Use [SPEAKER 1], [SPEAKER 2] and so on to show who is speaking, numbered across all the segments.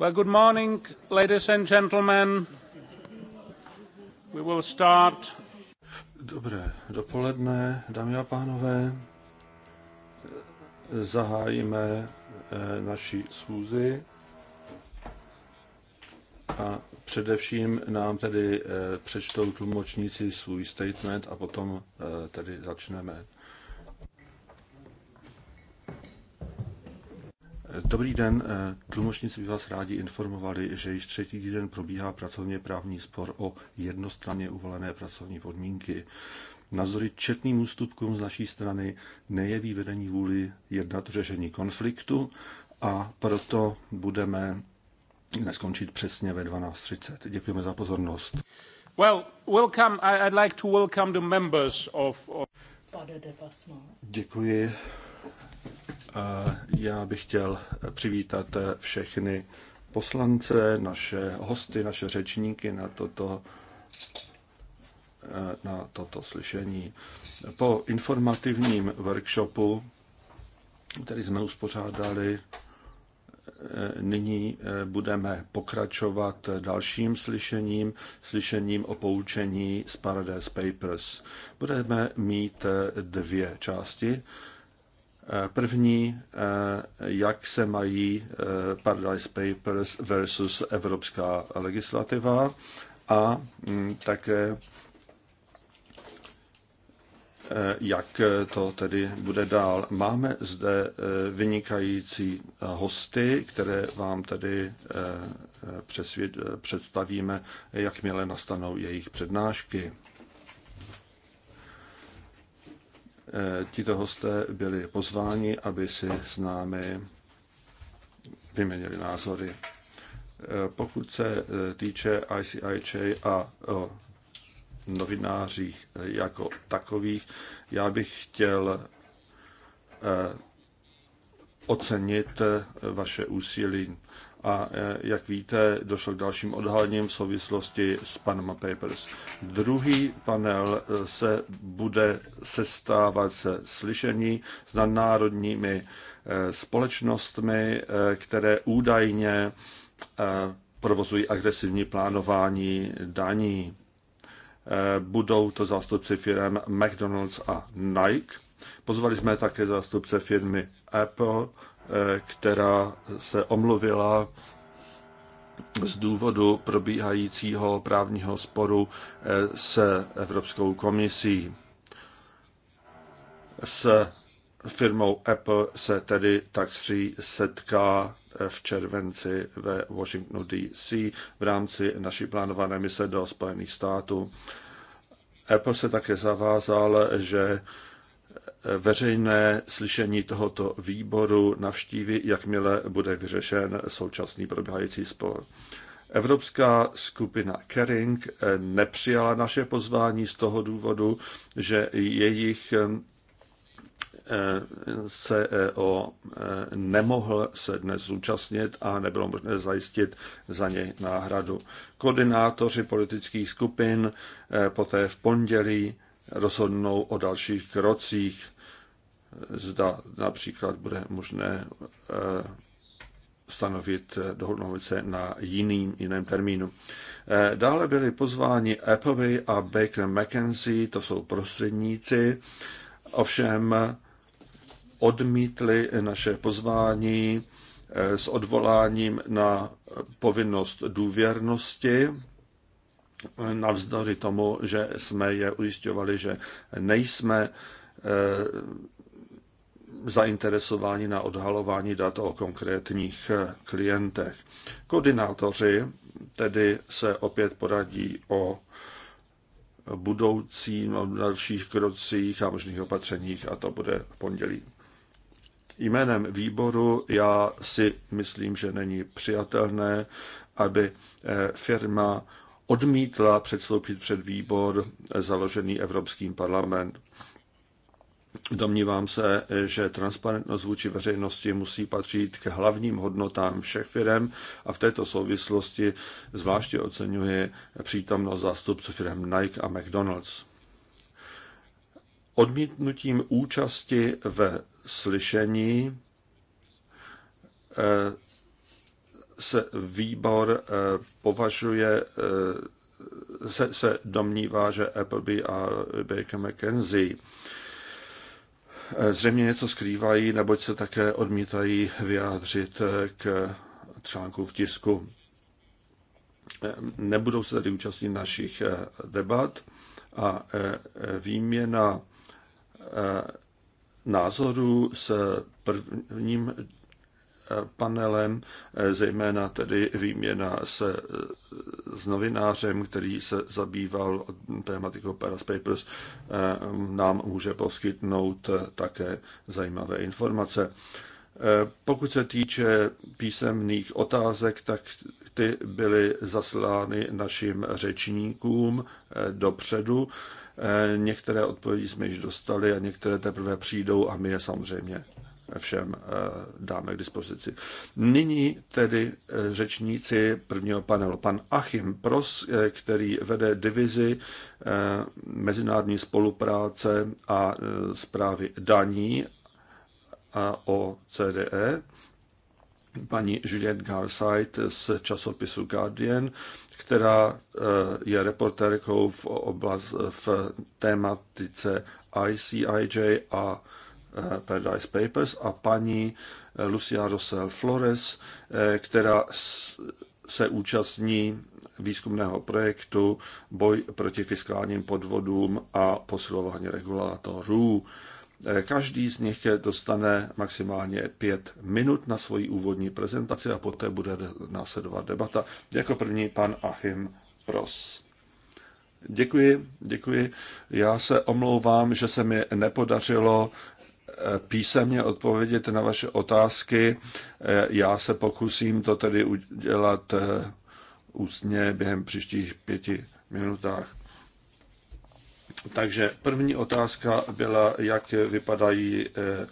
[SPEAKER 1] Well, good morning, ladies and gentlemen. We will start. Dobré dopoledne, dámy a pánové. Zahájíme eh, naši schůzi. A především nám tedy eh, přečtou tlumočníci svůj statement a potom eh, tedy začneme. Dobrý den, eh, tlumočníci by vás rádi informovali, že již třetí týden probíhá pracovně právní spor o jednostranně uvolené pracovní podmínky. Nazory četným ústupkům z naší strany nejeví vedení vůli jednat řešení konfliktu a proto budeme neskončit přesně ve 12.30. Děkujeme za pozornost. Well, welcome. I'd like to welcome the members of... Děkuji já bych chtěl přivítat všechny poslance, naše hosty, naše řečníky na toto, na toto slyšení. Po informativním workshopu, který jsme uspořádali, nyní budeme pokračovat dalším slyšením, slyšením o poučení z Paradise Papers. Budeme mít dvě části. První, eh, jak se mají eh, Paradise Papers versus evropská legislativa a hm, také eh, jak to tedy bude dál. Máme zde vynikající hosty, které vám tedy představíme, jakmile nastanou jejich přednášky. Eh, tito hosté byli pozváni, aby si s námi vyměnili názory. Eh, pokud se eh, týče ICIJ a o novinářích jako takových, já bych chtěl ocenit vaše úsilí a e, jak víte, došlo k dalším odhalením v souvislosti s Panama Papers. Druhý panel e, se bude sestávat se slyšení s nadnárodními e, společnostmi, které údajně provozují agresivní plánování daní. Budou to zástupci firm McDonald's a Nike. Pozvali jsme také zástupce firmy Apple, Eh, která se omluvila z důvodu probíhajícího právního sporu eh, s Evropskou komisí. S firmou Apple se tedy tak setká eh, v červenci ve Washingtonu DC v rámci naší plánované mise do Spojených států. Apple se také zavázal, že veřejné slyšení tohoto výboru navštíví, jakmile bude vyřešen současný probíhající spor. Evropská skupina Kering nepřijala naše pozvání z toho důvodu, že jejich eh, CEO eh, nemohl se dnes zúčastnit a nebylo možné zajistit za něj náhradu. Koordinátoři politických skupin eh, poté v pondělí rozhodnou o dalších krocích zda například bude možné eh, stanovit, eh, dohodnout se na jiným, jiném termínu. Eh, dále byli pozváni Appleby a Baker McKenzie, to jsou prostředníci, ovšem odmítli naše pozvání s odvoláním na povinnost důvěrnosti, navzdory tomu, že jsme je ujišťovali, že nejsme zainteresováni na odhalování dat o konkrétních eh, klientech. Koordinátoři tedy se opět poradí o budoucím, o dalších krocích a možných opatřeních a to bude v pondělí. Jménem výboru já si myslím, že není přijatelné, aby eh, firma odmítla předstoupit před výbor eh, založený Evropským parlament. Domnívám se, že transparentnost vůči veřejnosti musí patřit k hlavním hodnotám všech firm a v této souvislosti zvláště oceňuji přítomnost zástupců firm Nike a McDonald's. Odmítnutím účasti ve slyšení eh, se výbor eh, považuje, eh, se, se domnívá, že Appleby a Baker McKenzie Eh, zřejmě něco skrývají, neboť se také odmítají vyjádřit eh, k článku v tisku. Eh, nebudou se tady účastnit našich debat a výměna názorů se prvním panelem, eh, zejména tedy výměna se eh, s novinářem, který se zabýval tématikou Paris Papers, eh, nám může poskytnout také zajímavé informace. Pokud se týče písemných otázek, tak ty byly zaslány našim řečníkům dopředu. Některé odpovědi jsme již dostali a některé teprve přijdou a my je samozřejmě všem eh, dáme k dispozici. Nyní tedy eh, řečníci prvního panelu. Pan Achim Pros, eh, který vede divizi mezinárodní spolupráce a zprávy daní o CDE, paní Juliette Garside z časopisu Guardian, která je reportérkou v, oblast, v tématice ICIJ a Paradise Papers a paní Lucia Rosel Flores, eh, která se účastní výzkumného projektu Boj proti fiskálním podvodům a posilování regulátorů. Eh, každý z nich dostane maximálně pět minut na svoji úvodní prezentaci a poté bude následovat debata. Jako první pan Achim Pros. Děkuji, děkuji. Já se omlouvám, že se mi nepodařilo písemně odpovědět na vaše otázky. Já se pokusím to tedy udělat eh, ústně během příštích pěti minutách. Takže první otázka byla, jak vypadají eh,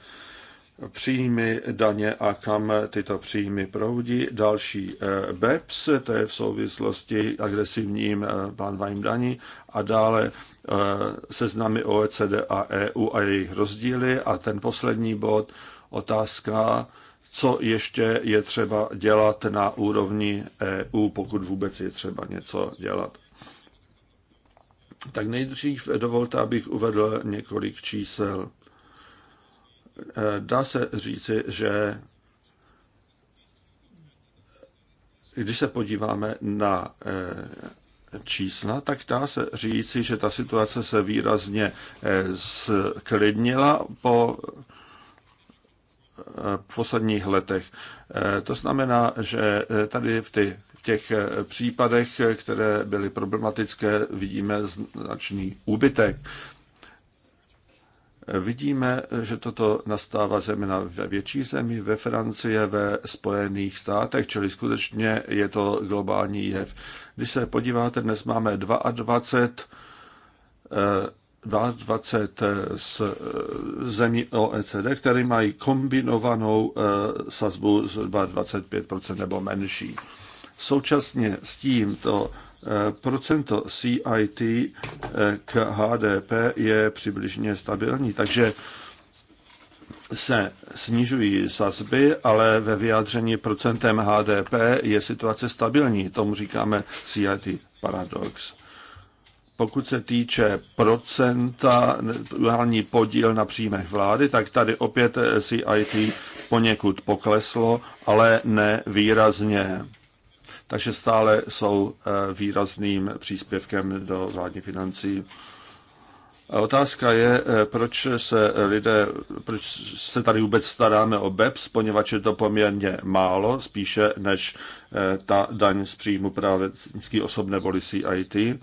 [SPEAKER 1] příjmy, daně a kam tyto příjmy proudí. Další eh, BEPS, to je v souvislosti agresivním plánovaním daní a dále Eh, seznamy OECD a EU a jejich rozdíly. A ten poslední bod, otázka, co ještě je třeba dělat na úrovni EU, pokud vůbec je třeba něco dělat. Tak nejdřív dovolte, abych uvedl několik čísel. Eh, dá se říci, že když se podíváme na eh, čísla, tak dá se říci, že ta situace se výrazně sklidnila eh, po eh, posledních letech. Eh, to znamená, že tady v těch případech, které byly problematické, vidíme značný úbytek. Vidíme, že toto nastává zejména ve větší zemi, ve Francii, ve Spojených státech, čili skutečně je to globální jev. Když se podíváte, dnes máme 22, 22 z zemí OECD, které mají kombinovanou eh, sazbu zhruba 25 nebo menší. Současně s tím to procento CIT eh, k HDP je přibližně stabilní, takže se snižují sazby, ale ve vyjádření procentem HDP je situace stabilní. Tomu říkáme CIT paradox. Pokud se týče procenta hlavní podíl na příjmech vlády, tak tady opět CIT poněkud pokleslo, ale ne výrazně takže stále jsou eh, výrazným příspěvkem do vládní financí. A otázka je, eh, proč se lidé, proč se tady vůbec staráme o BEPS, poněvadž je to poměrně málo, spíše než eh, ta daň z příjmu právě osob nebo CIT. IT.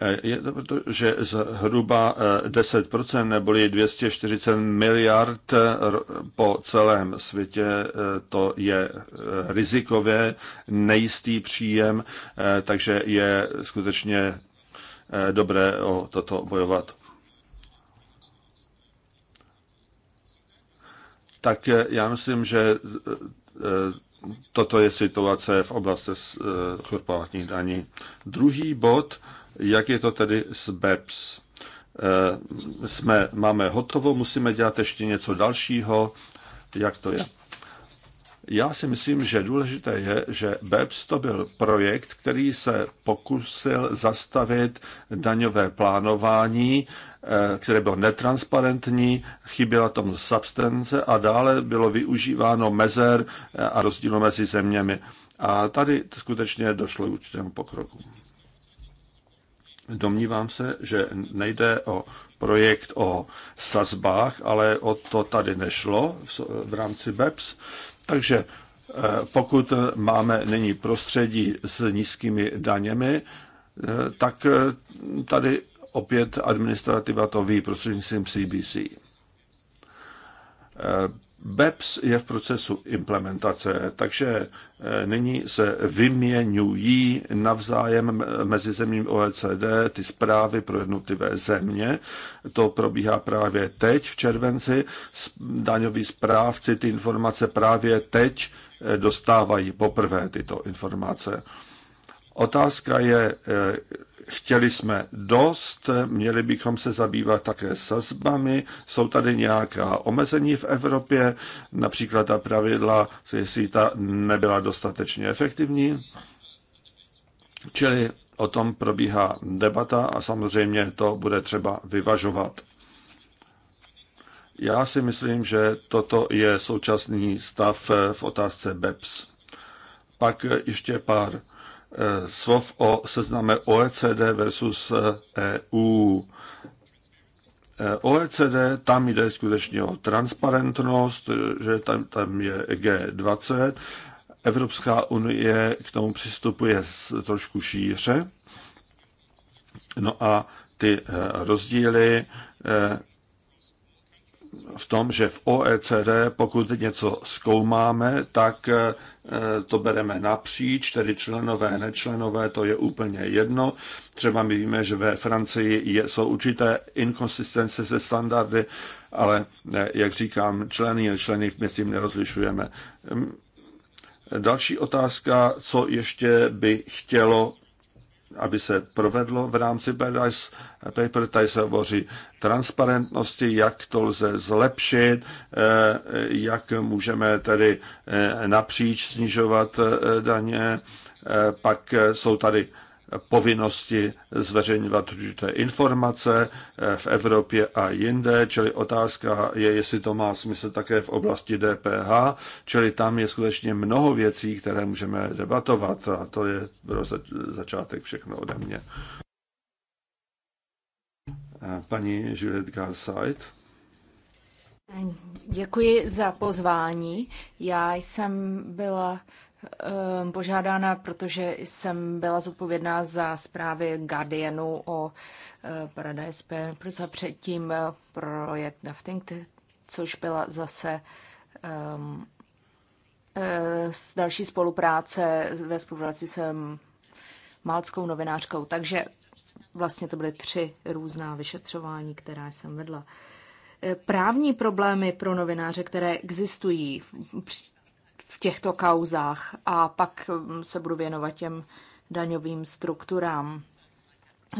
[SPEAKER 1] Eh, je to proto, že zhruba 10% eh, neboli 240 miliard eh, po celém světě to je rizikové, nejistý příjem, takže je skutečně dobré o toto bojovat. Tak já myslím, že toto je situace v oblasti korporátních daní. Druhý bod, jak je to tedy s BEPS? Eh, jsme, máme hotovo, musíme dělat ještě něco dalšího. Jak to je? Já si myslím, že důležité je, že BEPS to byl projekt, který se pokusil zastavit daňové plánování, eh, které bylo netransparentní, chyběla tomu substance a dále bylo využíváno mezer eh, a rozdíl mezi zeměmi. A tady skutečně došlo k určitému pokroku. Domnívám se, že nejde o projekt o sazbách, ale o to tady nešlo v rámci BEPS. Takže eh, pokud máme nyní prostředí s nízkými daněmi, eh, tak eh, tady opět administrativa to ví prostřednictvím CBC. BEPS je v procesu implementace, takže eh, nyní se vyměňují navzájem mezi zemím OECD ty zprávy pro jednotlivé země. To probíhá právě teď v červenci. Daňoví zprávci ty informace právě teď eh, dostávají poprvé tyto informace. Otázka je, eh, Chtěli jsme dost, měli bychom se zabývat také sazbami, jsou tady nějaká omezení v Evropě, například ta pravidla, jestli ta nebyla dostatečně efektivní. Čili o tom probíhá debata a samozřejmě to bude třeba vyvažovat. Já si myslím, že toto je současný stav v otázce BEPS. Pak ještě pár Eh, slov o sezname OECD versus EU. Eh, e eh, OECD, tam jde skutečně o transparentnost, že tam, tam je G20. Evropská unie k tomu přistupuje trošku šíře. No a ty rozdíly v tom, že v OECD, pokud něco zkoumáme, tak eh, to bereme napříč, tedy členové, nečlenové, to je úplně jedno. Třeba my víme, že ve Francii je, jsou určité inkonsistence se standardy, ale eh, jak říkám, členy, členy my s tím nerozlišujeme. Hm, další otázka, co ještě by chtělo aby se provedlo v rámci Paradise Paper. Tady se hovoří transparentnosti, jak to lze zlepšit, eh, jak můžeme tedy eh, napříč snižovat eh, daně. Pak jsou tady povinnosti zveřejňovat určité informace eh, v Evropě a jinde, čili otázka je, jestli to má smysl také v oblasti DPH, čili tam je skutečně mnoho věcí, které můžeme debatovat a to je pro začátek všechno ode mě. Eh, paní Juliet Garside.
[SPEAKER 2] Děkuji za pozvání. Já jsem byla Ehm, požádána, protože jsem byla zodpovědná za zprávy Guardianu o eh, Paradise Papers a předtím eh, projekt Nafting, což byla zase um, další spolupráce ve spolupráci s ehm, malckou novinářkou. Takže vlastně to byly tři různá vyšetřování, která jsem vedla. Právní problémy pro novináře, které existují, v těchto kauzách a pak mm, se budu věnovat těm daňovým strukturám,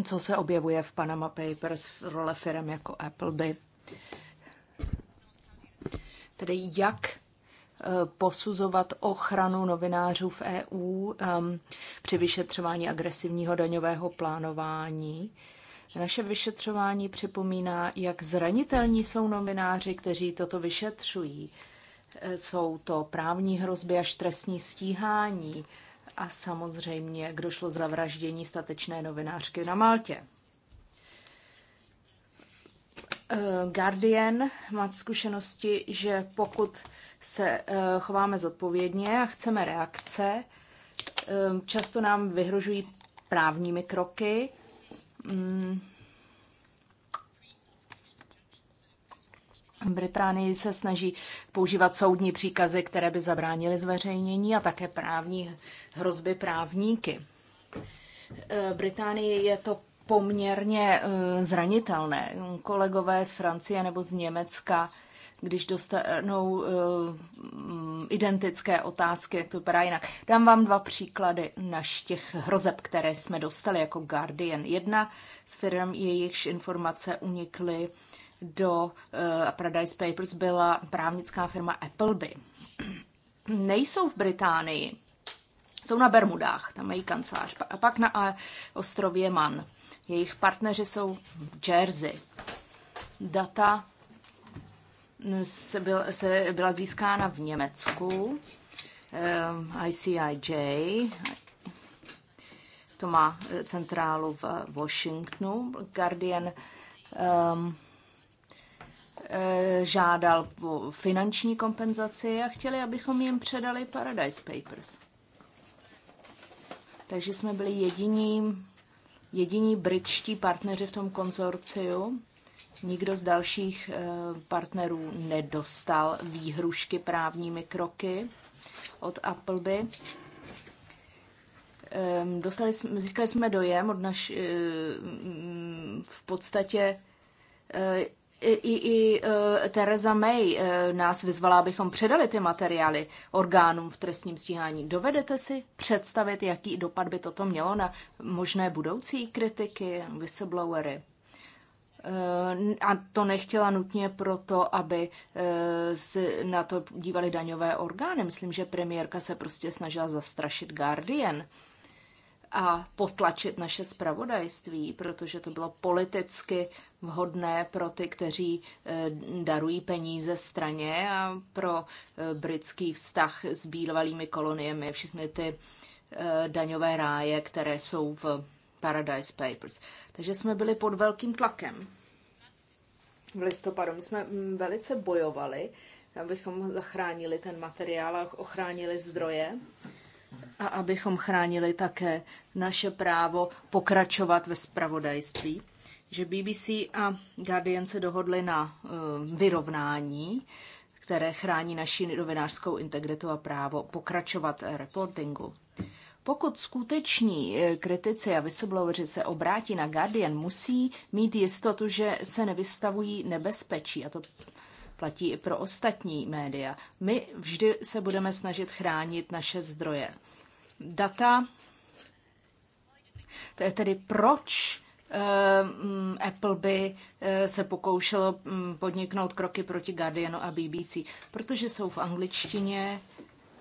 [SPEAKER 2] co se objevuje v Panama Papers v role firm jako Appleby. Tedy jak eh, posuzovat ochranu novinářů v EU ehm, při vyšetřování agresivního daňového plánování. Naše vyšetřování připomíná, jak zranitelní jsou novináři, kteří toto vyšetřují. Jsou to právní hrozby až trestní stíhání a samozřejmě, kdo šlo za vraždění statečné novinářky na Maltě. Eh, Guardian má zkušenosti, že pokud se eh, chováme zodpovědně a chceme reakce, eh, často nám vyhrožují právními kroky, mm, Británii se snaží používat soudní příkazy, které by zabránily zveřejnění a také právní hrozby právníky. Eh, Británii je to poměrně eh, zranitelné. Kolegové z Francie nebo z Německa, když dostanou eh, mm, identické otázky, jak to vypadá jinak. Dám vám dva příklady naš těch hrozeb, které jsme dostali jako Guardian. Jedna z firm, jejichž informace unikly do eh, Paradise Papers byla právnická firma Appleby. Nejsou v Británii, jsou na Bermudách, tam mají kancelář, a pak na eh, ostrově Man. Jejich partneři jsou v Jersey. Data se, byl, se byla získána v Německu, eh, ICIJ, to má centrálu v Washingtonu. Guardian um, Eh, žádal o finanční kompenzaci a chtěli, abychom jim předali Paradise Papers. Takže jsme byli jediní, jediní britští partneři v tom konzorciu. Nikdo z dalších eh, partnerů nedostal výhrušky právními kroky od Appleby. Ehm, dostali, jsme získali jsme dojem od naš, eh, v podstatě i, i uh, e, Tereza May uh, nás vyzvala, abychom předali ty materiály orgánům v trestním stíhání. Dovedete si představit, jaký dopad by toto mělo na možné budoucí kritiky, whistleblowery? E, a to nechtěla nutně proto, aby se na to dívali daňové orgány. Myslím, že premiérka se prostě snažila zastrašit Guardian a potlačit naše spravodajství, protože to bylo politicky vhodné pro ty, kteří eh, darují peníze straně a pro eh, britský vztah s bílvalými koloniemi, všechny ty eh, daňové ráje, které jsou v Paradise Papers. Takže jsme byli pod velkým tlakem v listopadu. My jsme mm, velice bojovali, abychom zachránili ten materiál a ochránili zdroje a abychom chránili také naše právo pokračovat ve spravodajství, že BBC a Guardian se dohodli na uh, vyrovnání, které chrání naši novinářskou integritu a právo pokračovat reportingu. Pokud skuteční eh, kritici a whistlebloweri se obrátí na Guardian, musí mít jistotu, že se nevystavují nebezpečí. A to platí i pro ostatní média. My vždy se budeme snažit chránit naše zdroje. Data, to je tedy proč eh, Apple by eh, se pokoušelo podniknout kroky proti Guardianu a BBC, protože jsou v angličtině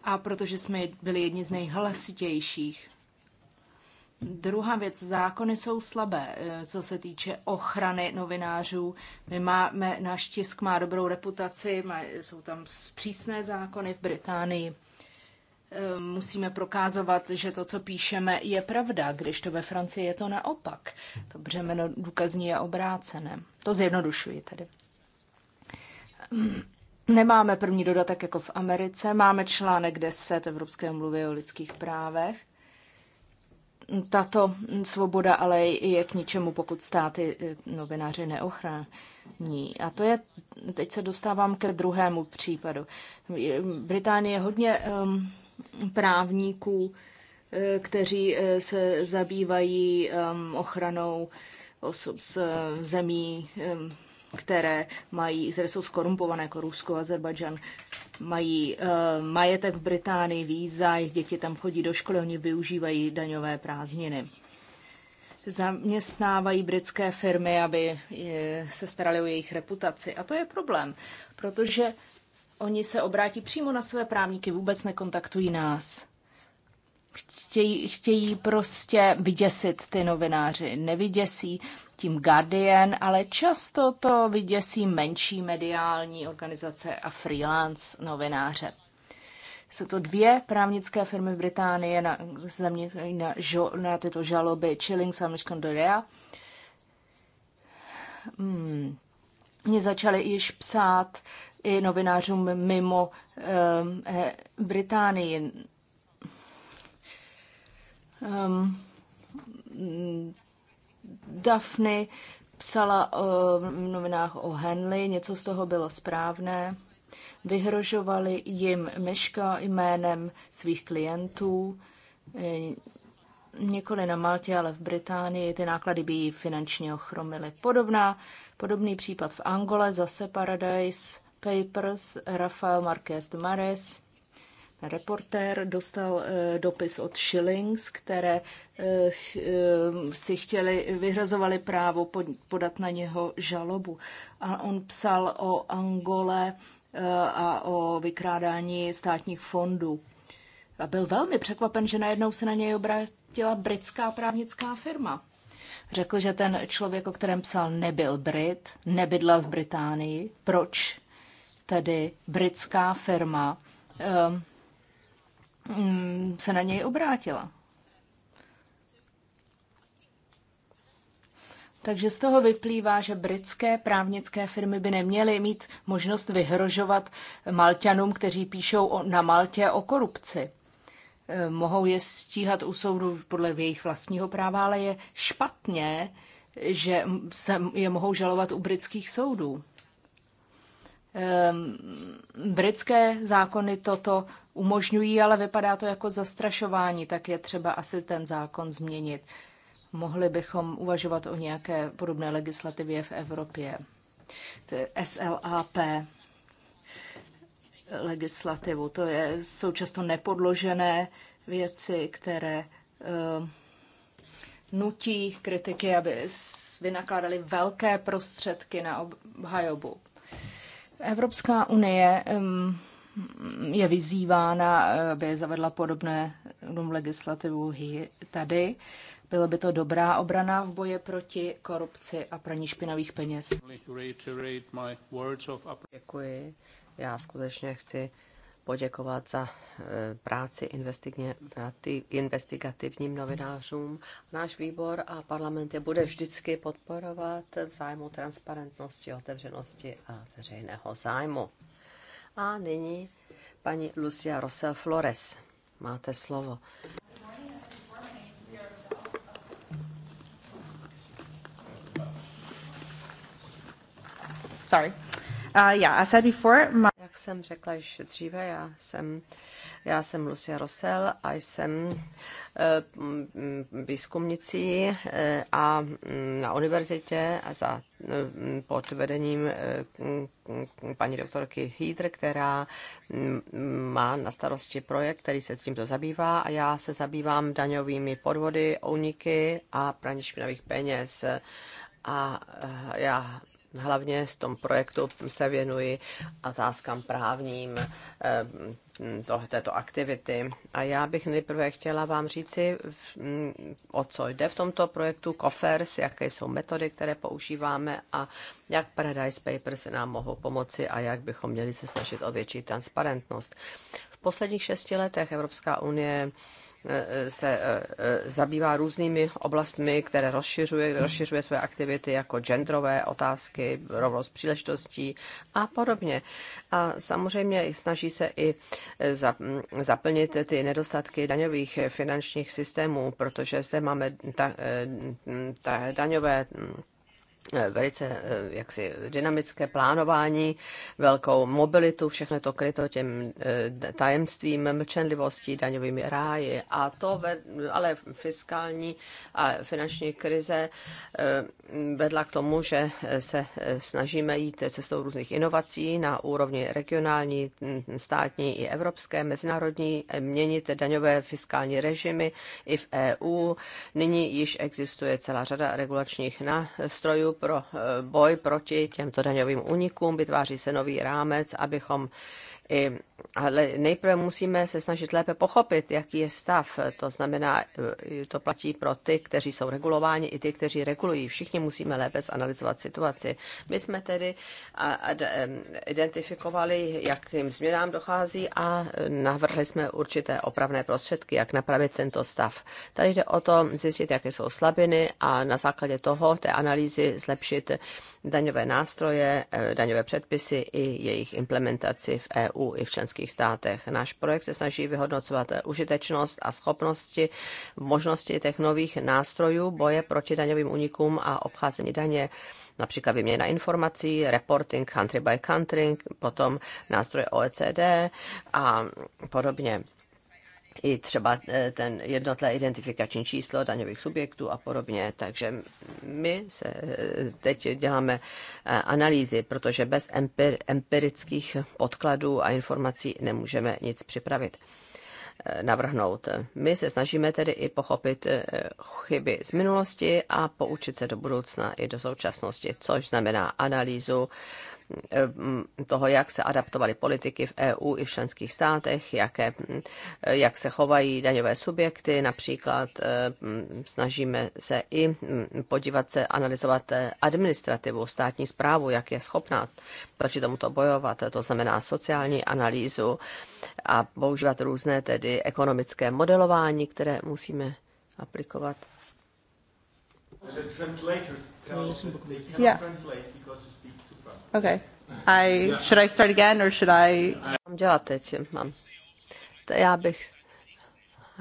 [SPEAKER 2] a protože jsme byli jedni z nejhlasitějších Druhá věc, zákony jsou slabé, eh, co se týče ochrany novinářů. My máme, náš tisk má dobrou reputaci, má, jsou tam přísné zákony v Británii. Eh, musíme prokázovat, že to, co píšeme, je pravda, když to ve Francii je to naopak. To břemeno důkazní je obrácené. To zjednodušuji tedy. Nemáme první dodatek jako v Americe, máme článek 10 Evropské mluvy o lidských právech tato svoboda ale je k ničemu, pokud státy eh, novináři neochrání. A to je, teď se dostávám ke druhému případu. Británie je hodně um, právníků, eh, kteří eh, se zabývají um, ochranou osob z zemí um, které, mají, které jsou skorumpované jako Rusko, Azerbajdžan, mají uh, majetek v Británii, víza, jejich děti tam chodí do školy, oni využívají daňové prázdniny. Zaměstnávají britské firmy, aby eh, se starali o jejich reputaci. A to je problém, protože oni se obrátí přímo na své právníky, vůbec nekontaktují nás chtějí, chtějí prostě vyděsit ty novináři. Nevyděsí tím Guardian, ale často to vyděsí menší mediální organizace a freelance novináře. Jsou to dvě právnické firmy v Británii na, země, na, žo, na tyto žaloby Chilling a Condorea. Hmm. Mě začaly již psát i novinářům mimo eh, Británii Um, Daphne psala o, v novinách o Henley, něco z toho bylo správné. Vyhrožovali jim Meška jménem svých klientů, e, nikoli na Maltě, ale v Británii. Ty náklady by ji finančně ochromily. Podobná, podobný případ v Angole, zase Paradise Papers, Rafael Marquez de Mares – reportér dostal eh, dopis od Shillings, které eh, eh, si chtěli, vyhrazovali právo podat na něho žalobu. A on psal o Angole a o vykrádání státních fondů. A byl velmi překvapen, že najednou se na něj obrátila britská právnická firma. Řekl, že ten člověk, o kterém psal, nebyl Brit, nebydlel v Británii. Proč tedy britská firma Mm, se na něj obrátila. Takže z toho vyplývá, že britské právnické firmy by neměly mít možnost vyhrožovat Malťanům, kteří píšou na Maltě o korupci. E, mohou je stíhat u soudu podle jejich vlastního práva, ale je špatně, že se je mohou žalovat u britských soudů. Ehm, britské zákony toto umožňují, ale vypadá to jako zastrašování, tak je třeba asi ten zákon změnit. Mohli bychom uvažovat o nějaké podobné legislativě v Evropě. To je SLAP legislativu. To je, jsou často nepodložené věci, které uh, nutí kritiky, aby vynakládali velké prostředky na obhajobu Evropská unie je vyzývána, aby zavedla podobné legislativu tady. Byla by to dobrá obrana v boji proti korupci a praní špinavých peněz.
[SPEAKER 1] Děkuji.
[SPEAKER 3] Já skutečně chci poděkovat za eh, práci investigativním novinářům. Náš výbor a parlament je bude vždycky podporovat v zájmu transparentnosti, otevřenosti a veřejného zájmu. A nyní paní Lucia Rosel Flores. Máte slovo. Sorry. Uh, yeah, I said before, my... Jak jsem řekla již dříve, já jsem, já jsem Lucia Rosel a jsem eh, výzkumnicí eh, a mm, na univerzitě a za, mm, pod vedením eh, paní doktorky Hídr, která mm, má na starosti projekt, který se tímto zabývá a já se zabývám daňovými podvody, úniky a praní špinavých peněz. A já hlavně v tom projektu se věnuji otázkám právním eh, tohle, této aktivity. A já bych nejprve chtěla vám říci, mm, o co jde v tomto projektu COFERS, jaké jsou metody, které používáme a jak Paradise Papers nám mohou pomoci a jak bychom měli se snažit o větší transparentnost. V posledních šesti letech Evropská unie se e, e, zabývá různými oblastmi, které rozšiřuje, rozšiřuje své aktivity jako genderové otázky, rovnost příležitostí a podobně. A samozřejmě snaží se i e, zaplnit ty nedostatky daňových finančních systémů, protože zde máme ta, ta daňové Eh, velice eh, jaksi dynamické plánování, velkou mobilitu, všechno to kryto těm eh, tajemstvím, mlčenlivostí, daňovými ráji. A to ve, ale fiskální a finanční krize vedla k tomu, že se snažíme jít cestou různých inovací na úrovni regionální, hm, státní i evropské, mezinárodní, měnit daňové fiskální režimy i v EU. Nyní již existuje celá řada regulačních nástrojů, pro eh, boj proti těmto daňovým únikům. Vytváří se nový rámec, abychom i ale nejprve musíme se snažit lépe pochopit, jaký je stav. To znamená, eh, to platí pro ty, kteří jsou regulováni, i ty, kteří regulují. Všichni musíme lépe zanalizovat situaci. My jsme tedy identifikovali, jakým změnám dochází a navrhli jsme určité opravné prostředky, jak napravit tento stav. Tady jde o to zjistit, jaké jsou slabiny a na základě toho, té analýzy, zlepšit daňové nástroje, eh, daňové předpisy i jejich implementaci v EU i v členských členských státech. Náš projekt se snaží vyhodnocovat užitečnost a schopnosti, možnosti těch nových nástrojů boje proti daňovým unikům a obcházení daně například vyměna informací, reporting country by country, potom nástroje OECD a podobně i třeba e, ten jednotné identifikační číslo daňových subjektů a podobně. Takže my se e, teď děláme e, analýzy, protože bez empirických podkladů a informací nemůžeme nic připravit navrhnout. My se snažíme tedy i pochopit chyby z minulosti a poučit se do budoucna i do současnosti, což znamená analýzu Eh, toho, jak se adaptovaly politiky v EU i v členských státech, jaké, eh, jak se chovají daňové subjekty. Například eh, snažíme se i podívat se, analyzovat administrativu, státní zprávu, jak je schopná proti tomuto bojovat, to znamená sociální analýzu a používat různé tedy ekonomické modelování, které musíme aplikovat.
[SPEAKER 1] The translators tell they cannot yeah. translate because Okay. I, should I start
[SPEAKER 3] again or should I... Mám dělat teď, mám. To já bych...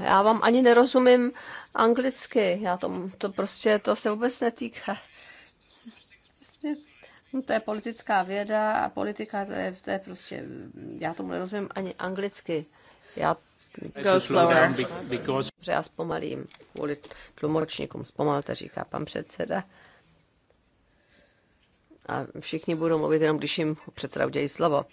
[SPEAKER 3] Já vám ani nerozumím anglicky, já to, to prostě, to se vůbec netýká. Prostě, no to je politická věda a politika, to je, to je prostě, já tomu nerozumím ani anglicky. Já Go slower. Because... Já zpomalím kvůli tlumočníkům, zpomalte, říká pan předseda a všichni budou mluvit jenom, když jim předseda udělí slovo.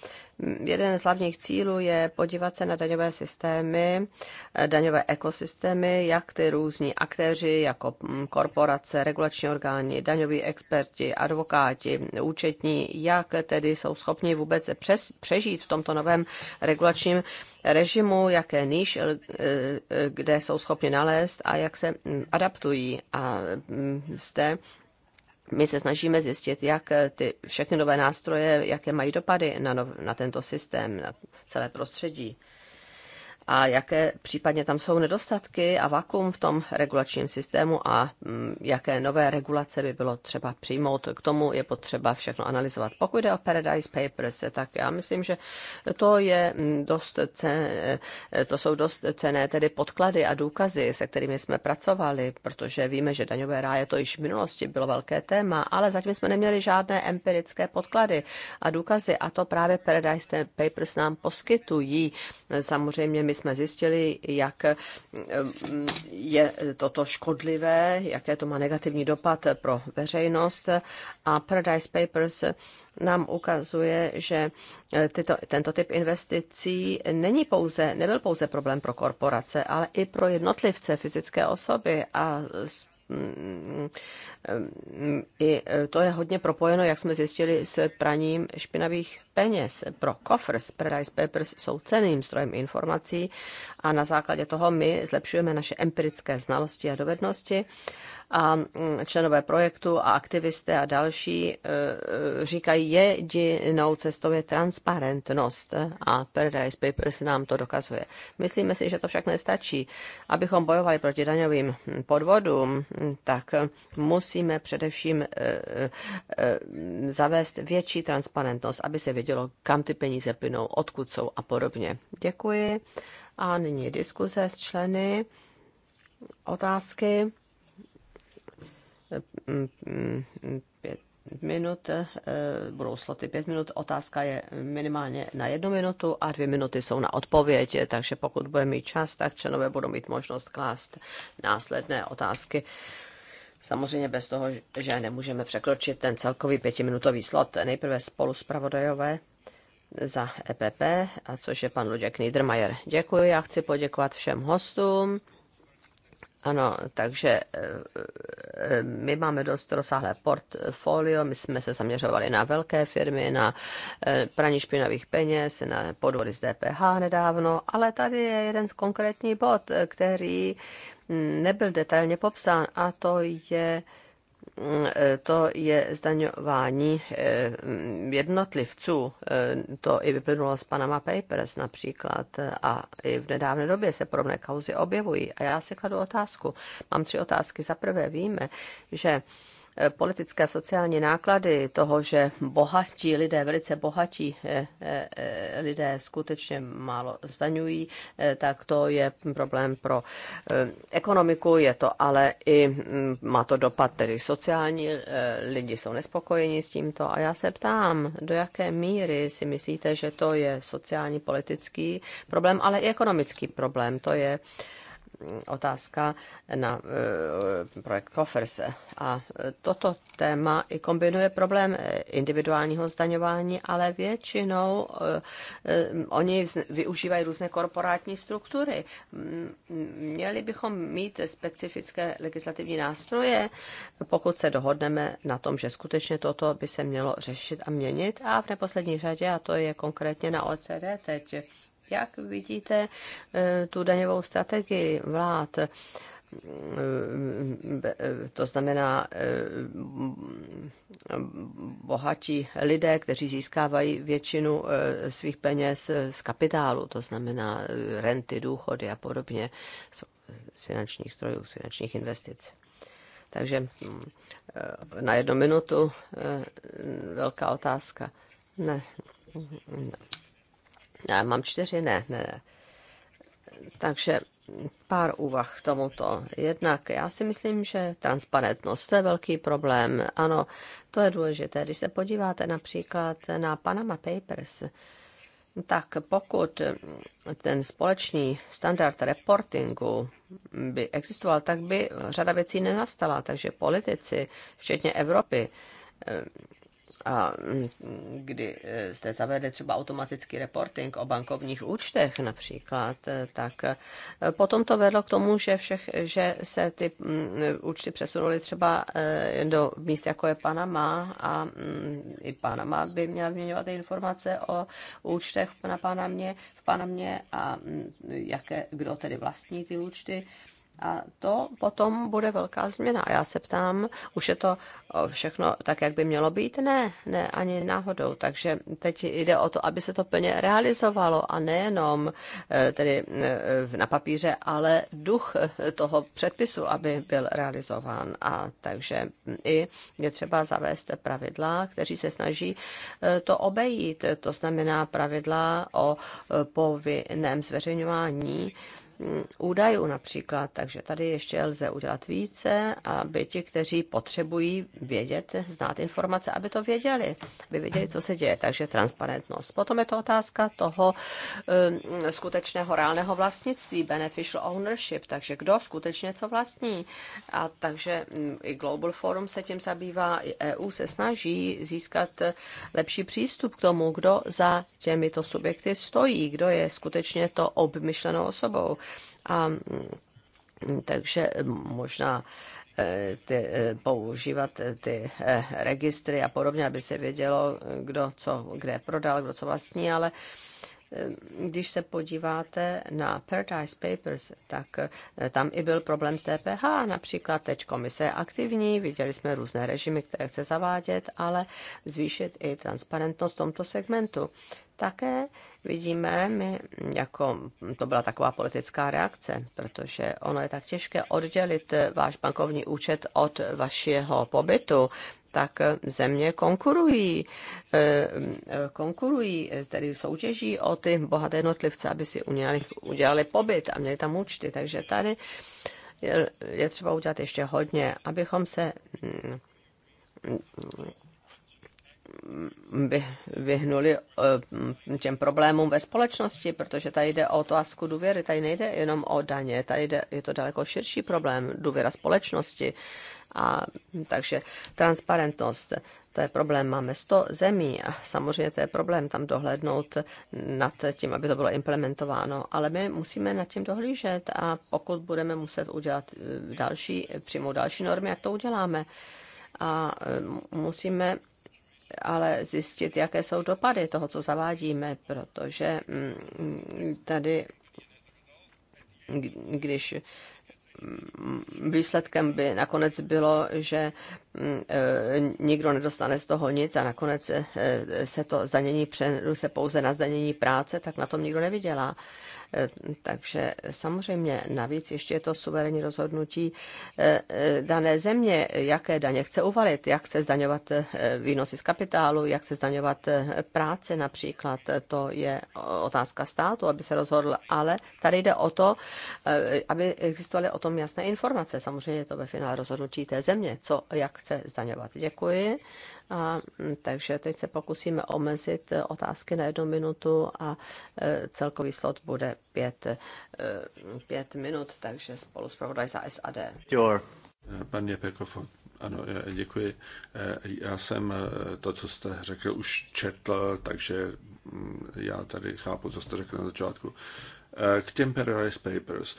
[SPEAKER 3] Jeden z hlavních cílů je podívat se na daňové systémy, eh, daňové ekosystémy, jak ty různí aktéři, jako mm, korporace, regulační orgány, daňoví experti, advokáti, účetní, jak tedy jsou schopni vůbec přes, přežít v tomto novém regulačním režimu, jaké níž, eh, eh, kde jsou schopni nalézt a jak se mm, adaptují. A mm, zde my se snažíme zjistit, jak eh, ty všechny nové nástroje, jaké mají dopady na, nov, na tento systém, na celé prostředí a jaké případně tam jsou nedostatky a vakuum v tom regulačním systému a mm, jaké nové regulace by bylo třeba přijmout. K tomu je potřeba všechno analyzovat. Pokud jde o Paradise Papers, tak já myslím, že to, je mm, dost cené, e, to jsou dost cené tedy podklady a důkazy, se kterými jsme pracovali, protože víme, že daňové ráje to již v minulosti bylo velké téma, ale zatím jsme neměli žádné empirické podklady a důkazy a to právě Paradise Papers nám poskytují. Samozřejmě my jsme zjistili, jak mm, je toto škodlivé, jaké to má negativní dopad pro veřejnost. A Paradise Papers nám ukazuje, že eh, tyto, tento typ investicí není pouze, nebyl pouze problém pro korporace, ale i pro jednotlivce, fyzické osoby a mm, mm, i eh, to je hodně propojeno, jak jsme zjistili, s praním špinavých peněz pro Coffers, Paradise Papers jsou ceným zdrojem informací a na základě toho my zlepšujeme naše empirické znalosti a dovednosti a mm, členové projektu a aktivisté a další e, e, říkají, jedinou cestou je transparentnost a Paradise Papers nám to dokazuje. Myslíme si, že to však nestačí. Abychom bojovali proti daňovým podvodům, tak musíme především e, zavést větší transparentnost, aby se vědělo, kam ty peníze plynou, odkud jsou a podobně. Děkuji. A nyní diskuze s členy. Otázky. Mm, mm, pět minut, eh, budou sloty pět minut, otázka je minimálně na jednu minutu a dvě minuty jsou na odpověď, takže pokud bude mít čas, tak členové budou mít možnost klást následné otázky Samozřejmě bez toho, že nemůžeme překročit ten celkový pětiminutový slot. Nejprve spolu zpravodajové za EPP, a což je pan Luděk Niedermayer. Děkuji, já chci poděkovat všem hostům. Ano, takže e, e, my máme dost rozsáhlé portfolio, my jsme se zaměřovali na velké firmy, na e, praní špinavých peněz, na podvody z DPH nedávno, ale tady je jeden konkrétní bod, který nebyl detailně popsán a to je mm, to je zdaňování mm, jednotlivců. Mm, to i vyplynulo z Panama Papers například a i v nedávné době se podobné kauzy objevují. A já si kladu otázku. Mám tři otázky. Za prvé víme, že Eh, politické a sociální náklady toho, že bohatí lidé, velice bohatí eh, eh, lidé skutečně málo zdaňují, tak to je problém pro ekonomiku, je to ale i, mm, má to dopad tedy sociální, lidi jsou nespokojeni s tímto a já se ptám, do jaké míry si myslíte, že to je sociální, politický problém, ale i ekonomický problém, to je otázka na eh, projekt Coffers. A toto téma i kombinuje problém individuálního zdaňování, ale většinou eh, oni využívají různé korporátní struktury. Měli bychom mít specifické legislativní nástroje, pokud se dohodneme na tom, že skutečně toto by se mělo řešit a měnit. A v neposlední řadě, a to je konkrétně na OCD teď, jak vidíte eh, tu daňovou strategii vlád? Eh, eh, to znamená bohatí lidé, kteří získávají většinu svých peněz z kapitálu, to znamená renty, důchody a podobně z finančních strojů, z finančních investic. Takže hm, na jednu minutu velká otázka. Ne. Ne, mám čtyři, ne, ne, ne. Takže pár úvah k tomuto. Jednak já si myslím, že transparentnost to je velký problém. Ano, to je důležité. Když se podíváte například na Panama Papers, tak pokud ten společný standard reportingu by existoval, tak by řada věcí nenastala. Takže politici, včetně Evropy, a mm, kdy jste e, zavedli třeba automatický reporting o bankovních účtech například, e, tak e, potom to vedlo k tomu, že, všech, že se ty mm, účty přesunuly třeba do míst, jako je Panama a mm, i Panama by měla vyměňovat informace o účtech na Panamě, v Panamě a jaké, kdo tedy vlastní ty účty a to potom bude velká změna. A já se ptám, už je to všechno tak, jak by mělo být? Ne, ne, ani náhodou. Takže teď jde o to, aby se to plně realizovalo a nejenom e, tedy e, na papíře, ale duch toho předpisu, aby byl realizován. A takže i je třeba zavést pravidla, kteří se snaží e, to obejít. To znamená pravidla o povinném zveřejňování Mm, údajů například, takže tady ještě lze udělat více, aby ti, kteří potřebují vědět, znát informace, aby to věděli, aby věděli, co se děje, takže transparentnost. Potom je to otázka toho um, skutečného reálného vlastnictví, beneficial ownership, takže kdo skutečně co vlastní. A takže um, i Global Forum se tím zabývá, i EU se snaží získat lepší přístup k tomu, kdo za těmito subjekty stojí, kdo je skutečně to obmyšlenou osobou. A mm, takže eh, možná eh, ty, eh, používat ty registry a podobně, aby se vědělo, kdo co kde prodal, kdo co vlastní, ale když se podíváte na Paradise Papers, tak tam i byl problém s DPH. Například teď komise je aktivní, viděli jsme různé režimy, které chce zavádět, ale zvýšit i transparentnost v tomto segmentu. Také vidíme, my, jako to byla taková politická reakce, protože ono je tak těžké oddělit váš bankovní účet od vašeho pobytu, tak země konkurují, eh, konkurují, tedy soutěží o ty bohaté jednotlivce, aby si u nich udělali pobyt a měli tam účty. Takže tady je, je třeba udělat ještě hodně, abychom se mm, vyhnuli eh, těm problémům ve společnosti, protože tady jde o otázku důvěry, tady nejde jenom o daně, tady jde, je to daleko širší problém, důvěra společnosti. A, takže transparentnost, to je problém. Máme 100 zemí a samozřejmě to je problém tam dohlednout nad tím, aby to bylo implementováno. Ale my musíme nad tím dohlížet a pokud budeme muset udělat eh, další, přijmout další normy, jak to uděláme. A eh, musíme ale zjistit, jaké jsou dopady toho, co zavádíme, protože mm, tady, když mm, výsledkem by nakonec bylo, že mm, e, nikdo nedostane z toho nic a nakonec e, e, se to zdanění přenese pouze na zdanění práce, tak na tom nikdo nevydělá. Eh, takže samozřejmě navíc ještě je to suverénní rozhodnutí eh, eh, dané země, jaké daně chce uvalit, jak chce zdaňovat výnosy z kapitálu, jak chce zdaňovat práce například. To je otázka státu, aby se rozhodl, ale tady jde o to, aby existovaly o tom jasné informace. Samozřejmě je to ve finále rozhodnutí té země, co jak chce zdaňovat. Děkuji. A, mm, takže teď se pokusíme omezit eh, otázky na jednu minutu a eh, celkový slot bude pět, eh, pět minut, takže spolu s za SAD.
[SPEAKER 1] Your. Pan Jepekov, ano, děkuji. Já jsem to, co jste řekl, už četl, takže mm, já tady chápu, co jste řekl na začátku. K Temperance Papers.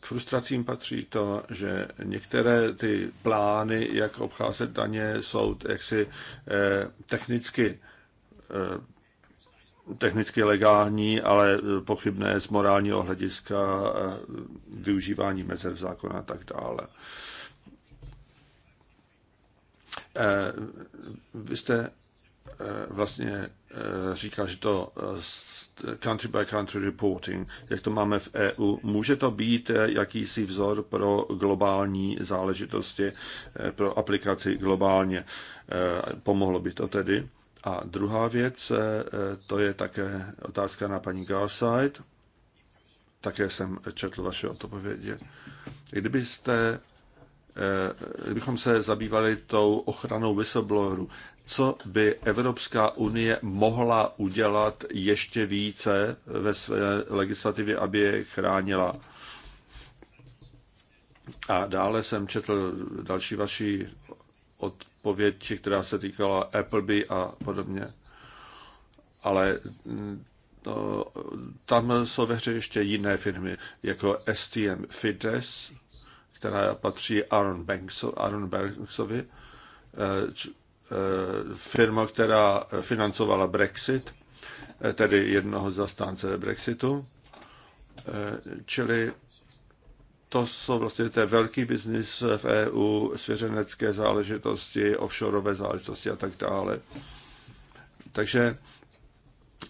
[SPEAKER 1] K frustracím patří to, že některé ty plány, jak obcházet daně, jsou jaksi eh, technicky eh, technicky legální, ale pochybné z morálního hlediska eh, využívání mezer zákona a tak dále. Vy jste Eh, vlastně eh, říká, že to eh, country by country reporting, jak to máme v EU, může to být jakýsi vzor pro globální záležitosti, pro aplikaci globálně. Pomohlo by to tedy. A druhá věc, to je také otázka na paní Garside. Také jsem četl vaše odpovědi. Kdybyste Eh, kdybychom se zabývali tou ochranou whistleblowerů, co by Evropská unie mohla udělat ještě více ve své legislativě, aby je chránila. A dále jsem četl další vaši odpověď, která se týkala Appleby a podobně. Ale mm, to, tam jsou ve hře ještě jiné firmy, jako STM Fides, která patří Aaron, Banksu, Aaron Banksovi, eh, eh, firma, která financovala Brexit, eh, tedy jednoho zastánce Brexitu. Čili to jsou vlastně ten velký biznis v EU, svěřenecké záležitosti, offshoreové záležitosti a tak dále. Takže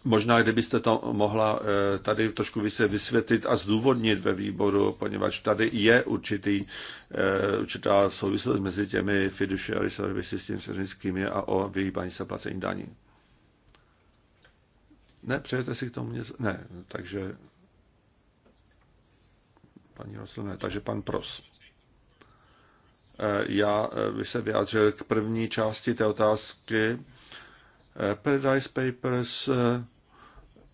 [SPEAKER 1] Možná, kdybyste to mohla eh, tady trošku více vysvětlit a zdůvodnit ve výboru, poněvadž tady je určitý, eh, určitá souvislost mezi těmi fiduciary servisy s tím svěřenskými a o vyhýbání se placení daní. Ne, přejete si k tomu něco? Ne, takže paní Roslené, takže pan Pros. Eh, já bych se vyjádřil k první části té otázky, Paradise Papers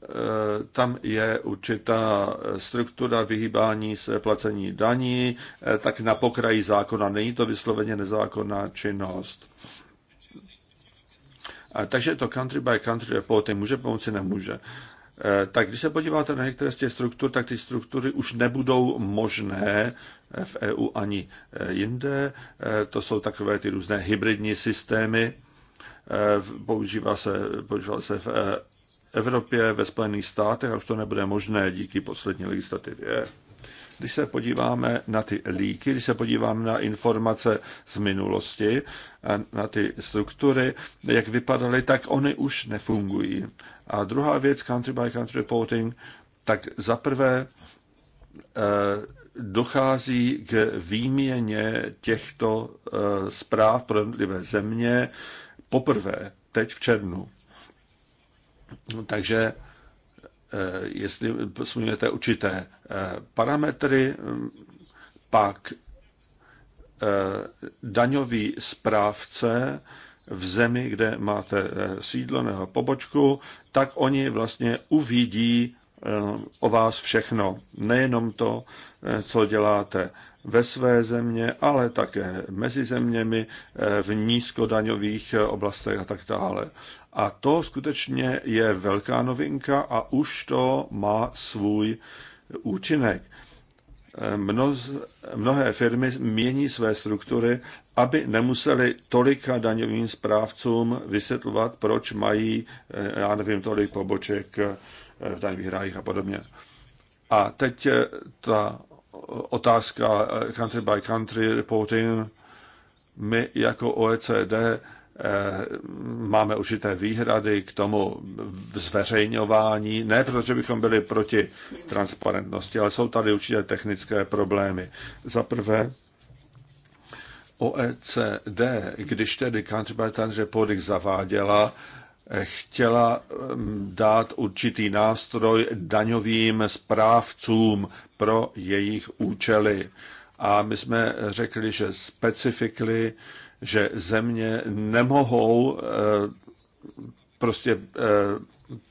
[SPEAKER 1] Eh, tam je určitá struktura vyhýbání se placení daní, eh, tak na pokraji zákona není to vysloveně nezákonná činnost. Eh, takže to country by country reporting může pomoci, nemůže. Tak když se podíváte na některé z těch struktur, tak ty struktury už nebudou možné v EU ani jinde. To jsou takové ty různé hybridní systémy. Používá se, používá se v Evropě, ve Spojených státech a už to nebude možné díky poslední legislativě. Když se podíváme na ty líky, když se podíváme na informace z minulosti, na ty struktury, jak vypadaly, tak oni už nefungují. A druhá věc, country by country reporting, tak zaprvé eh, dochází k výměně těchto eh, zpráv pro jednotlivé země poprvé, teď v červnu. No, takže eh, jestli splňujete určité eh, parametry, hm, pak eh, daňový správce v zemi, kde máte sídlo nebo pobočku, tak oni vlastně uvidí o vás všechno. Nejenom to, co děláte ve své země, ale také mezi zeměmi v nízkodaňových oblastech a tak dále. A to skutečně je velká novinka a už to má svůj účinek. Mnoz, mnohé firmy mění své struktury, aby nemuseli tolika daňovým správcům vysvětlovat, proč mají, eh, já nevím, tolik poboček eh, v daňových rájích a podobně. A teď eh, ta otázka country by country reporting. My jako OECD Eh, máme určité výhrady k tomu zveřejňování, ne protože bychom byli proti transparentnosti, ale jsou tady určité technické problémy. Za prvé, OECD, když tedy Country Reporting zaváděla, eh, chtěla mm, dát určitý nástroj daňovým správcům pro jejich účely a my jsme řekli, že specifikli, že země nemohou eh, prostě eh,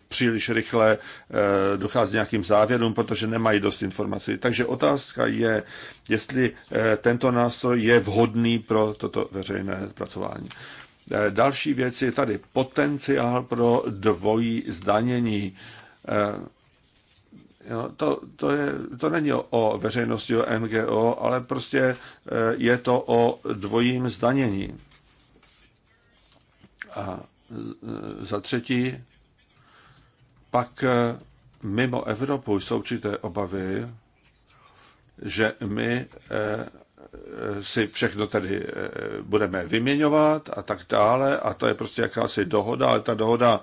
[SPEAKER 1] příliš rychle eh, dochází nějakým závěrům, protože nemají dost informací. Takže otázka je, jestli tento nástroj je vhodný pro toto veřejné zpracování. Další věc je tady potenciál pro dvojí zdanění. Jo, to, to, je, to není o veřejnosti, o NGO, ale prostě e, je to o dvojím zdanění. A e, za třetí, pak e, mimo Evropu jsou určité obavy, že my si všechno tedy eh, budeme vyměňovat a tak dále a to je prostě jakási dohoda, ale ta dohoda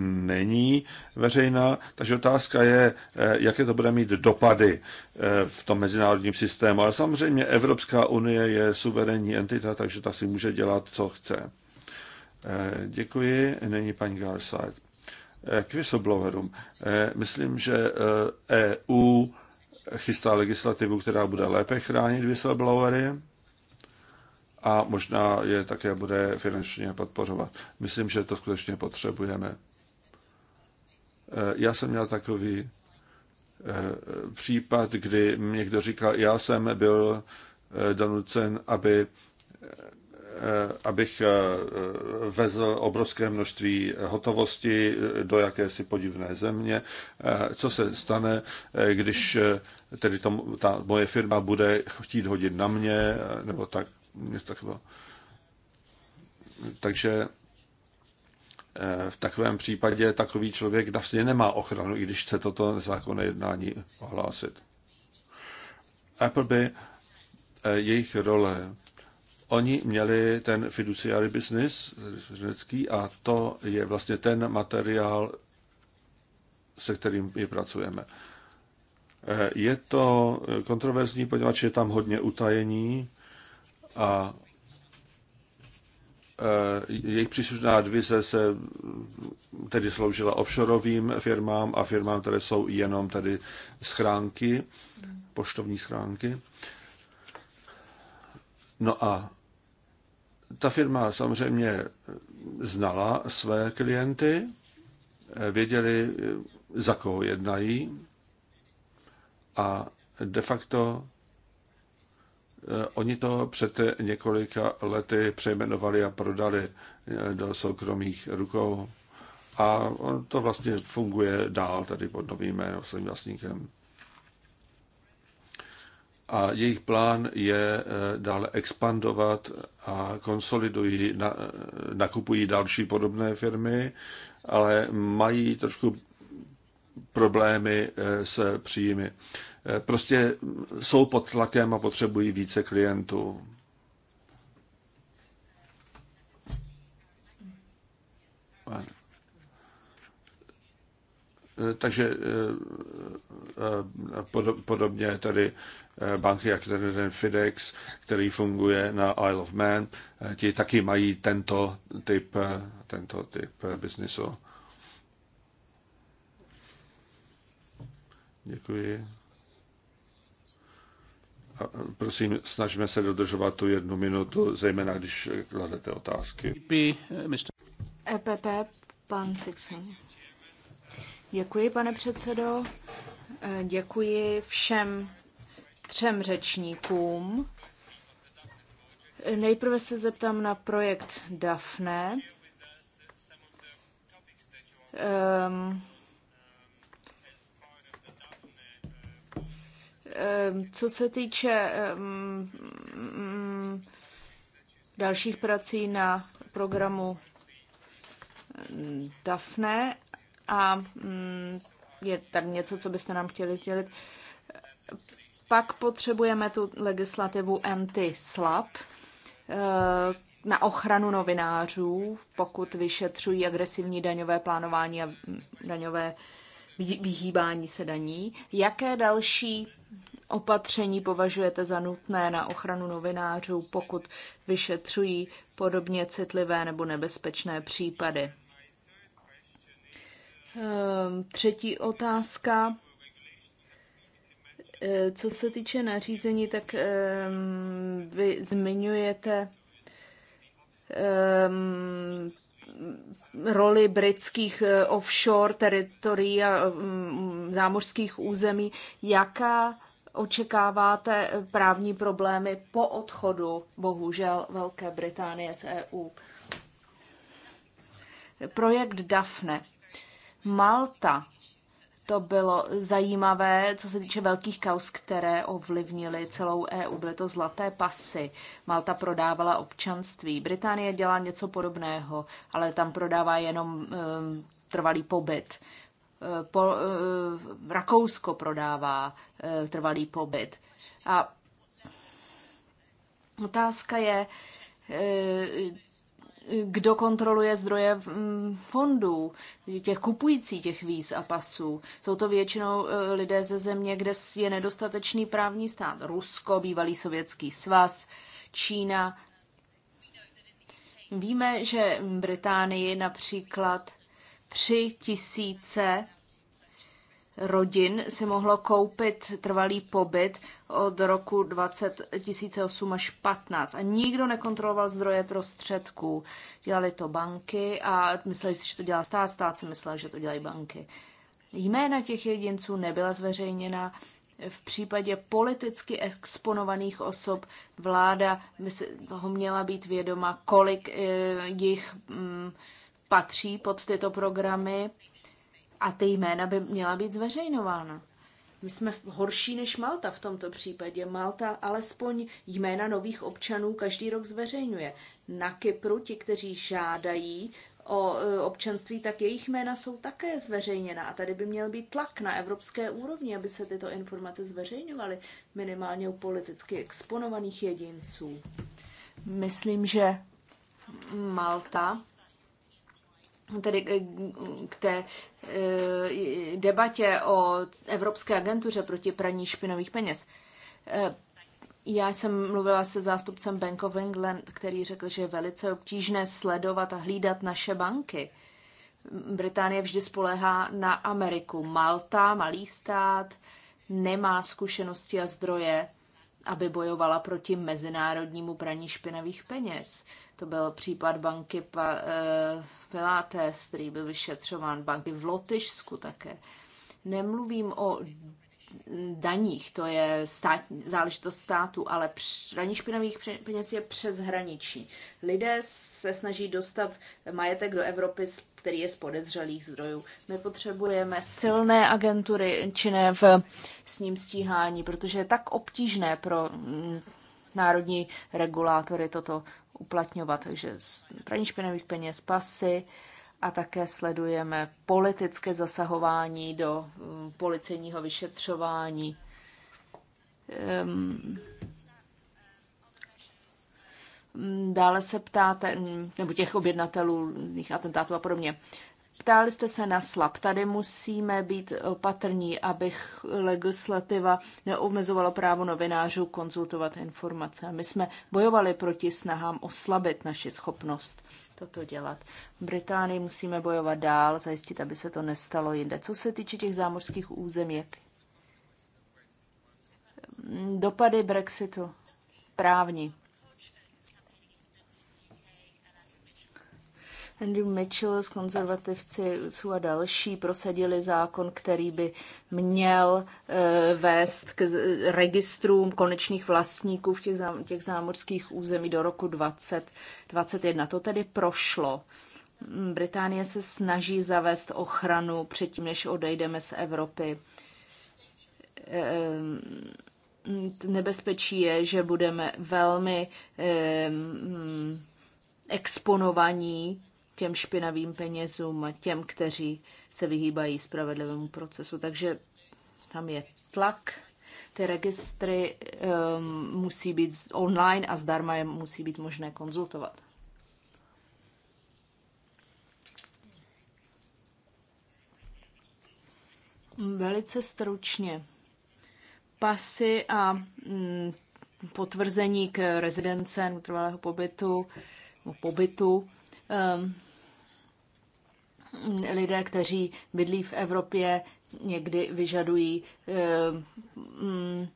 [SPEAKER 1] není veřejná, takže otázka je, eh, jaké to bude mít dopady eh, v tom mezinárodním systému. Ale samozřejmě Evropská unie je suverénní entita, takže ta si může dělat, co chce. Děkuji, není paní Garside. K whistleblowerům. Myslím, že EU e chystá legislativu, která bude lépe chránit whistleblowery a možná je také bude finančně podporovat. Myslím, že to skutečně potřebujeme. Eh, já jsem měl takový eh, případ, kdy někdo říkal, já jsem byl eh, donucen, aby Eh, abych eh, vezl obrovské množství hotovosti do jakési podivné země. Eh, co se stane, když tedy to, ta moje firma bude chtít hodit na mě, nebo tak, něco takového. Takže v takovém případě takový člověk vlastně nemá ochranu, i když chce toto zákonné jednání ohlásit. by jejich role Oni měli ten fiduciary business řecký a to je vlastně ten materiál, se kterým my pracujeme. Eh, je to kontroverzní, poněvadž je tam hodně utajení a eh, jejich příslušná divize se tedy sloužila offshoreovým firmám a firmám, které jsou jenom tady schránky, poštovní schránky. No a ta firma samozřejmě znala své klienty, věděli, za koho jednají a de facto eh, oni to před několika lety přejmenovali a prodali eh, do soukromých rukou a to vlastně funguje dál tady pod novým jménem, svým vlastníkem a jejich plán je eh, dále expandovat a konsolidují, eh, nakupují další podobné firmy, ale mají trošku problémy eh, s příjmy. Prostě jsou pod tlakem a potřebují více klientů. Takže podobně tady Eh, banky, jak ten FedEx, který funguje na Isle of Man, eh, ti taky mají tento typ, eh, tento typ biznisu. Děkuji. A prosím, snažme se dodržovat tu jednu minutu, zejména když kladete otázky. EPP,
[SPEAKER 2] e pan Sixon. Děkuji, pane předsedo. Děkuji všem třem řečníkům. Nejprve se zeptám na projekt DAFNE. Um, co se týče um, um, dalších prací na programu mm, DAFNE a um, je tady něco, co byste nám chtěli sdělit. Pak potřebujeme tu legislativu anti-slap eh, na ochranu novinářů, pokud vyšetřují agresivní daňové plánování a daňové vyhýbání se daní. Jaké další opatření považujete za nutné na ochranu novinářů, pokud vyšetřují podobně citlivé nebo nebezpečné případy? Eh, třetí otázka Eh, co se týče nařízení, tak ehm, vy zmiňujete ehm, roli britských eh, offshore teritorií a mm, zámořských území. Jaká očekáváte eh, právní problémy po odchodu, bohužel, Velké Británie z EU? Projekt DAFNE. Malta to bylo zajímavé, co se týče velkých kaus, které ovlivnily celou EU. Byly to zlaté pasy. Malta prodávala občanství. Británie dělá něco podobného, ale tam prodává jenom um, trvalý pobyt. Eh, po, uh, Rakousko prodává uh, trvalý pobyt. A otázka je, uh, kdo kontroluje zdroje mm, fondů, těch kupující těch víz a pasů. Jsou to většinou e, lidé ze země, kde je nedostatečný právní stát. Rusko, bývalý sovětský svaz, Čína. Víme, že v Británii například tři tisíce rodin si mohlo koupit trvalý pobyt od roku 2008 až 15 a nikdo nekontroloval zdroje prostředků. Dělali to banky a mysleli si, že to dělá stát, stát si myslel, že to dělají banky. Jména těch jedinců nebyla zveřejněna, v případě politicky exponovaných osob vláda by se toho měla být vědoma, kolik eh, jich mm, patří pod tyto programy a ty jména by měla být zveřejnována. My jsme horší než Malta v tomto případě. Malta alespoň jména nových občanů každý rok zveřejňuje. Na Kypru ti, kteří žádají o e, občanství, tak jejich jména jsou také zveřejněna. A tady by měl být tlak na evropské úrovni, aby se tyto informace zveřejňovaly minimálně u politicky exponovaných jedinců. Myslím, že Malta tedy k té eh, debatě o Evropské agentuře proti praní špinavých peněz. Eh, já jsem mluvila se zástupcem Bank of England, který řekl, že je velice obtížné sledovat a hlídat naše banky. Británie vždy spolehá na Ameriku. Malta, malý stát, nemá zkušenosti a zdroje aby bojovala proti mezinárodnímu praní špinavých peněz. To byl případ banky eh, Pilates, který byl vyšetřován, banky v Lotyšsku také. Nemluvím o daních, to je stát, záležitost státu, ale praní špinavých peněz je přeshraniční. Lidé se snaží dostat majetek do Evropy s který je z podezřelých zdrojů. My potřebujeme silné agentury činné v s ním stíhání, protože je tak obtížné pro mm, národní regulátory toto uplatňovat. Takže praní špinavých peněz, pasy a také sledujeme politické zasahování do mm, policejního vyšetřování. Um, Mm, dále se ptáte, mm, nebo těch objednatelů, těch atentátů a podobně. Ptali jste se na slab. Tady musíme být opatrní, abych legislativa neomezovala právo novinářů konzultovat informace. My jsme bojovali proti snahám oslabit naši schopnost toto dělat. V Británii musíme bojovat dál, zajistit, aby se to nestalo jinde. Co se týče těch zámořských území, jak mm, dopady Brexitu právní. Andrew Mitchell z konzervativci a další prosadili zákon, který by měl eh, vést k registrům konečných vlastníků v těch, zám, těch zámořských území do roku 2021. To tedy prošlo. Mm, Británie se snaží zavést ochranu předtím, než odejdeme z Evropy. Eh, mm, nebezpečí je, že budeme velmi eh, mm, exponovaní těm špinavým penězům a těm, kteří se vyhýbají spravedlivému procesu. Takže tam je tlak. Ty registry um, musí být online a zdarma je musí být možné konzultovat. Velice stručně. Pasy a mm, potvrzení k rezidence trvalého pobytu, pobytu um, lidé, kteří bydlí v Evropě, někdy vyžadují eh, mm,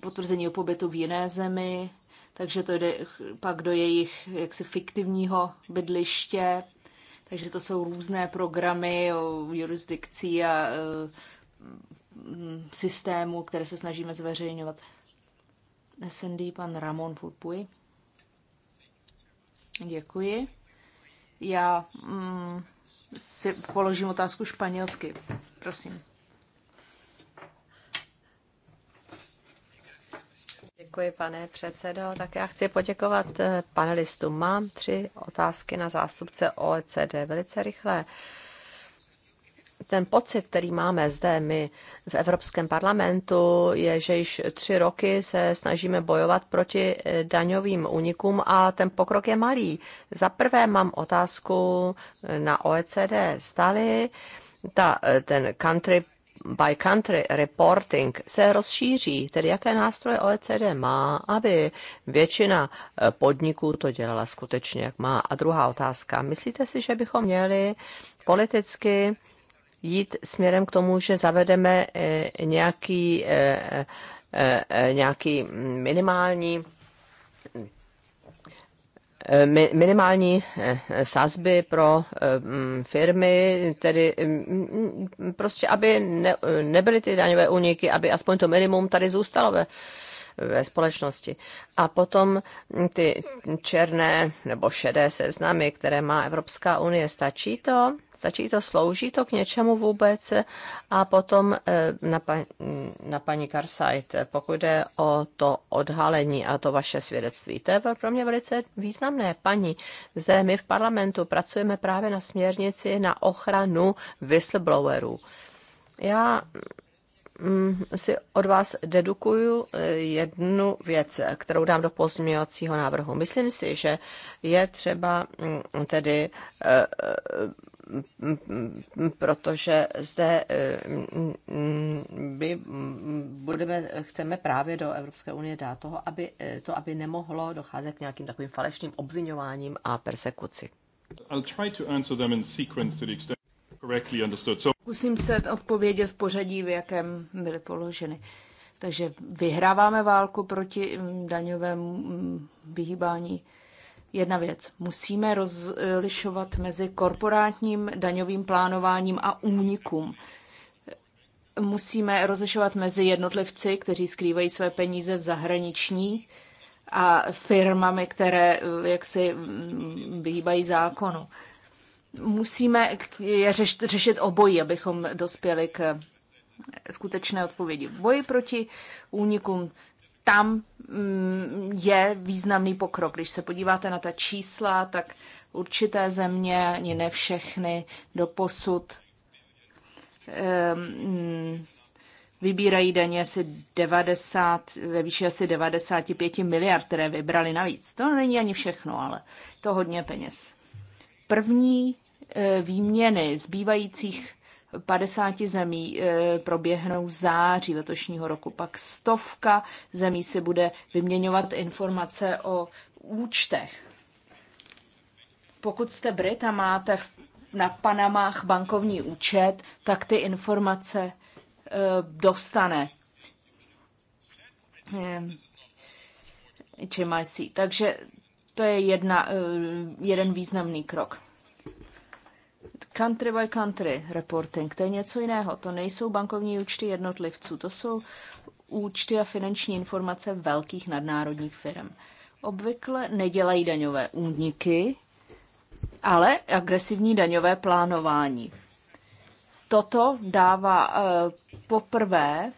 [SPEAKER 2] potvrzení o pobytu v jiné zemi, takže to jde pak do jejich jaksi fiktivního bydliště. Takže to jsou různé programy o jurisdikcí a eh, systému, které se snažíme zveřejňovat. SND pan Ramon Purpuy. Děkuji. Já mm, si položím otázku
[SPEAKER 3] španělsky. Prosím. Děkuji, pane předsedo. Tak já chci poděkovat eh, panelistům. Mám tři otázky na zástupce OECD. Velice rychle ten pocit, který máme zde my v Evropském parlamentu, je, že již tři roky se snažíme bojovat proti eh, daňovým únikům a ten pokrok je malý. Za prvé mám otázku eh, na OECD. Stali ta, eh, ten country by country reporting se rozšíří, tedy jaké nástroje OECD má, aby většina podniků to dělala skutečně, jak má. A druhá otázka, myslíte si, že bychom měli politicky jít směrem k tomu, že zavedeme eh, nějaký, eh, eh, nějaký minimální minimální sazby pro mm, firmy, tedy mm, mm, prostě, aby ne, nebyly ty daňové úniky, aby aspoň to minimum tady zůstalo ve ve společnosti. A potom ty černé nebo šedé seznamy, které má Evropská unie, stačí to? Stačí to? Slouží to k něčemu vůbec? A potom eh, na, pa, na paní Karsajt, pokud jde o to odhalení a to vaše svědectví, to je pro mě velice významné. Paní, zde my v parlamentu pracujeme právě na směrnici na ochranu whistleblowerů. Já Mm, si od vás dedukuju eh, jednu věc, kterou dám do pozměňovacího návrhu. Myslím si, že je třeba mm, tedy eh, mm, protože zde eh, my budeme, chceme právě do Evropské unie dát toho, aby, to, aby nemohlo docházet k nějakým takovým falešným obvinováním a persekuci.
[SPEAKER 2] I'll try to answer them in sequence to the extent Musím se odpovědět v pořadí, v jakém byly položeny. Takže vyhráváme válku proti mm, daňovému mm, vyhýbání. Jedna věc. Musíme rozlišovat mezi korporátním daňovým plánováním a únikům. Musíme rozlišovat mezi jednotlivci, kteří skrývají své peníze v zahraničních a firmami, které eh, jaksi mm, vyhýbají zákonu musíme je řešit obojí, abychom dospěli k skutečné odpovědi. V boji proti únikům tam mm, je významný pokrok. Když se podíváte na ta čísla, tak určité země, ani ne všechny, do posud ehm, vybírají daně asi 90, ve výši asi 95 miliard, které vybrali navíc. To není ani všechno, ale to hodně peněz. První E, výměny zbývajících 50 zemí e, proběhnou v září letošního roku. Pak stovka zemí si bude vyměňovat informace o účtech. Pokud jste Brit a máte na Panamách bankovní účet, tak ty informace e, dostane Takže to je jedna, jeden významný krok country by country reporting, to je něco jiného. To nejsou bankovní účty jednotlivců, to jsou účty a finanční informace velkých nadnárodních firm. Obvykle nedělají daňové úniky, ale agresivní daňové plánování. Toto dává eh, poprvé,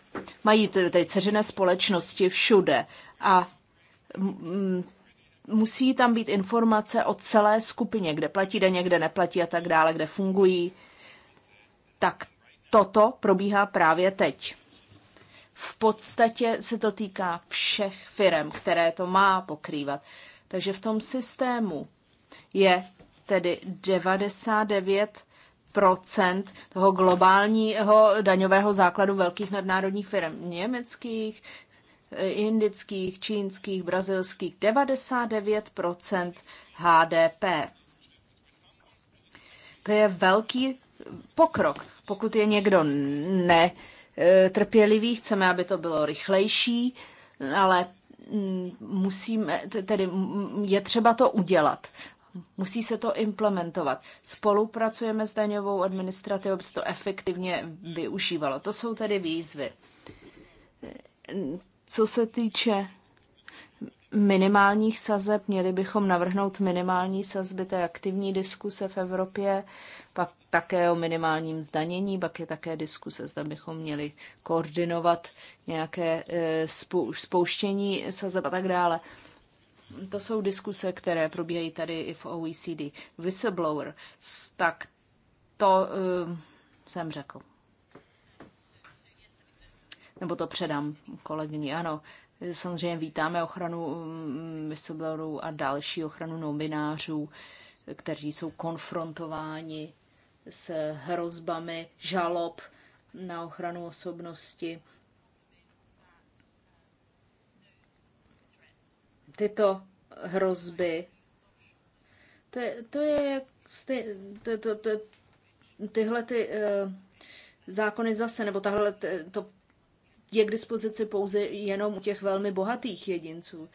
[SPEAKER 2] mají tedy ceřené společnosti všude a mm, musí tam být informace o celé skupině, kde platí daně, kde neplatí a tak dále, kde fungují. Tak toto probíhá právě teď. V podstatě se to týká všech firm, které to má pokrývat. Takže v tom systému je tedy 99 toho globálního daňového základu velkých nadnárodních firm, německých, indických, čínských, brazilských, 99 HDP. To je velký pokrok. Pokud je někdo netrpělivý, chceme, aby to bylo rychlejší, ale mm, musíme, tedy mm, je třeba to udělat. Musí se to implementovat. Spolupracujeme s daňovou administrativou, aby se to efektivně využívalo. To jsou tedy výzvy. Co se týče minimálních sazeb, měli bychom navrhnout minimální sazby té aktivní diskuse v Evropě, pak také o minimálním zdanění, pak je také diskuse, zda bychom měli koordinovat nějaké eh, spouštění sazeb a tak dále. To jsou diskuse, které probíhají tady i v OECD. Whistleblower, tak to uh, jsem řekl nebo to předám kolegyni, ano. Samozřejmě vítáme ochranu mm, whistleblowerů a další ochranu novinářů, kteří jsou konfrontováni s hrozbami žalob na ochranu osobnosti. Tyto hrozby, to je, to je ty, to, to, to, tyhle ty uh, zákony zase, nebo tahle to je k dispozici pouze jenom u těch velmi bohatých jedinců.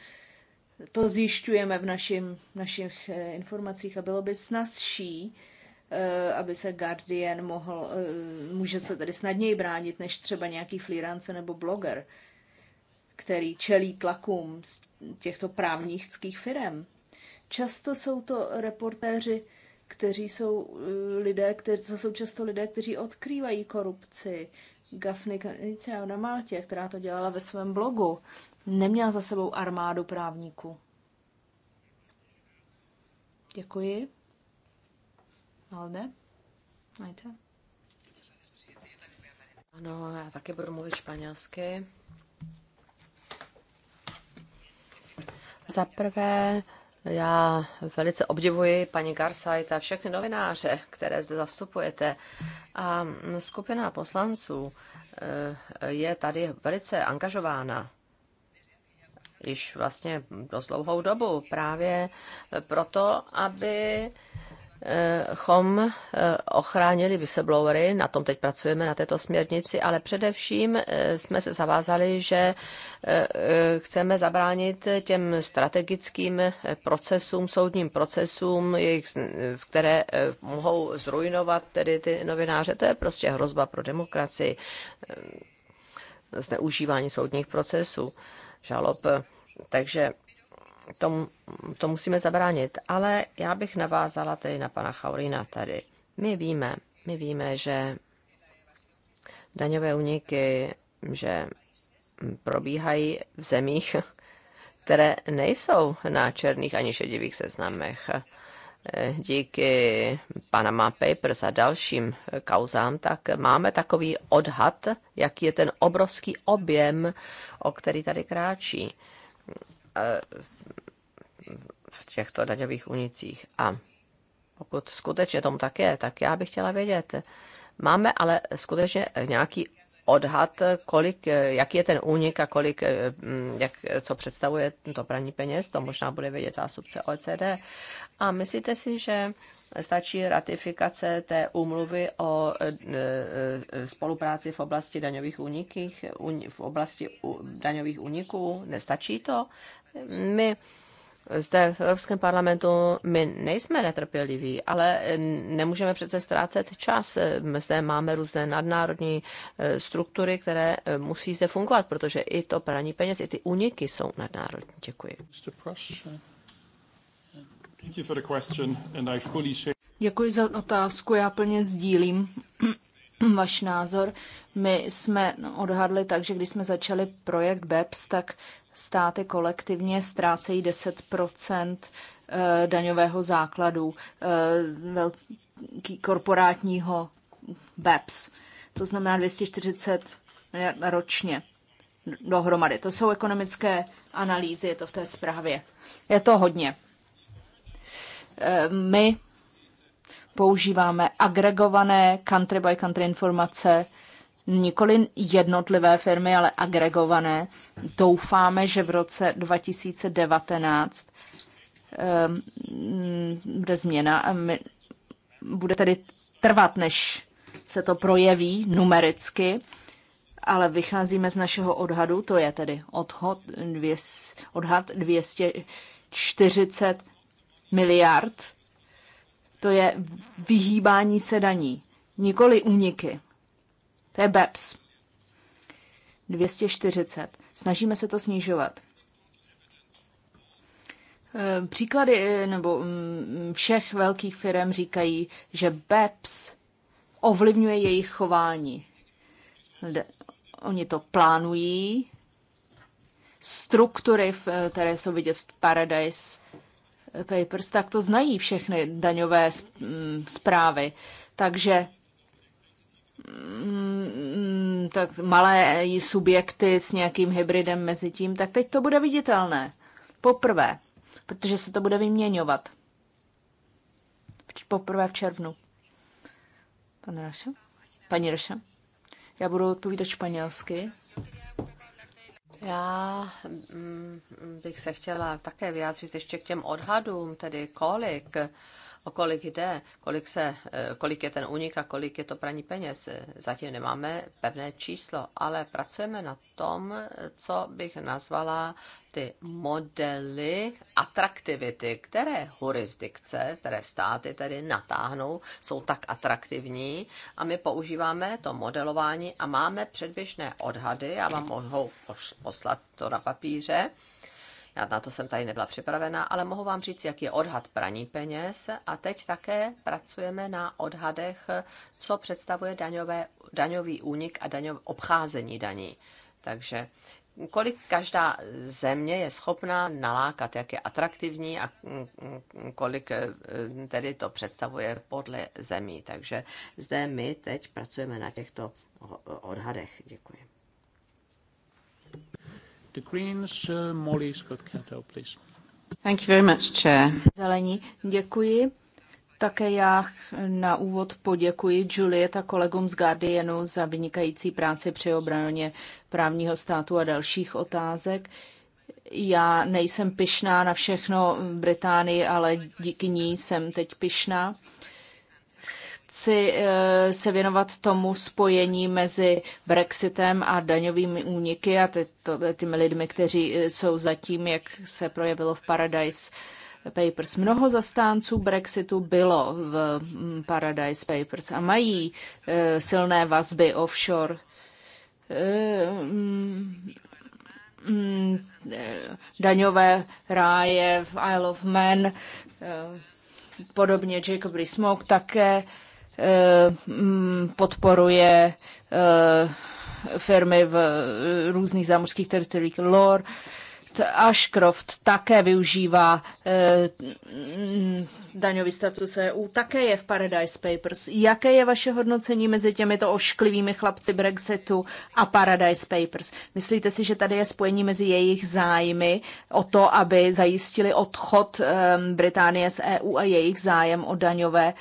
[SPEAKER 2] To zjišťujeme v našim, našich eh, informacích a bylo by snazší, eh, aby se Guardian mohl, eh, může se tedy snadněji bránit než třeba nějaký flírance nebo bloger, který čelí tlakům z těchto právnických firm. Často jsou to reportéři, kteří jsou lidé, kteří, co jsou často lidé, kteří odkrývají korupci, Gafny Kanicea na Maltě, která to dělala ve svém blogu, neměla za sebou armádu právníků. Děkuji. Alde? Majte.
[SPEAKER 3] Ano, já taky budu mluvit španělsky. Za prvé, já velice obdivuji paní Garsajt a všechny novináře, které zde zastupujete. A skupina poslanců eh, je tady velice angažována již vlastně dost dlouhou dobu právě proto, aby chom eh, ochránili whistleblowery, na tom teď pracujeme, na této směrnici, ale především eh, jsme se zavázali, že eh, chceme zabránit těm strategickým procesům, soudním procesům, které mohou zrujnovat tedy ty novináře. To je prostě hrozba pro demokracii, zneužívání soudních procesů, žalob. Takže tomu, to musíme zabránit. Ale já bych navázala tedy na pana Chaurina tady. My víme, my víme, že daňové uniky, že probíhají v zemích, které nejsou na černých ani šedivých seznamech. Díky Panama Papers a dalším kauzám, tak máme takový odhad, jaký je ten obrovský objem, o který tady kráčí v těchto daňových unicích. A pokud skutečně tomu tak je, tak já bych chtěla vědět, máme ale skutečně nějaký odhad, kolik, jaký je ten únik a kolik, mm, jak, co představuje to praní peněz, to možná bude vědět zástupce OECD. A myslíte si, že stačí ratifikace té úmluvy o e, e, spolupráci v oblasti daňových uniků, v oblasti daňových úniků? Nestačí to? My zde v Evropském parlamentu my nejsme netrpěliví, ale nemůžeme přece ztrácet čas. Zde máme různé nadnárodní eh, struktury, které eh, musí zde fungovat, protože i to praní peněz, i ty úniky jsou nadnárodní. Děkuji. Uh,
[SPEAKER 2] Děkuji za otázku. Já plně sdílím váš názor. My jsme odhadli tak, že když jsme začali projekt BEPS, tak státy kolektivně ztrácejí 10 eh, daňového základu eh, velký korporátního BEPS. To znamená 240 miliard ročně dohromady. To jsou ekonomické analýzy, je to v té zprávě. Je to hodně. Eh, my používáme agregované country by country informace, nikoli jednotlivé firmy, ale agregované. Doufáme, že v roce 2019 ehm, bude změna a my, bude tedy trvat, než se to projeví numericky, ale vycházíme z našeho odhadu, to je tedy odchod, dvě, odhad 240 miliard, to je vyhýbání se daní, nikoli úniky. To je BEPS. 240. Snažíme se to snižovat. Eh, příklady eh, nebo mm, mm, všech velkých firm říkají, že BEPS ovlivňuje jejich chování. Oni to plánují, struktury, eh, které jsou vidět v Paradise Papers, tak to znají všechny daňové mm, zprávy. Takže Mm, mm, tak malé subjekty s nějakým hybridem mezi tím, tak teď to bude viditelné. Poprvé, protože se to bude vyměňovat. Poprvé v červnu. Pane Raša? Paní Raša? Já budu odpovídat španělsky.
[SPEAKER 3] Já mm, bych se chtěla také vyjádřit ještě k těm odhadům, tedy kolik o kolik jde, kolik, se, eh, kolik je ten unik a kolik je to praní peněz. Zatím nemáme pevné číslo, ale pracujeme na tom, co bych nazvala ty modely atraktivity, které jurisdikce, které státy tedy natáhnou, jsou tak atraktivní a my používáme to modelování a máme předběžné odhady, já vám mohu poslat to na papíře, já na to jsem tady nebyla připravená, ale mohu vám říct, jaký je odhad praní peněz a teď také pracujeme na odhadech, co představuje daňové, daňový únik a daňov, obcházení daní. Takže kolik každá země je schopná nalákat, jak je atraktivní a kolik eh, tedy to představuje podle zemí. Takže zde my teď pracujeme na těchto odhadech. Děkuji. The Greens, uh, Molly Scott-Cato, please.
[SPEAKER 2] Thank you very much, Chair. Zelení, děkuji. Také já na úvod poděkuji Juliet a kolegům z Guardianu za vynikající práci při obraně právního státu a dalších otázek. Já nejsem pyšná na všechno v Británii, ale díky ní jsem teď pyšná. Uh, chci eh, se věnovat tomu spojení mezi Brexitem a daňovými úniky a ty, to, těmi lidmi, kteří eh, jsou zatím, jak se projevilo v Paradise Papers. Mnoho zastánců Brexitu bylo v mm, Paradise Papers a mají eh, silné vazby offshore mm, mm, daňové ráje v Isle of Man, podobně Jacob Rees-Mogg také Eh, podporuje eh, firmy v různých zámořských teritoriích LOR. Ashcroft také využívá eh, daňový status EU, také je v Paradise Papers. Jaké je vaše hodnocení mezi těmito ošklivými chlapci Brexitu a Paradise Papers? Myslíte si, že tady je spojení mezi jejich zájmy o to, aby zajistili odchod Británie z EU a jejich zájem o daňové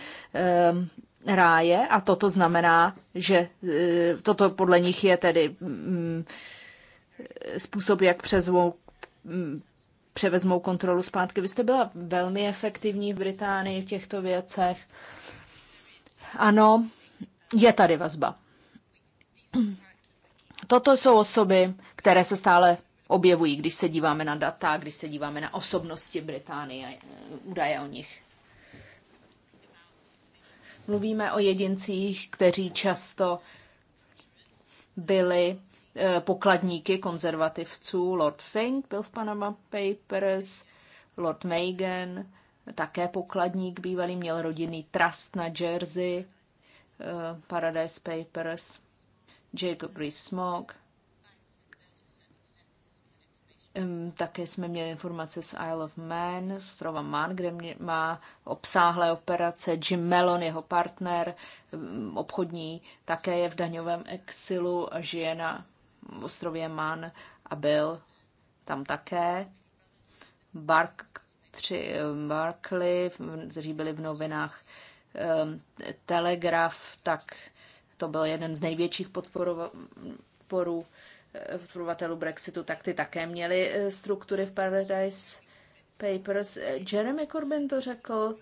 [SPEAKER 2] ráje a toto znamená, že e, toto podle nich je tedy mm, způsob, jak přezvou, mm, převezmou kontrolu zpátky. Vy jste byla velmi efektivní v Británii v těchto věcech. Ano, je tady vazba. Toto jsou osoby, které se stále objevují, když se díváme na data, když se díváme na osobnosti Británie, e, údaje o nich. Mluvíme o jedincích, kteří často byli eh, pokladníky konzervativců. Lord Fink byl v Panama Papers, Lord Megan, také pokladník bývalý, měl rodinný trust na Jersey, eh, Paradise Papers, Jacob Rees-Mogg, také jsme měli informace z Isle of Man, Trova Man, kde mě, má obsáhlé operace. Jim Mellon, jeho partner obchodní, také je v daňovém exilu a žije na ostrově Man a byl tam také. Bark, tři, Barkley, kteří byli v novinách Telegraf, tak to byl jeden z největších podporů provatelů Brexitu, tak ty také měli eh, struktury v Paradise Papers. Eh, Jeremy Corbyn to řekl,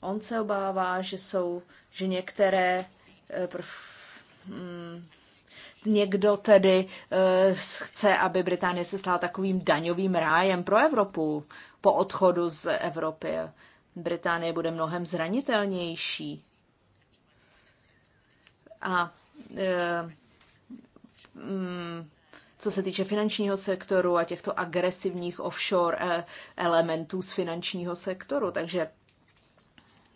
[SPEAKER 2] on se obává, že jsou, že některé eh, prv, mm, někdo tedy uh, chce, aby Británie se stala takovým daňovým rájem pro Evropu po odchodu z Evropy. Británie bude mnohem zranitelnější. A uh, um, co se týče finančního sektoru a těchto agresivních offshore eh, elementů z finančního sektoru. Takže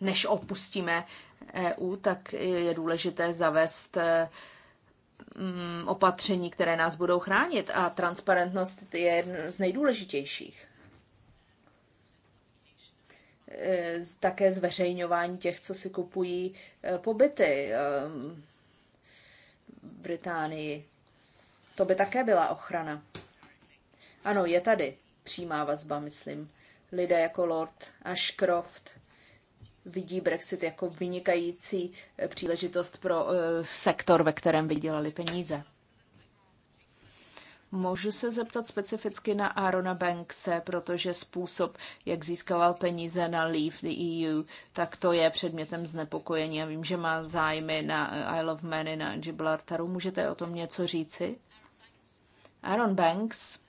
[SPEAKER 2] než opustíme EU, tak je důležité zavést eh, mm, opatření, které nás budou chránit a transparentnost je jedno z nejdůležitějších. Eh, také zveřejňování těch, co si kupují pobyty v Británii. To by také byla ochrana. Ano, je tady přímá vazba, myslím. Lidé jako Lord Ashcroft vidí Brexit jako vynikající eh, příležitost pro uh, sektor, ve kterém vydělali peníze. Můžu se zeptat specificky na Arona Bankse, protože způsob, jak získával peníze na Leave the EU, tak to je předmětem znepokojení. Já vím, že má zájmy na eh, Isle of Man na Gibraltaru. Můžete o tom něco říci? Aaron Banks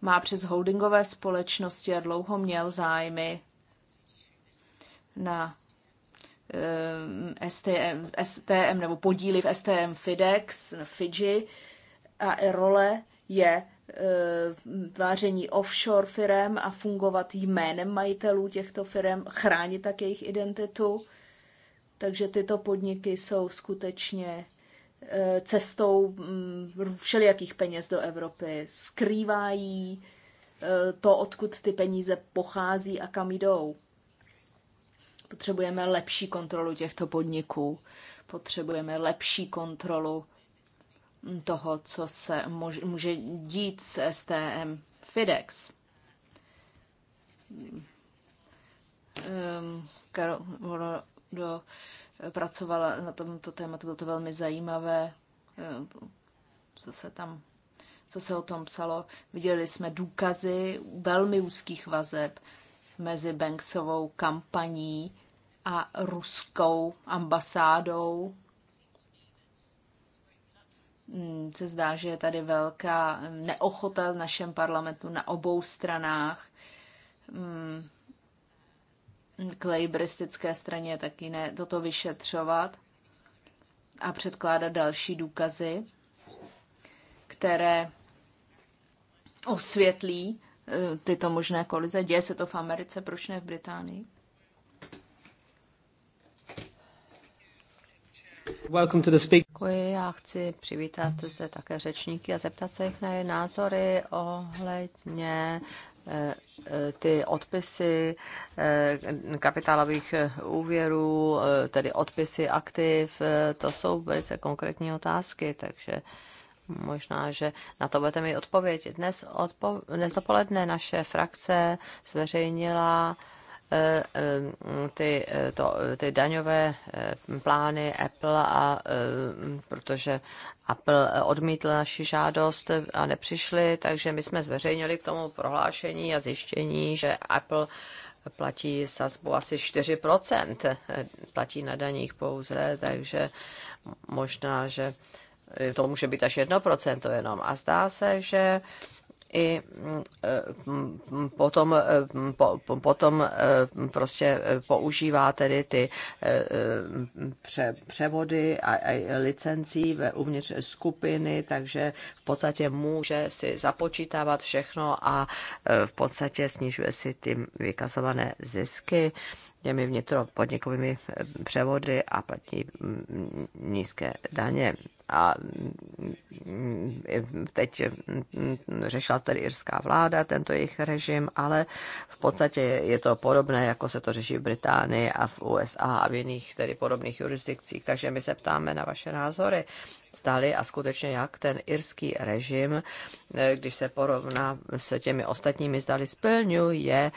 [SPEAKER 2] má přes holdingové společnosti a dlouho měl zájmy na eh, STM, STM nebo podíly v STM FIDEX, Fiji a role je eh, váření offshore firem a fungovat jménem majitelů těchto firem, chránit tak jejich identitu. Takže tyto podniky jsou skutečně Eh, cestou mm, všelijakých peněz do Evropy. Skrývají eh, to, odkud ty peníze pochází a kam jdou. Potřebujeme lepší kontrolu těchto podniků. Potřebujeme lepší kontrolu mm, toho, co se může dít s STM FIDEX. Ehm, Karol do, eh, pracovala na tomto tématu, bylo to velmi zajímavé, eh, co se tam, co se o tom psalo. Viděli jsme důkazy velmi úzkých vazeb mezi Banksovou kampaní a ruskou ambasádou. Hmm, se zdá, že je tady velká neochota v našem parlamentu na obou stranách hmm, k lejbristické straně, taky ne, toto vyšetřovat a předkládat další důkazy, které osvětlí eh, tyto možné kolize. Děje se to v Americe, proč ne v Británii?
[SPEAKER 1] Welcome to the speak.
[SPEAKER 3] Děkuji, já chci přivítat zde také řečníky a zeptat se jich na jejich názory ohledně ty odpisy eh, kapitálových úvěrů, eh, tedy odpisy aktiv, eh, to jsou velice konkrétní otázky, takže možná, že na to budete mít odpověď. Dnes, odpo- dnes dopoledne naše frakce zveřejnila Eh, eh, ty, eh, to, ty daňové plány Apple, a, protože Apple odmítl naši žádost a nepřišli, takže my jsme zveřejnili k tomu prohlášení a zjištění, že Apple platí sazbu asi 4%, platí na daních pouze, takže možná, že to může být až 1% jenom. A zdá se, že i mm, e, potom, e, potom e, prostě používá tedy ty převody a licencí uvnitř skupiny, takže v podstatě může si započítávat všechno a v podstatě snižuje si ty vykazované zisky těmi vnitropodnikovými eh, převody a platí mm, nízké daně. A mm, teď mm, řešila tady irská vláda tento jejich režim, ale v podstatě je to podobné, jako se to řeší v Británii a v USA a v jiných tedy podobných jurisdikcích. Takže my se ptáme na vaše názory zdali a skutečně jak ten irský režim, eh, když se porovná s těmi ostatními, zdali splňuje,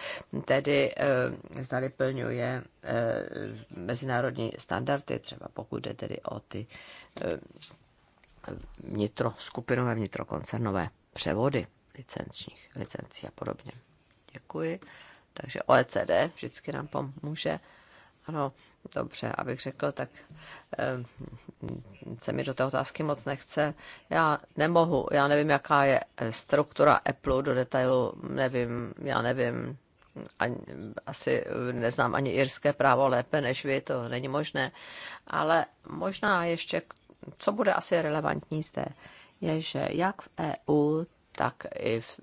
[SPEAKER 3] tedy eh, zdali plňuje eh, mezinárodní standardy, třeba pokud jde tedy o ty vnitro, skupinové vnitrokoncernové převody licenčních, licencí a podobně. Děkuji. Takže OECD vždycky nám pomůže. Ano, dobře, abych řekl, tak eh, se mi do té otázky moc nechce. Já nemohu, já nevím, jaká je eh, struktura Apple do detailu, nevím, já nevím, ani, asi neznám ani irské právo lépe než vy, to není možné. Ale možná ještě, co bude asi relevantní zde, je, že jak v EU, tak i v,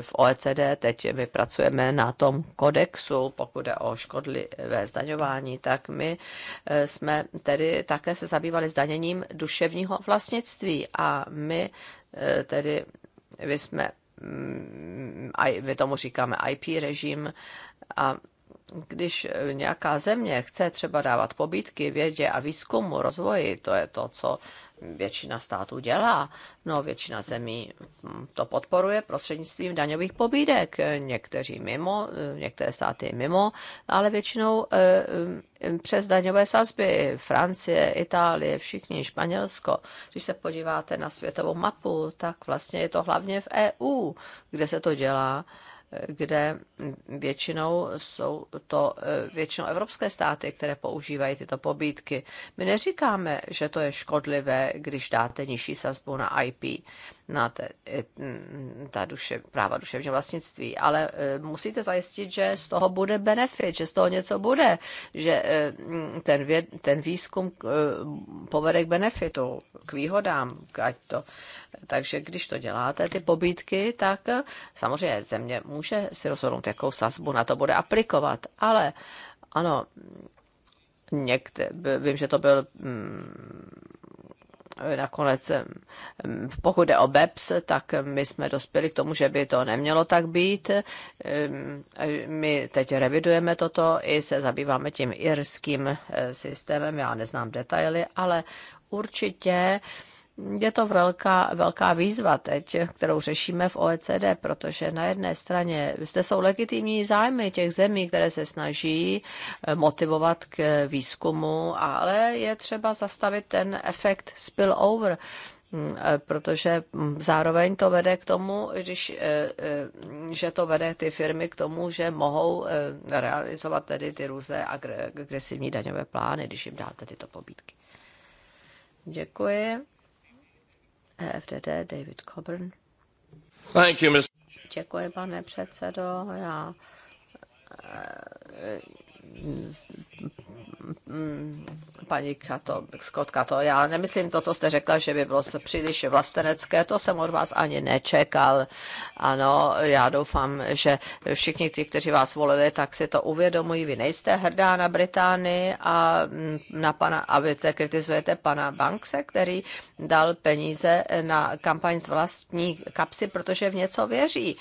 [SPEAKER 3] v OECD teď my pracujeme na tom kodexu, pokud je o škodlivé zdaňování, tak my eh, jsme tedy také se zabývali zdaněním duševního vlastnictví a my eh, tedy, my jsme, mm, my tomu říkáme IP režim a když eh, nějaká země chce třeba dávat pobytky, vědě a výzkumu, rozvoji, to je to, co většina států dělá. No, většina zemí hm, to podporuje prostřednictvím daňových pobídek. Někteří mimo, eh, některé státy mimo, ale většinou eh, hm, přes daňové sazby. Francie, Itálie, všichni, Španělsko. Když se podíváte na světovou mapu, tak vlastně je to hlavně v EU, kde se to dělá kde většinou jsou to e, většinou evropské státy, které používají tyto pobídky. My neříkáme, že to je škodlivé, když dáte nižší sazbu na IP na te, eh, ta duše, práva duševního vlastnictví, ale eh, musíte zajistit, že z toho bude benefit, že z toho něco bude, že eh, ten, věd, ten výzkum povede k benefitu, k výhodám, ať to. Takže když to děláte, ty pobídky, tak samozřejmě země může si rozhodnout, jakou sazbu na to bude aplikovat, ale ano, někde, vím, že to byl mm, nakonec, pokud jde o BEPS, tak my jsme dospěli k tomu, že by to nemělo tak být. My teď revidujeme toto i se zabýváme tím irským eh, systémem. Já neznám detaily, ale určitě je to velká, velká výzva teď, kterou řešíme v OECD, protože na jedné straně zde jsou legitimní zájmy těch zemí, které se snaží eh, motivovat k výzkumu, ale je třeba zastavit ten efekt spillover, hm, eh, protože hm, zároveň to vede k tomu, když, eh, že to vede ty firmy k tomu, že mohou realizovat tedy ty různé agresivní daňové plány, když jim dáte tyto pobídky. Děkuji. EFDD David Coburn. Thank you, Mr. Děkuji, pane předsedo. Já e, Mm, paní Kato, Skotka, to já nemyslím to, co jste řekla, že by bylo příliš vlastenecké, to jsem od vás ani nečekal. Ano, já doufám, že všichni ti, kteří vás volili, tak si to uvědomují. Vy nejste hrdá na Británii a mm, na pana, a vy se kritizujete pana Bankse, který dal peníze na kampaň z vlastní kapsy, protože v něco věří.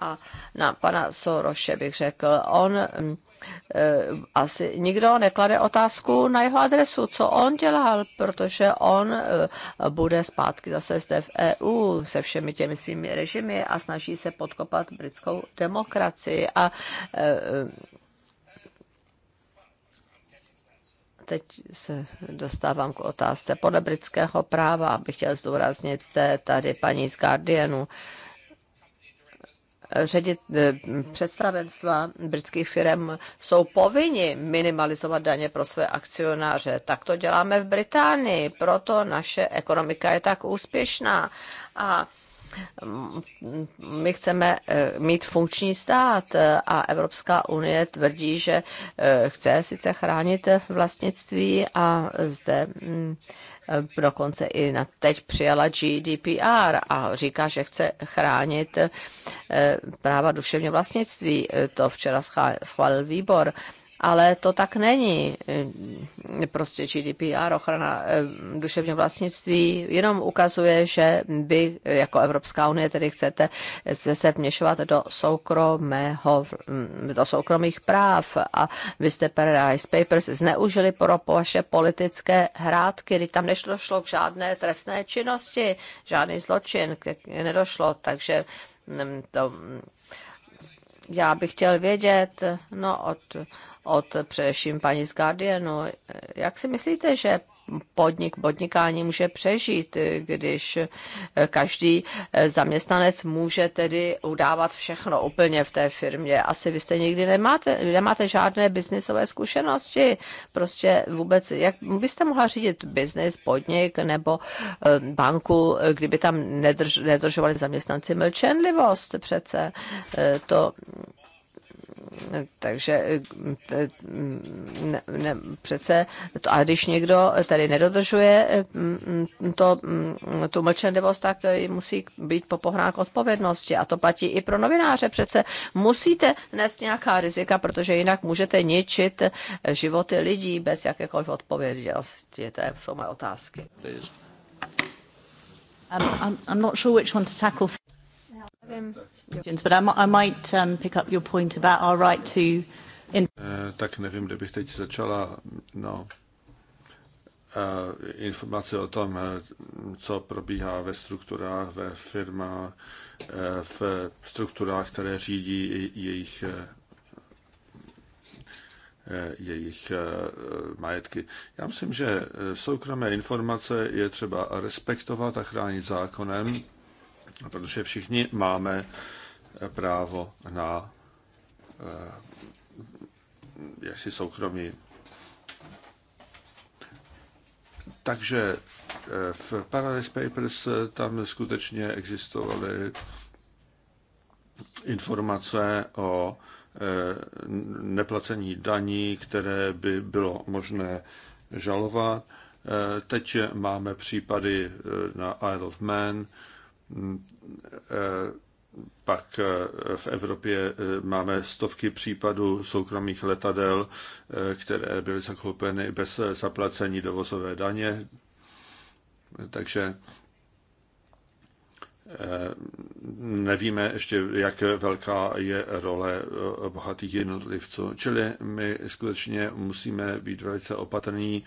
[SPEAKER 3] A na pana Soroše bych řekl, on mm, Eh, asi nikdo neklade otázku na jeho adresu, co on dělal, protože on eh, bude zpátky zase zde v EU se všemi těmi svými režimy a snaží se podkopat britskou demokracii a eh, teď se dostávám k otázce podle britského práva, abych chtěl zdůraznit jste tady paní z Guardianu, ředit, eh, představenstva britských firm jsou povinni minimalizovat daně pro své akcionáře. Tak to děláme v Británii, proto naše ekonomika je tak úspěšná. A Mm, my chceme eh, mít funkční stát eh, a Evropská unie tvrdí, že eh, chce sice chránit vlastnictví a zde mm, dokonce i na teď přijala GDPR a říká, že chce chránit práva duševního vlastnictví. To včera schválil výbor ale to tak není. Eh, prostě GDPR, ochrana eh, duševního vlastnictví, jenom ukazuje, že by eh, jako Evropská unie tedy chcete se vměšovat do soukromého, mm, do soukromých práv a vy jste Paradise Papers zneužili pro vaše politické hrátky, kdy tam nešlo k žádné trestné činnosti, žádný zločin, nedošlo, takže mm, to, mm, já bych chtěl vědět, no od od především paní z Guardianu. Jak si myslíte, že podnik, podnikání může přežít, když každý zaměstnanec může tedy udávat všechno úplně v té firmě. Asi vy jste nikdy nemáte, nemáte žádné biznisové zkušenosti, prostě vůbec, jak byste mohla řídit biznis, podnik nebo eh, banku, kdyby tam nedrž, nedržovali zaměstnanci mlčenlivost přece. Eh, to takže eh, ne, ne, přece, to, a když někdo tady nedodržuje eh, to, mm, tu mlčenlivost, tak eh, musí být popohnán k odpovědnosti. A to platí i pro novináře. Přece musíte nést nějaká rizika, protože jinak můžete ničit životy lidí bez jakékoliv odpovědnosti. To jsou moje otázky. Um, I'm, I'm not sure which one to tackle. Já nevím. But I might um, pick up your point about our right to in...
[SPEAKER 1] Eh, tak nevím, kde bych teď začala. No, eh, informace o tom, eh, co probíhá ve strukturách, ve firmách, v strukturách, které řídí jejich jejich majetky. Já myslím, že soukromé informace je třeba respektovat a chránit zákonem, protože všichni máme právo na eh, jaksi soukromí. Takže eh, v Paradise Papers eh, tam skutečně existovaly informace o neplacení daní, které by bylo možné žalovat. Teď máme případy na Isle of Man, mm, pak eh, v Evropě eh, máme stovky případů soukromých letadel, eh, které byly zakoupeny bez zaplacení dovozové daně. Takže nevíme ještě, jak velká je role bohatých jednotlivců. Čili my skutečně musíme být velice opatrní,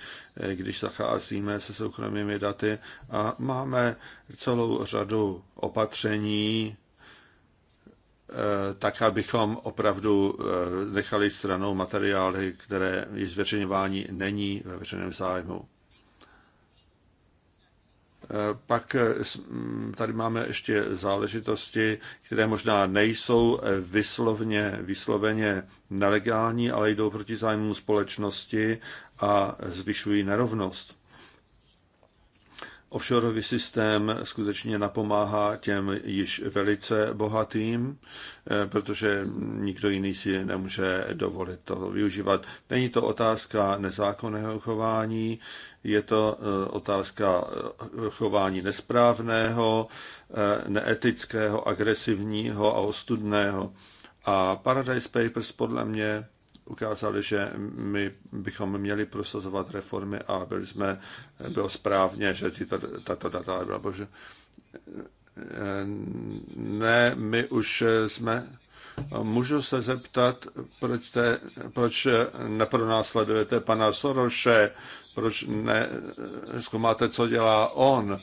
[SPEAKER 1] když zacházíme se soukromými daty a máme celou řadu opatření, Eh, tak abychom opravdu eh, nechali stranou materiály, které je zveřejňování není ve veřejném zájmu. Eh, pak mm, tady máme ještě záležitosti, které možná nejsou vyslovně, vysloveně nelegální, ale jdou proti zájmům společnosti a zvyšují nerovnost. Offshoreový systém skutečně napomáhá těm již velice bohatým, eh, protože nikdo jiný si nemůže dovolit to využívat. Není to otázka nezákonného chování, je to eh, otázka eh, chování nesprávného, neetického, agresivního a ostudného. A Paradise Papers podle mě ukázali, že my bychom měli prosazovat reformy a byli jsme, bylo správně, že tyto, tato data byla, bože, ne, my už jsme, můžu se zeptat, proč, te, proč nepronásledujete pana Soroše, proč ne, zkoumáte, co dělá on,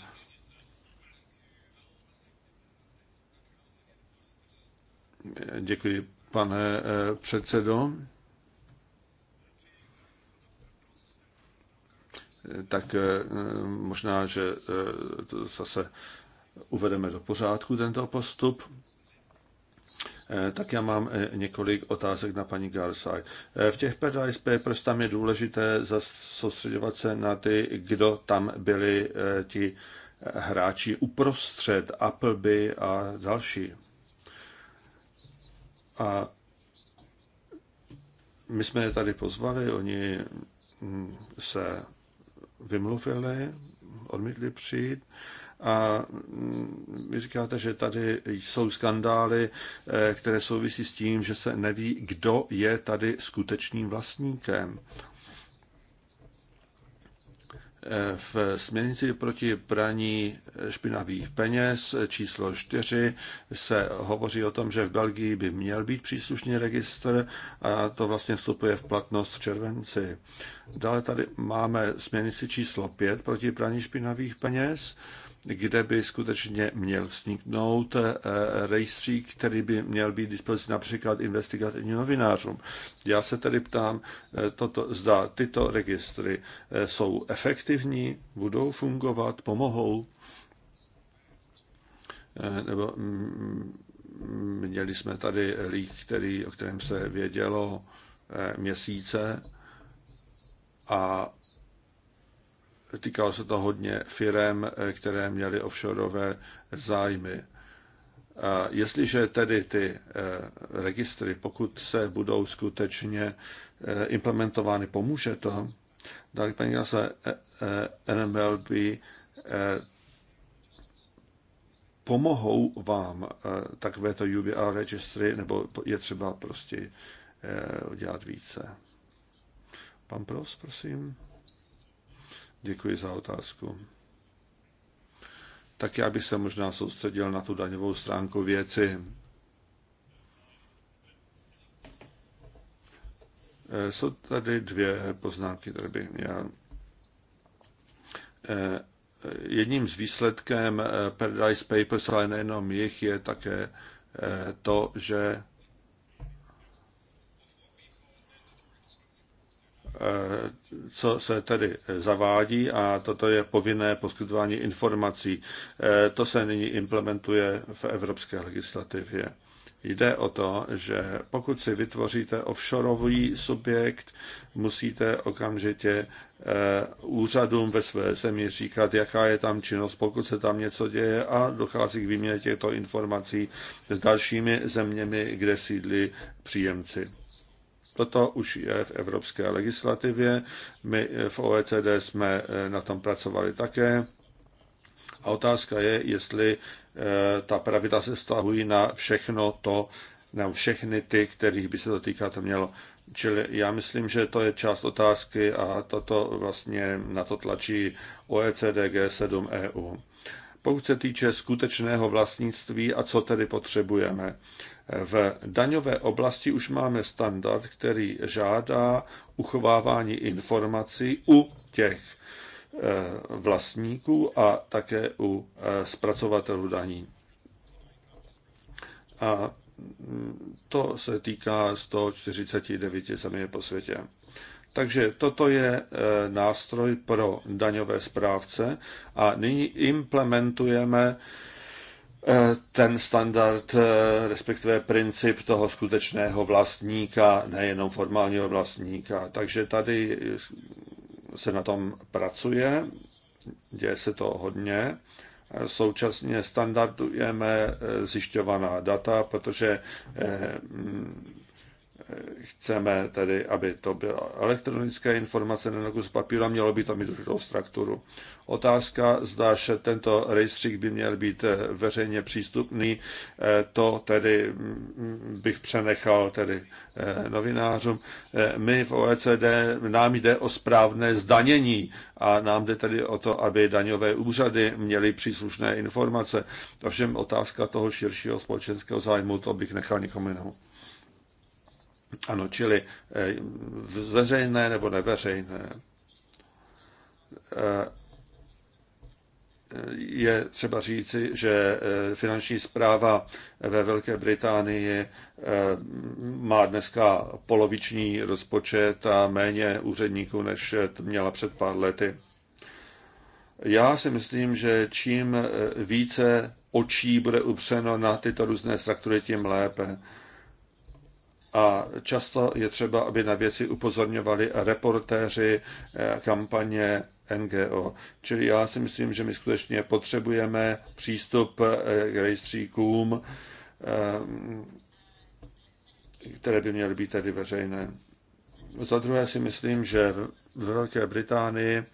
[SPEAKER 1] Děkuji, pane eh, předsedo. tak eh, možná, že eh, to zase uvedeme do pořádku tento postup. Eh, tak já mám několik otázek na paní Garsaj. V těch Paradise Papers tam je důležité soustředovat se na ty, kdo tam byli ti hráči uprostřed, Appleby a další. A my jsme je tady pozvali, oni hm, se vymluvili, odmítli přijít. A vy říkáte, že tady jsou skandály, eh, které souvisí s tím, že se neví, kdo je tady skutečným vlastníkem v směrnici proti praní špinavých peněz číslo 4 se hovoří o tom, že v Belgii by měl být příslušný registr a to vlastně vstupuje v platnost v červenci. Dále tady máme směrnici číslo 5 proti praní špinavých peněz kde by skutečně měl vzniknout eh, rejstřík, který by měl být dispozici například investigativním novinářům. Já se tedy ptám, eh, toto, zda tyto registry eh, jsou efektivní, budou fungovat, pomohou, nebo mm, mm, měli jsme tady lík, který, o kterém se vědělo měsíce a Týkalo se to hodně firem, eh, které měly offshoreové zájmy. A jestliže tedy ty eh, registry, pokud se budou skutečně eh, implementovány, pomůže to, dali paní se NMLB pomohou vám takovéto UBR registry, nebo je třeba prostě udělat více. Pan Pros, prosím. Děkuji za otázku. Tak já bych se možná soustředil na tu daňovou stránku věci. Eh, jsou tady dvě poznámky, které bych měl. Eh, eh, jedním z výsledkem Paradise Papers, ale nejenom jich, je také to, že co se tedy zavádí a toto je povinné poskytování informací. Eh, to se nyní implementuje v evropské legislativě. Jde o to, že pokud si vytvoříte offshoreový subjekt, musíte okamžitě eh, úřadům ve své zemi říkat, jaká je tam činnost, pokud se tam něco děje a dochází k výměně těchto informací s dalšími zeměmi, kde sídlí příjemci. Toto už je v evropské legislativě. My v OECD jsme eh, na tom pracovali také. A otázka je, jestli eh, ta pravidla se stahují na všechno to, na všechny ty, kterých by se to týkat mělo. Čili já myslím, že to je část otázky a toto vlastně na to tlačí OECD G7 EU. Pokud se týče skutečného vlastnictví a co tedy potřebujeme, v daňové oblasti už máme standard, který žádá uchovávání informací u těch eh, vlastníků a také u eh, zpracovatelů daní. A mm, to se týká 149 zemí po světě. Takže toto je eh, nástroj pro daňové správce a nyní implementujeme Eh, ten standard, eh, respektive princip toho skutečného vlastníka, nejenom formálního vlastníka. Takže tady se na tom pracuje, děje se to hodně. Eh, současně standardujeme zjišťovaná data, protože chceme tedy, aby to byla elektronická informace na kus papíra. mělo by to mít určitou strukturu. Otázka, zda tento rejstřík by měl být eh, veřejně přístupný, eh, to tedy mm, bych přenechal tedy eh, novinářům. My v OECD, nám jde o správné zdanění a nám jde tedy o to, aby daňové úřady měly příslušné informace. Ovšem otázka toho širšího společenského zájmu, to bych nechal nikomu jinému. Ano, čili eh, veřejné nebo neveřejné. Eh, je třeba říci, že eh, finanční zpráva ve Velké Británii má dneska poloviční rozpočet a méně úředníků, než měla před pár lety. Já si myslím, že čím více očí bude upřeno na tyto různé struktury, tím lépe a často je třeba, aby na věci upozorňovali reportéři, eh, kampaně, NGO. Čili já si myslím, že my skutečně potřebujeme přístup eh, k rejstříkům, eh, které by měly být tedy veřejné. Za druhé si myslím, že v Velké Británii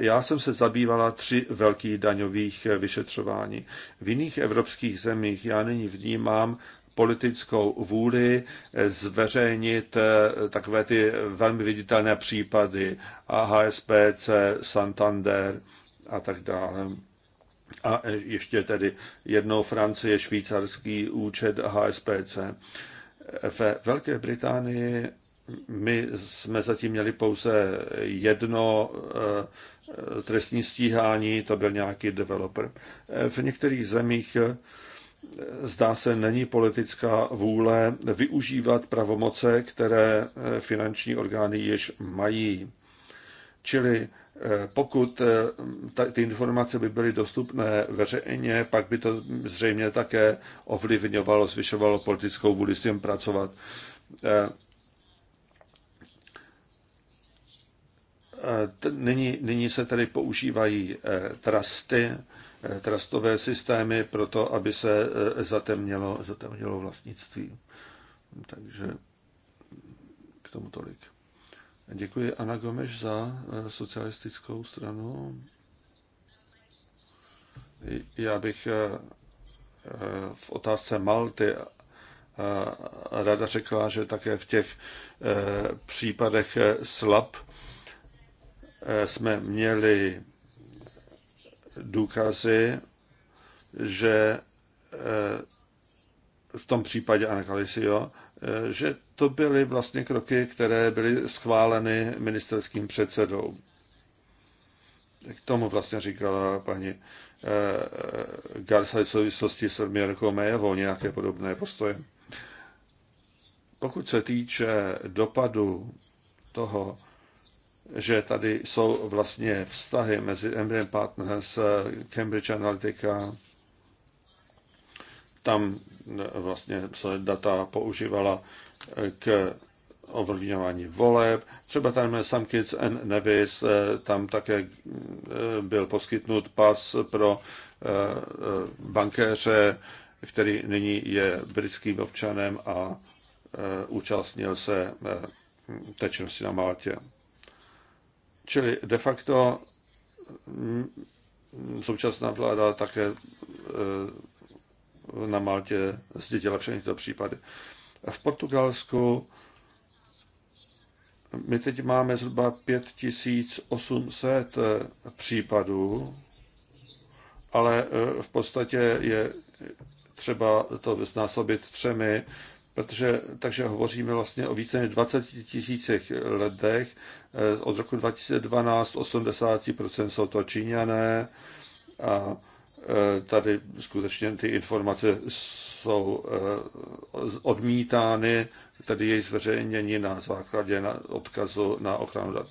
[SPEAKER 1] já jsem se zabývala tři velkých daňových vyšetřování. V jiných evropských zemích já nyní vnímám politickou vůli eh, zveřejnit eh, takové ty velmi viditelné případy HSPC, Santander a tak dále. A eh, ještě tedy jednou Francie, švýcarský účet HSPC. Ve Velké Británii my jsme zatím měli pouze jedno trestní stíhání, to byl nějaký developer. V některých zemích zdá se, není politická vůle využívat pravomoce, které eh, finanční orgány již mají. Čili eh, pokud eh, ty informace by byly dostupné veřejně, pak by to zřejmě také ovlivňovalo, zvyšovalo politickou vůli s tím pracovat. Nyní, nyní se tedy používají trusty, Eh, trastové systémy pro to, aby se eh, zatemnělo, zatemnělo vlastnictví. Takže k tomu tolik. Děkuji Ana Gomeš za eh, socialistickou stranu. Já bych v otázce Malty rada řekla, že také v těch případech slab jsme měli důkazy, že eh, v tom případě Ana jo, eh, že to byly vlastně kroky, které byly schváleny ministerským předsedou. K tomu vlastně říkala paní eh, Garsa v souvislosti s Mirko Mejevou nějaké podobné postoje. Pokud se týče dopadu toho, že tady jsou vlastně vztahy mezi Embryem Partners, Cambridge Analytica, tam eh, vlastně se data používala k ovlivňování voleb. Třeba tam Sam Kids and Nevis, eh, tam také eh, byl poskytnut pas pro bankéře, který nyní je britským občanem a účastnil se té činnosti na Maltě. Čili de facto mm, současná vláda také eh, na Maltě zdědila všechny tyto případy. V Portugalsku my teď máme zhruba 5800 eh, případů, ale eh, v podstatě je třeba to znásobit třemi, protože, takže hovoříme vlastně o více než 20 tisících letech. Eh, od roku 2012 80% jsou to Číňané a eh, tady skutečně ty informace jsou eh, odmítány, tedy její zveřejnění na základě na odkazu na ochranu dat.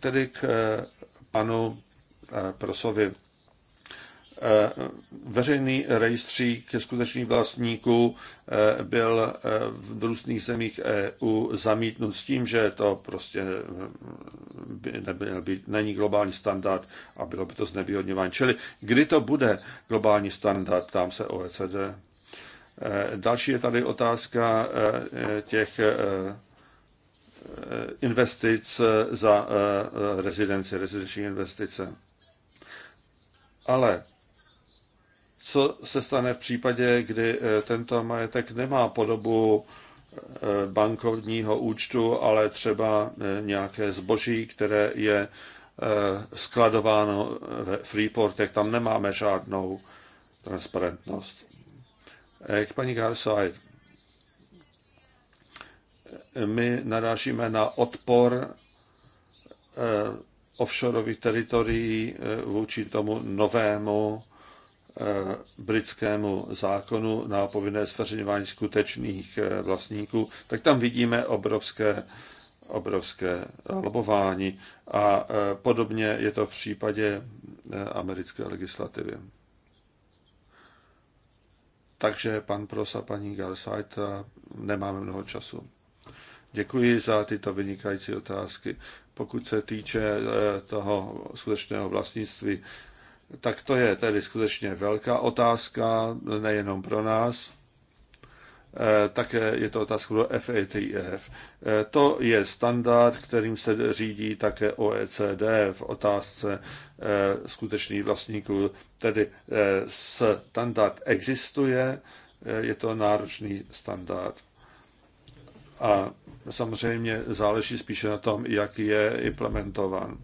[SPEAKER 1] Tedy k panu Prosovi. Eh, veřejný rejstřík skutečných vlastníků eh, byl eh, v různých zemích EU zamítnut s tím, že to prostě hm, by nebyl, by, není globální standard a bylo by to znevýhodňování. Čili kdy to bude globální standard, tam se OECD. Další je tady otázka těch investic za rezidenci, rezidenční investice. Ale co se stane v případě, kdy eh, tento majetek nemá podobu eh, bankovního účtu, ale třeba eh, nějaké zboží, které je skladováno ve Freeportech, tam nemáme žádnou transparentnost. K paní Garside. My narážíme na odpor offshoreových teritorií vůči tomu novému Eh, britskému zákonu na povinné zveřejňování skutečných eh, vlastníků, tak tam vidíme obrovské, obrovské lobování. A eh, podobně je to v případě americké legislativy. Takže pan Prosa, paní Garsajt, nemáme mnoho času. Děkuji za tyto vynikající otázky. Pokud se týče toho skutečného vlastnictví, tak to je tedy skutečně velká otázka, nejenom pro nás, eh, také je to otázka do FATF. Eh, to je standard, kterým se řídí také OECD v otázce eh, skutečných vlastníků. Tedy standard existuje, je to náročný standard. A samozřejmě záleží spíše na tom, jak je implementovan.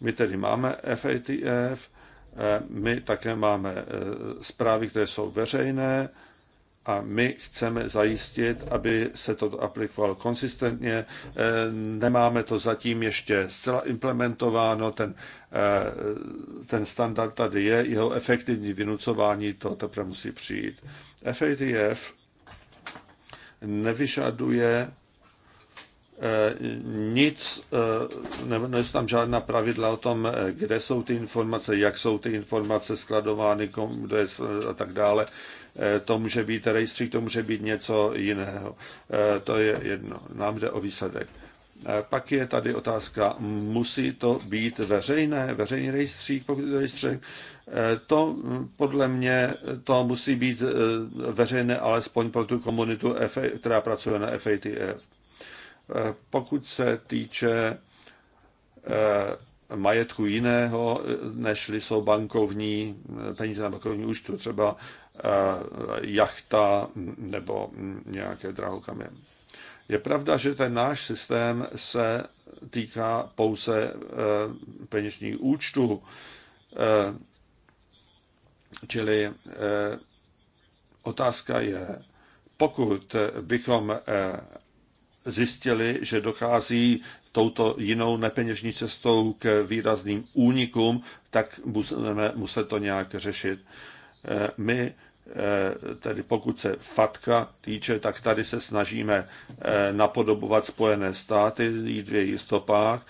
[SPEAKER 1] My tedy máme FATF, Eh, my také máme eh, zprávy, které jsou veřejné a my chceme zajistit, aby se to aplikovalo konsistentně. Eh, nemáme to zatím ještě zcela implementováno, ten, ten standard tady je, jeho efektivní vynucování to teprve musí přijít. FATF nevyžaduje Eh, nic, eh, ne, nejsou tam žádná pravidla o tom, eh, kde jsou ty informace, jak jsou ty informace skladovány, kom, kde je, a tak dále. To může být rejstřík, to může být něco jiného. To je jedno. Nám jde o výsledek. Pak je tady otázka, musí to být veřejné, veřejný rejstřík, pokud je to rejstřík. To hm, podle mě to musí být veřejné alespoň pro tu komunitu, která pracuje na FATF. Eh, pokud se týče eh, majetku jiného, eh, nežli jsou bankovní, peníze na bankovní účtu, třeba jachta nebo nějaké drahokamy. Je pravda, že ten náš systém se týká pouze peněžních účtů, čili otázka je, pokud bychom zjistili, že dochází touto jinou nepeněžní cestou k výrazným únikům, tak budeme muset to nějak řešit. Eh, my eh, tedy pokud se FATKA týče, tak tady se snažíme eh, napodobovat Spojené státy, jít v jejich stopách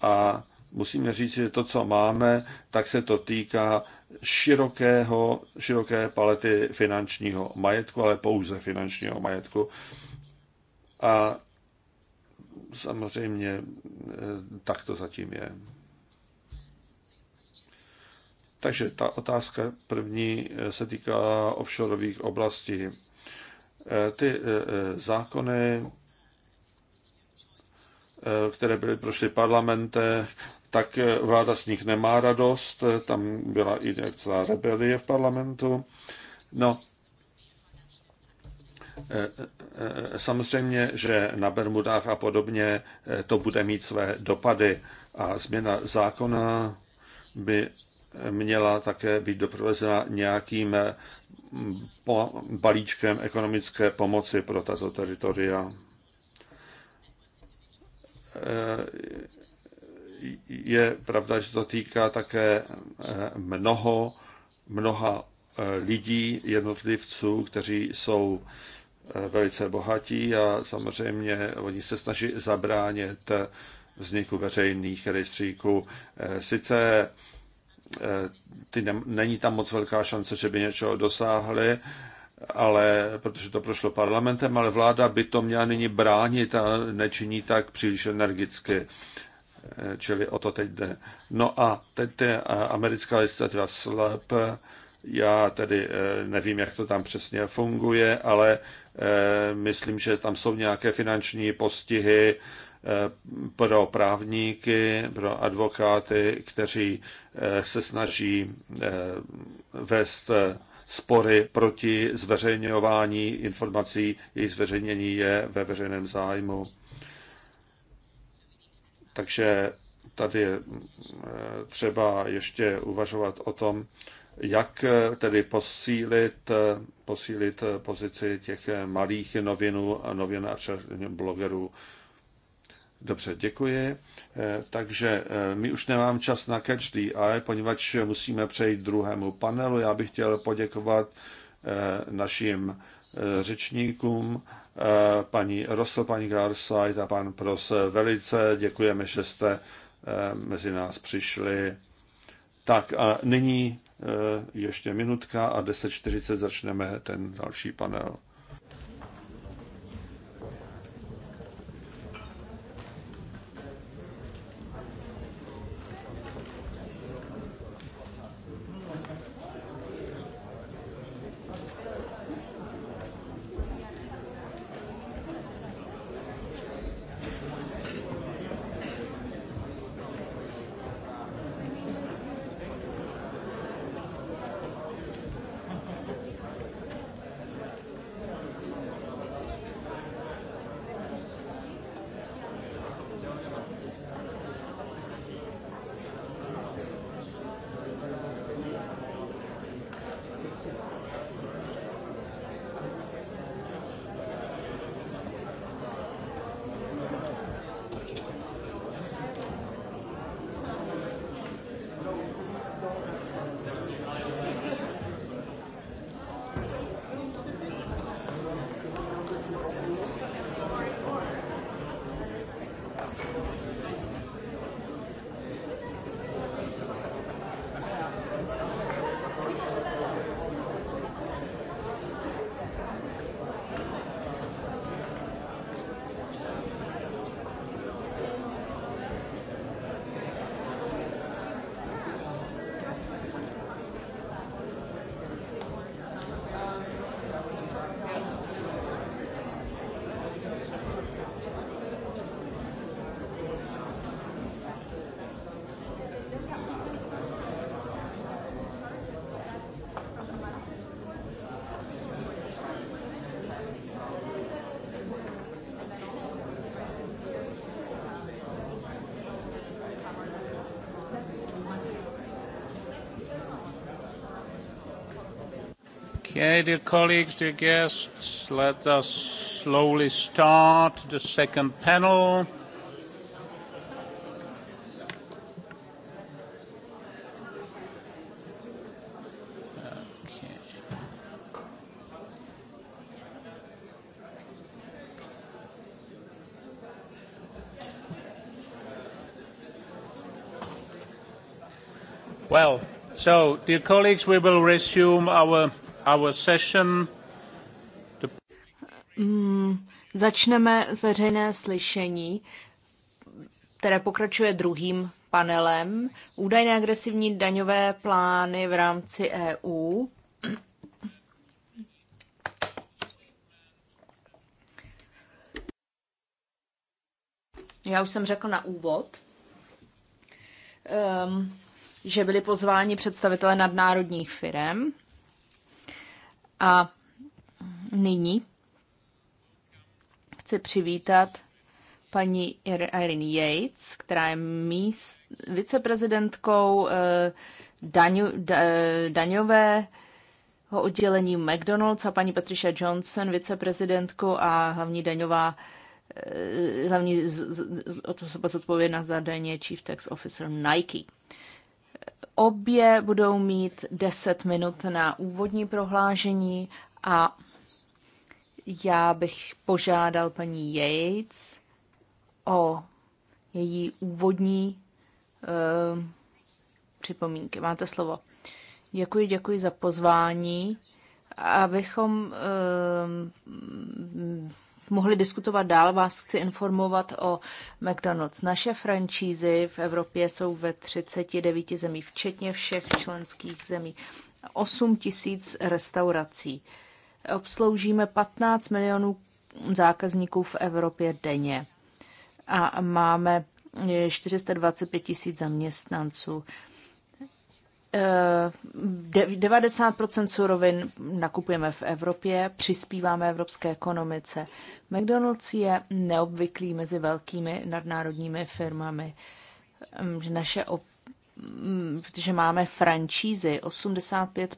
[SPEAKER 1] a musíme říct, že to, co máme, tak se to týká širokého, široké palety finančního majetku, ale pouze finančního majetku. A samozřejmě e, tak to zatím je. Takže ta otázka první e, se týká offshoreových oblastí. E, ty zákony, které byly prošly parlamente, tak vláda z nich nemá radost, tam byla i celá rebelie v parlamentu. No Eh, eh, eh, samozřejmě, že na Bermudách a podobně to bude mít své dopady a změna zákona by měla také být doprovázena nějakým balíčkem ekonomické pomoci pro tato teritoria. Je pravda, že to týká také mnoho, mnoha lidí, jednotlivců, kteří jsou velice bohatí a samozřejmě oni se snaží zabránit vzniku veřejných rejstříků. Eh, sice eh, ty ne, není tam moc velká šance, že by něčeho dosáhli, ale protože to prošlo parlamentem, ale vláda by to měla nyní bránit a nečiní tak příliš energicky. Eh, čili o to teď jde. No a teď je americká legislativa SLEP, já tedy eh, nevím, jak to tam přesně funguje, ale eh, myslím, že tam jsou nějaké finanční postihy eh, pro právníky, pro advokáty, kteří se snaží vést spory proti zveřejňování informací, jejich zveřejnění je ve veřejném zájmu. Takže tady je třeba ještě uvažovat o tom, jak eh, tedy posílit, eh, posílit eh, pozici těch malých novinů a novinařů, blogerů. Dobře, děkuji. Takže my už nemám čas na každý ale poněvadž musíme přejít druhému panelu. Já bych chtěl poděkovat našim řečníkům, paní Rosso, paní Garsajt a pan Pros velice. Děkujeme, že jste mezi nás přišli. Tak a nyní Eh, ještě minutka a 10.40 začneme ten další panel. dear colleagues, dear guests, let us slowly start the second panel. Well, so dear colleagues, we will resume our our session. The...
[SPEAKER 2] Mm, začneme veřejné slyšení, které pokračuje druhým panelem. Údajné agresivní daňové plány v rámci EU. Já už jsem řekl na úvod, ehm, že byli pozváni představitelé nadnárodních firm, a nyní chci přivítat paní Irene Yates, která je míst, viceprezidentkou eh, daňu, da, eh, o oddělení McDonald's a paní Patricia Johnson, viceprezidentku a hlavní daňová eh, hlavní z, zodpovědná za daně Chief Tax Officer Nike. Obě budou mít 10 minut na úvodní prohlášení a já bych požádal paní Yates o její úvodní uh, připomínky. Máte slovo. Děkuji, děkuji za pozvání, abychom uh, mohli diskutovat dál. Vás chci informovat o McDonald's. Naše franšízy v Evropě jsou ve 39 zemí, včetně všech členských zemí. 8 tisíc restaurací. Obsloužíme 15 milionů zákazníků v Evropě denně a máme 425 tisíc zaměstnanců. 90 eh, surovin nakupujeme v Evropě, přispíváme evropské ekonomice. McDonald's je neobvyklý mezi velkými nadnárodními firmami. Naše op- protože máme francízy, 85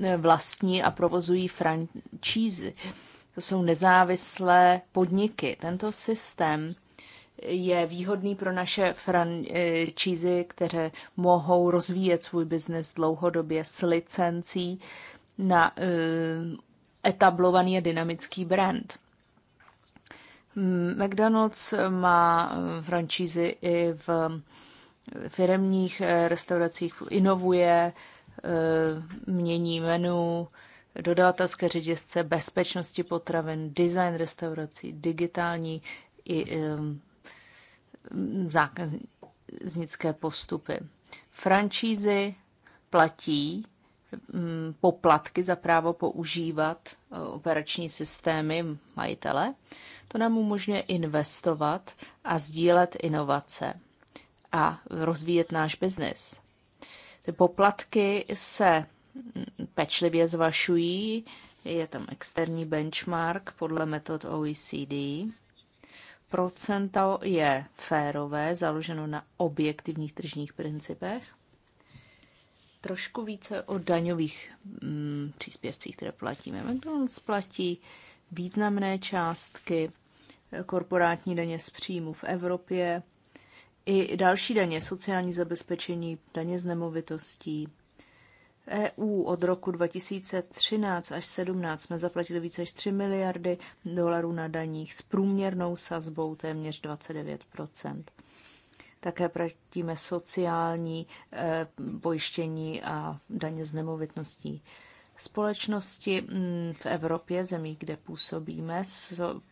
[SPEAKER 2] eh, vlastní a provozují francízy. To jsou nezávislé podniky. Tento systém je výhodný pro naše frančízy, které mohou rozvíjet svůj biznes dlouhodobě s licencí na eh, etablovaný a dynamický brand. McDonald's má eh, franšízy i v firmních eh, restauracích, inovuje, mění menu, dodavatelské řetězce, bezpečnosti potravin, design restaurací, digitální i zákaznické postupy. Francízy platí mm, poplatky za právo používat eh, operační systémy majitele. To nám umožňuje investovat a sdílet inovace a rozvíjet náš biznis. Ty poplatky se mm, pečlivě zvašují, je tam externí benchmark podle metod OECD procento je férové, založeno na objektivních tržních principech. Trošku více o daňových mm, příspěvcích, které platíme. McDonald's platí významné částky korporátní daně z příjmu v Evropě, i další daně, sociální zabezpečení, daně z nemovitostí, EU od roku 2013 až 17 jsme zaplatili více než 3 miliardy dolarů na daních s průměrnou sazbou téměř 29 také platíme sociální e, pojištění a daně z nemovitností. Společnosti mm, v Evropě, zemí, kde působíme,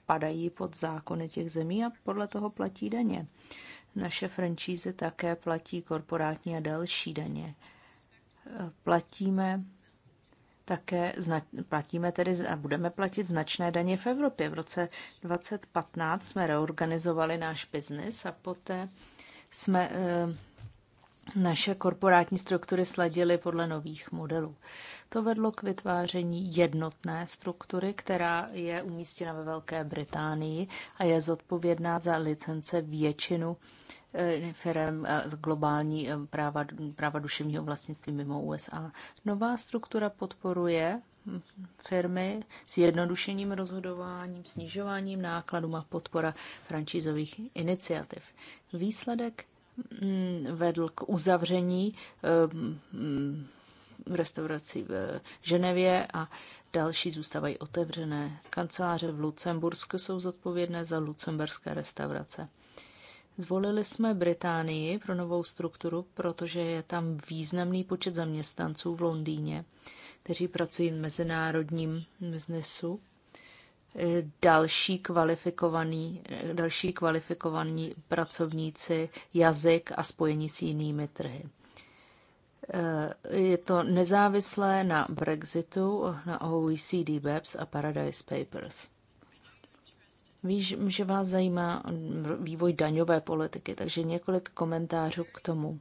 [SPEAKER 2] padají pod zákony těch zemí a podle toho platí daně. Naše franšízy také platí korporátní a další daně platíme také platíme tedy a budeme platit značné daně v Evropě. V roce 2015 jsme reorganizovali náš biznis a poté jsme eh, naše korporátní struktury sladily podle nových modelů. To vedlo k vytváření jednotné struktury, která je umístěna ve Velké Británii a je zodpovědná za licence většinu eh, firm eh, globální eh, práva, práva duševního vlastnictví mimo USA. Nová struktura podporuje hm, firmy s jednodušením rozhodováním, snižováním nákladů a podpora francízových iniciativ. Výsledek Mm, vedl k uzavření eh, mm, restaurací v Ženevě a další zůstávají otevřené. Kanceláře v Lucembursku jsou zodpovědné za lucemberské restaurace. Zvolili jsme Británii pro novou strukturu, protože je tam významný počet zaměstnanců v Londýně, kteří pracují v mezinárodním biznesu další kvalifikovaní, další kvalifikovaní pracovníci, jazyk a spojení s jinými trhy. Je to nezávislé na Brexitu, na OECD Webs a Paradise Papers. Víš, že vás zajímá vývoj daňové politiky, takže několik komentářů k tomu.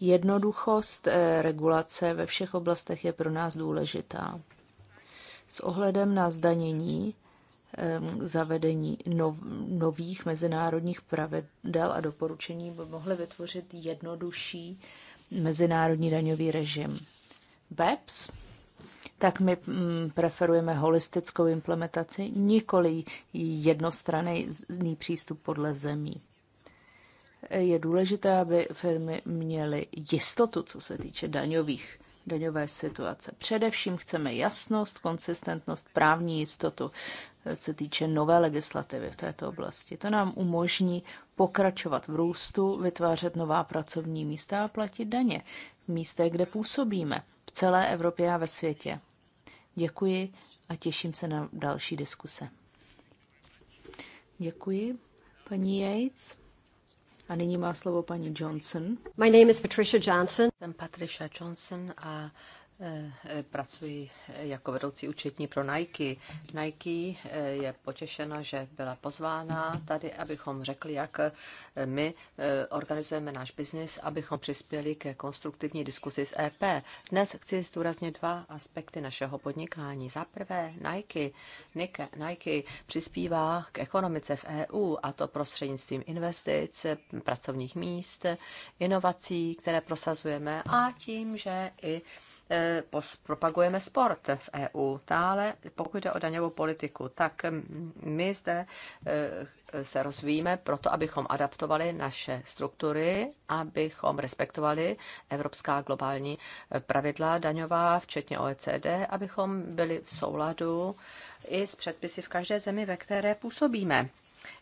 [SPEAKER 2] Jednoduchost eh, regulace ve všech oblastech je pro nás důležitá s ohledem na zdanění zavedení nových mezinárodních pravidel a doporučení by mohly vytvořit jednodušší mezinárodní daňový režim. BEPS, tak my mm, preferujeme holistickou implementaci, nikoli jednostranný přístup podle zemí. Je důležité, aby firmy měly jistotu, co se týče daňových daňové situace. Především chceme jasnost, konsistentnost, právní jistotu, eh, co týče nové legislativy v této oblasti. To nám umožní pokračovat v růstu, vytvářet nová pracovní místa a platit daně v místech, kde působíme, v celé Evropě a ve světě. Děkuji a těším se na další diskuse. Děkuji,
[SPEAKER 3] paní Yates. A nyní má slovo paní Johnson. My name is Patricia Johnson. Jsem Patricia Johnson a Eh, eh, pracuji eh, jako vedoucí účetní pro Nike. Nike je potěšena, že byla pozvána tady, abychom řekli, jak my organizujeme náš biznis, abychom přispěli ke konstruktivní diskusi s EP. Dnes chci zdůraznit dva aspekty našeho podnikání. Za prvé, Nike, Nike, Nike přispívá k ekonomice v EU, a to prostřednictvím investic, pracovních míst, inovací, které prosazujeme a tím, že i Eh, propagujeme sport v EU. Dále, pokud jde o daňovou politiku, tak my zde eh, se rozvíjíme proto, abychom adaptovali naše struktury, abychom respektovali evropská globální eh, pravidla daňová, včetně OECD, abychom byli v souladu i s předpisy v každé zemi, ve které působíme.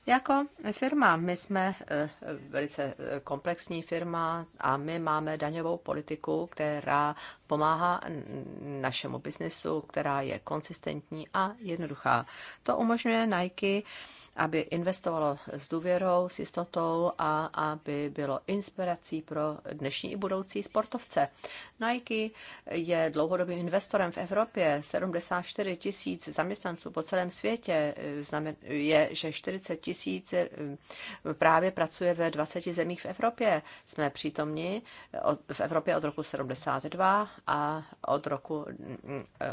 [SPEAKER 3] Jako firma, my jsme eh, velice eh, komplexní firma a my máme daňovou politiku, která pomáhá našemu biznesu, která je konsistentní a jednoduchá. To umožňuje Nike aby investovalo s důvěrou, s jistotou a aby bylo inspirací pro dnešní i budoucí sportovce. Nike je dlouhodobým investorem v Evropě. 74 tisíc zaměstnanců po celém světě eh, je, že 40 tisíc eh, právě pracuje ve 20 zemích v Evropě. Jsme přítomni eh, v Evropě od roku 72 a od roku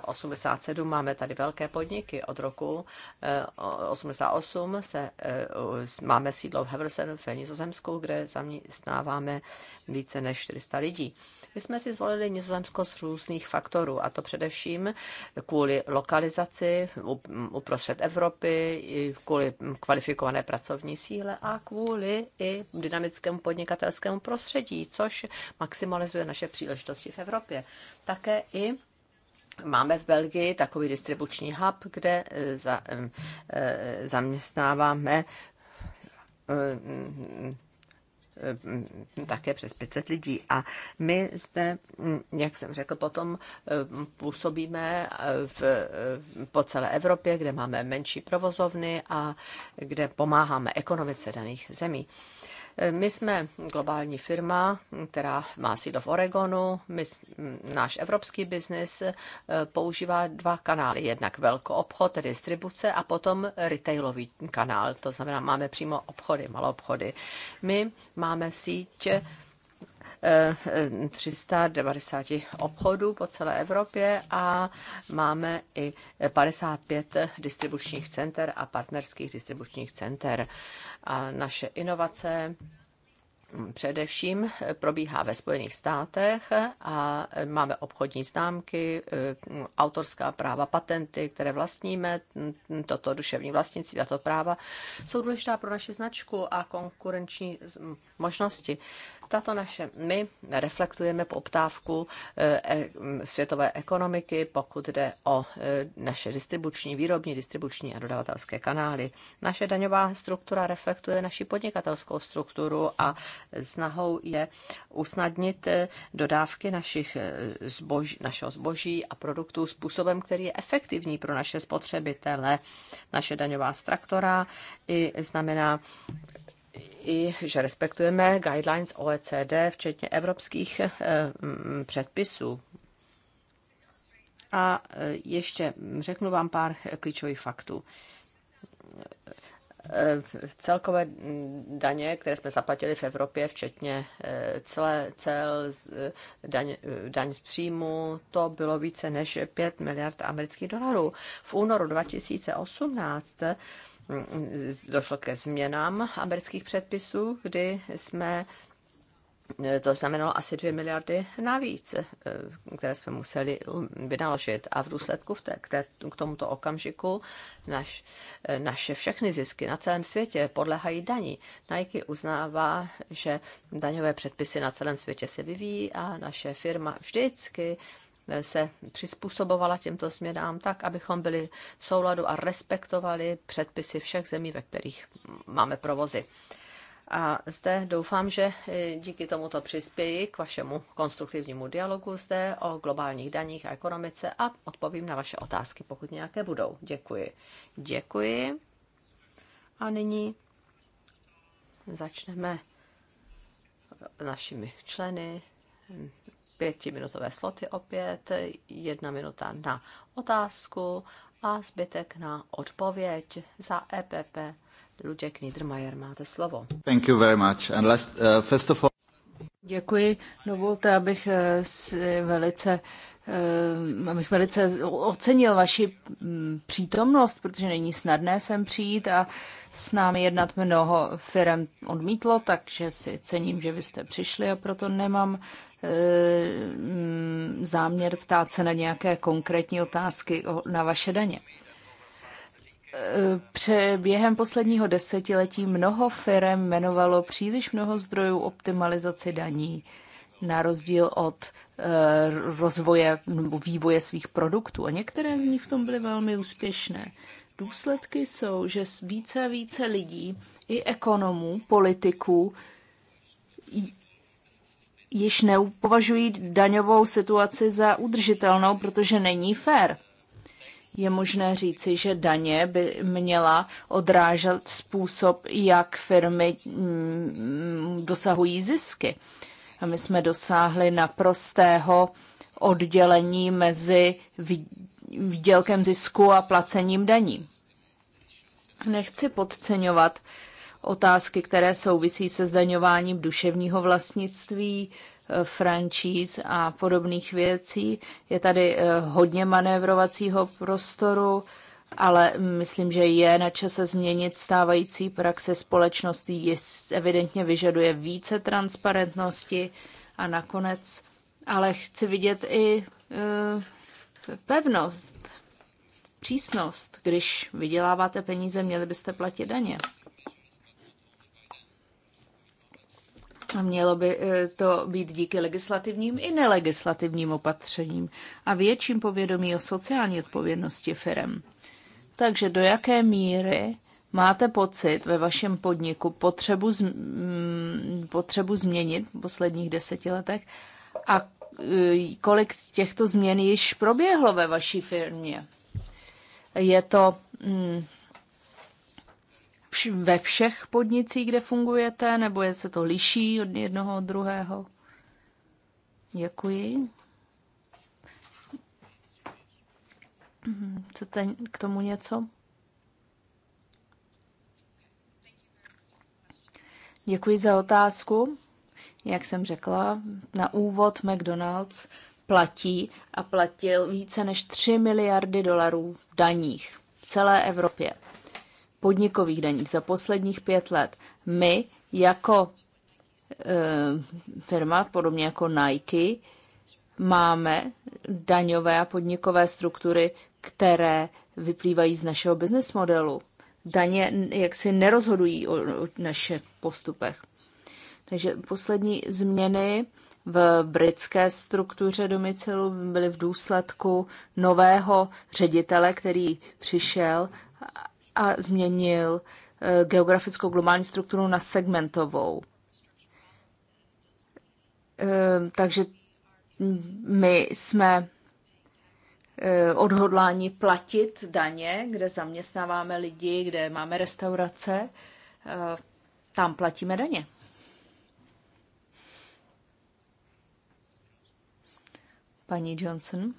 [SPEAKER 3] 87 mm, máme tady velké podniky. Od roku 88 se, máme sídlo v Heversen v Nizozemsku, kde zaměstnáváme více než 400 lidí. My jsme si zvolili oddělili Nizozemsko z různých faktorů, a to především kvůli lokalizaci uprostřed Evropy, kvůli kvalifikované pracovní síle a kvůli i dynamickému podnikatelskému prostředí, což maximalizuje naše příležitosti v Evropě. Také i Máme v Belgii takový distribuční hub, kde eh, za, eh, eh, zaměstnáváme Eh, také přes 500 lidí. A my zde, hm, jak jsem řekl, potom hm, působíme eh, v, eh, po celé Evropě, kde máme menší provozovny a kde pomáháme ekonomice daných zemí. My jsme globální firma, která má sídlo v Oregonu. My, náš evropský biznis eh, používá dva kanály. Jednak velkou obchod, tedy distribuce, a potom retailový kanál. To znamená, máme přímo obchody, malou obchody. My máme síť 390 obchodů po celé Evropě a máme i 55 distribučních center a partnerských distribučních center. A naše inovace především probíhá ve Spojených státech a máme obchodní známky, autorská práva, patenty, které vlastníme, toto duševní vlastnictví a to práva jsou důležitá pro naši značku a konkurenční možnosti. Tato naše, my reflektujeme poptávku eh, e, světové ekonomiky, pokud jde o eh, naše distribuční, výrobní, distribuční a dodavatelské kanály. Naše daňová struktura reflektuje naši podnikatelskou strukturu a snahou je usnadnit eh, dodávky našich zboží, našeho zboží a produktů způsobem, který je efektivní pro naše spotřebitele. Naše daňová struktura i znamená i že respektujeme guidelines OECD, včetně evropských eh, předpisů. A eh, ještě řeknu vám pár klíčových faktů. Eh, celkové daně, které jsme zaplatili v Evropě, včetně celé cel, daň, daň z příjmu, to bylo více než 5 miliard amerických dolarů. V únoru 2018 došlo ke změnám amerických předpisů, kdy jsme to znamenalo asi 2 miliardy navíc, eh, které jsme museli um, vynaložit. A v důsledku v té, k, té, k tomuto okamžiku naš, eh, naše všechny zisky na celém světě podlehají daní. Nike uznává, že daňové předpisy na celém světě se vyvíjí a naše firma vždycky se přizpůsobovala těmto změnám tak, abychom byli v souladu a respektovali předpisy všech zemí, ve kterých máme provozy. A zde doufám, že e, díky tomuto přispěji k vašemu konstruktivnímu dialogu zde o globálních daních a ekonomice a odpovím na vaše otázky, pokud nějaké budou. Děkuji. Děkuji. A nyní začneme našimi členy pětiminutové sloty opět, jedna minuta na otázku a zbytek na odpověď za EPP. Luděk Niedermayer, máte slovo.
[SPEAKER 2] Thank you very much. And last, uh, first of all... Děkuji.
[SPEAKER 3] Dovolte, abych
[SPEAKER 2] eh, si velice eh, abych velice ocenil vaši mm, přítomnost, protože není snadné sem přijít a s námi jednat mnoho firm odmítlo, takže si cením, že vy jste přišli a proto nemám eh, mm, záměr ptát se na nějaké konkrétní otázky na vaše daně během posledního desetiletí mnoho firm jmenovalo příliš mnoho zdrojů optimalizaci daní, na rozdíl od eh, rozvoje nebo vývoje svých produktů. A některé z nich v tom byly velmi úspěšné. Důsledky jsou, že více a více lidí, i ekonomů, politiků, již neupovažují daňovou situaci za udržitelnou, protože není fér je možné říci, že daně by měla odrážet způsob, jak firmy mm, dosahují zisky. A my jsme dosáhli naprostého oddělení mezi výdělkem zisku a placením daní. Nechci podceňovat otázky, které souvisí se zdaňováním duševního vlastnictví, Eh, franchise a podobných věcí. Je tady eh, hodně manévrovacího prostoru, ale myslím, že je na čase změnit stávající praxe společnosti. Je, evidentně vyžaduje více transparentnosti a nakonec, ale chci vidět i e, pevnost, přísnost. Když vyděláváte peníze, měli byste platit daně. A mělo by eh, to být díky legislativním i nelegislativním opatřením a větším povědomí o sociální odpovědnosti firm. Takže do jaké míry máte pocit ve vašem podniku potřebu, z, mm, potřebu změnit v posledních deseti letech a eh, kolik těchto změn již proběhlo ve vaší firmě? Je to mm, ve všech podnicích, kde fungujete, nebo je se to liší od jednoho od druhého? Děkuji. Mhm, chcete k tomu něco? Děkuji za otázku. Jak jsem řekla, na úvod McDonald's platí a platil více než 3 miliardy dolarů v daních v celé Evropě podnikových daních za posledních pět let. My jako e, firma, podobně jako Nike, máme daňové a podnikové struktury, které vyplývají z našeho business modelu. Daně jaksi nerozhodují o, o našich postupech. Takže poslední změny v britské struktuře domicilu byly v důsledku nového ředitele, který přišel a změnil eh, geografickou globální strukturu na segmentovou. Ehm, takže my jsme eh, odhodláni platit daně, kde zaměstnáváme lidi, kde máme restaurace, eh, tam platíme daně. Paní Johnson.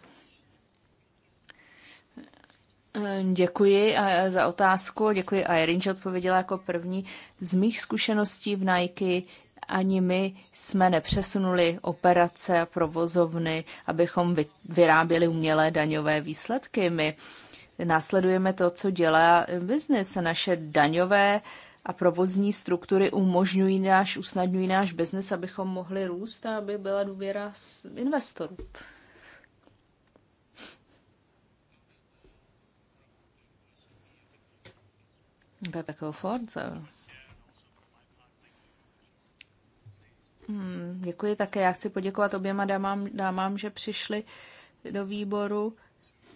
[SPEAKER 2] Ehm, děkuji eh, za otázku. Děkuji Irene, že odpověděla jako první. Z mých zkušeností v Nike ani my jsme nepřesunuli operace a provozovny, abychom vyráběli umělé daňové výsledky. My následujeme to, co dělá biznis naše daňové a provozní struktury umožňují náš, usnadňují náš biznis, abychom mohli růst a aby byla důvěra investorů. Bebekou Fordzeu. Hmm, děkuji také. Já chci poděkovat oběma dámám, dámám, že přišli do výboru.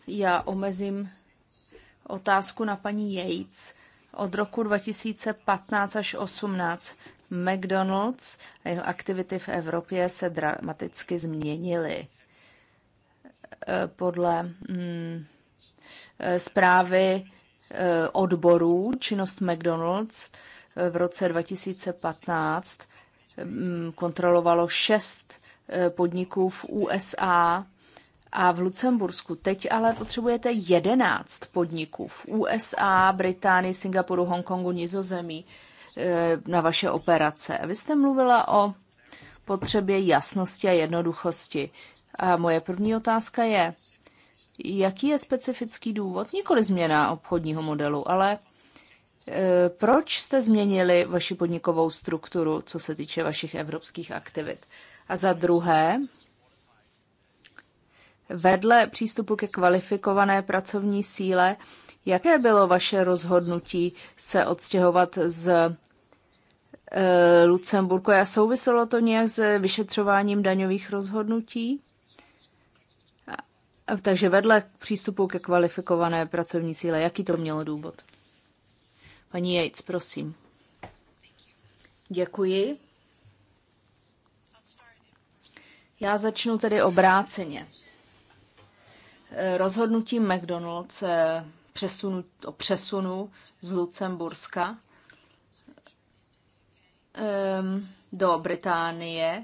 [SPEAKER 2] Já omezím otázku na paní Yates. Od roku 2015 až 18 McDonald's a jeho aktivity v Evropě se dramaticky změnily. Eh, podle hmm, eh, zprávy Eh, odborů činnost McDonald's eh, v roce 2015 mm, kontrolovalo šest eh, podniků v USA a v Lucembursku. Teď ale potřebujete 11 podniků v USA, Británii, Singapuru, Hongkongu, Nizozemí na vaše operace. Vy jste mluvila o potřebě jasnosti a jednoduchosti. A moje první otázka je, Jaký je specifický důvod? Nikoli změna obchodního modelu, ale e, proč jste změnili vaši podnikovou strukturu, co se týče vašich evropských aktivit? A za druhé, vedle přístupu ke kvalifikované pracovní síle, jaké bylo vaše rozhodnutí se odstěhovat z e, Lucemburku a souviselo to nějak s vyšetřováním daňových rozhodnutí? Takže vedle přístupu ke kvalifikované pracovní síle, jaký to mělo důvod? Paní Yates, prosím. Děkuji. Já začnu tedy obráceně. Rozhodnutí McDonald's přesunu, o přesunu z Lucemburska ehm, do Británie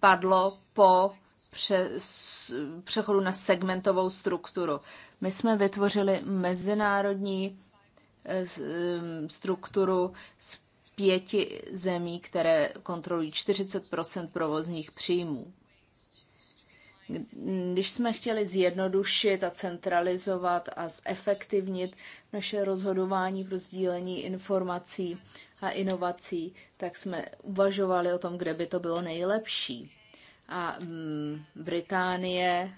[SPEAKER 2] padlo po přechodu na segmentovou strukturu. My jsme vytvořili mezinárodní eh, strukturu z pěti zemí, které kontrolují 40 provozních příjmů. Když jsme chtěli zjednodušit a centralizovat a zefektivnit naše rozhodování pro sdílení informací a inovací, tak jsme uvažovali o tom, kde by to bylo nejlepší a mm, Británie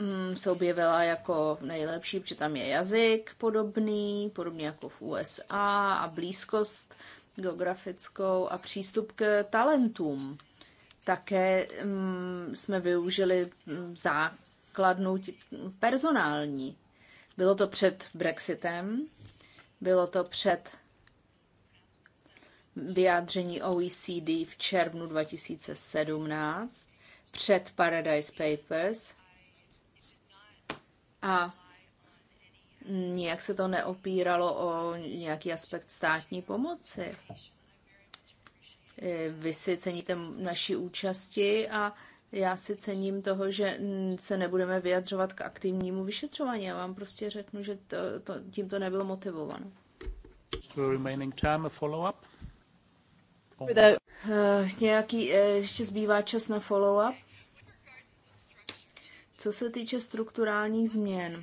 [SPEAKER 2] mm, se objevila jako nejlepší, protože tam je jazyk podobný, podobně jako v USA a blízkost geografickou a přístup k talentům. Také mm, jsme využili základnou personální. Bylo to před Brexitem, bylo to před vyjádření OECD v červnu 2017 před Paradise Papers a nijak se to neopíralo o nějaký aspekt státní pomoci. Vy si ceníte naší účasti a já si cením toho, že se nebudeme vyjadřovat k aktivnímu vyšetřování. Já vám prostě řeknu, že to, to, tím to nebylo motivováno.
[SPEAKER 1] remaining time, a follow-up? Eh,
[SPEAKER 2] nějaký, eh, ještě zbývá čas na follow-up. Co se týče strukturálních změn,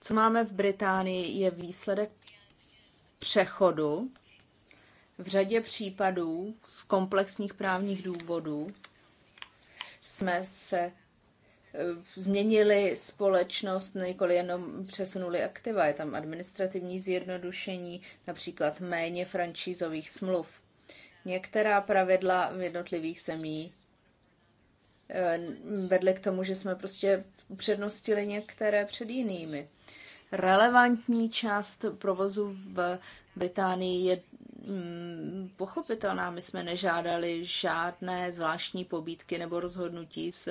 [SPEAKER 2] co máme v Británii, je výsledek přechodu v řadě případů z komplexních právních důvodů jsme se Eh, změnili společnost, nikoli jenom přesunuli aktiva. Je tam administrativní zjednodušení, například méně franšízových smluv. Některá pravidla v jednotlivých zemí eh, vedly k tomu, že jsme prostě přednostili některé před jinými. Relevantní část provozu v Británii je Mm, pochopitelná. My jsme nežádali žádné zvláštní pobídky nebo rozhodnutí z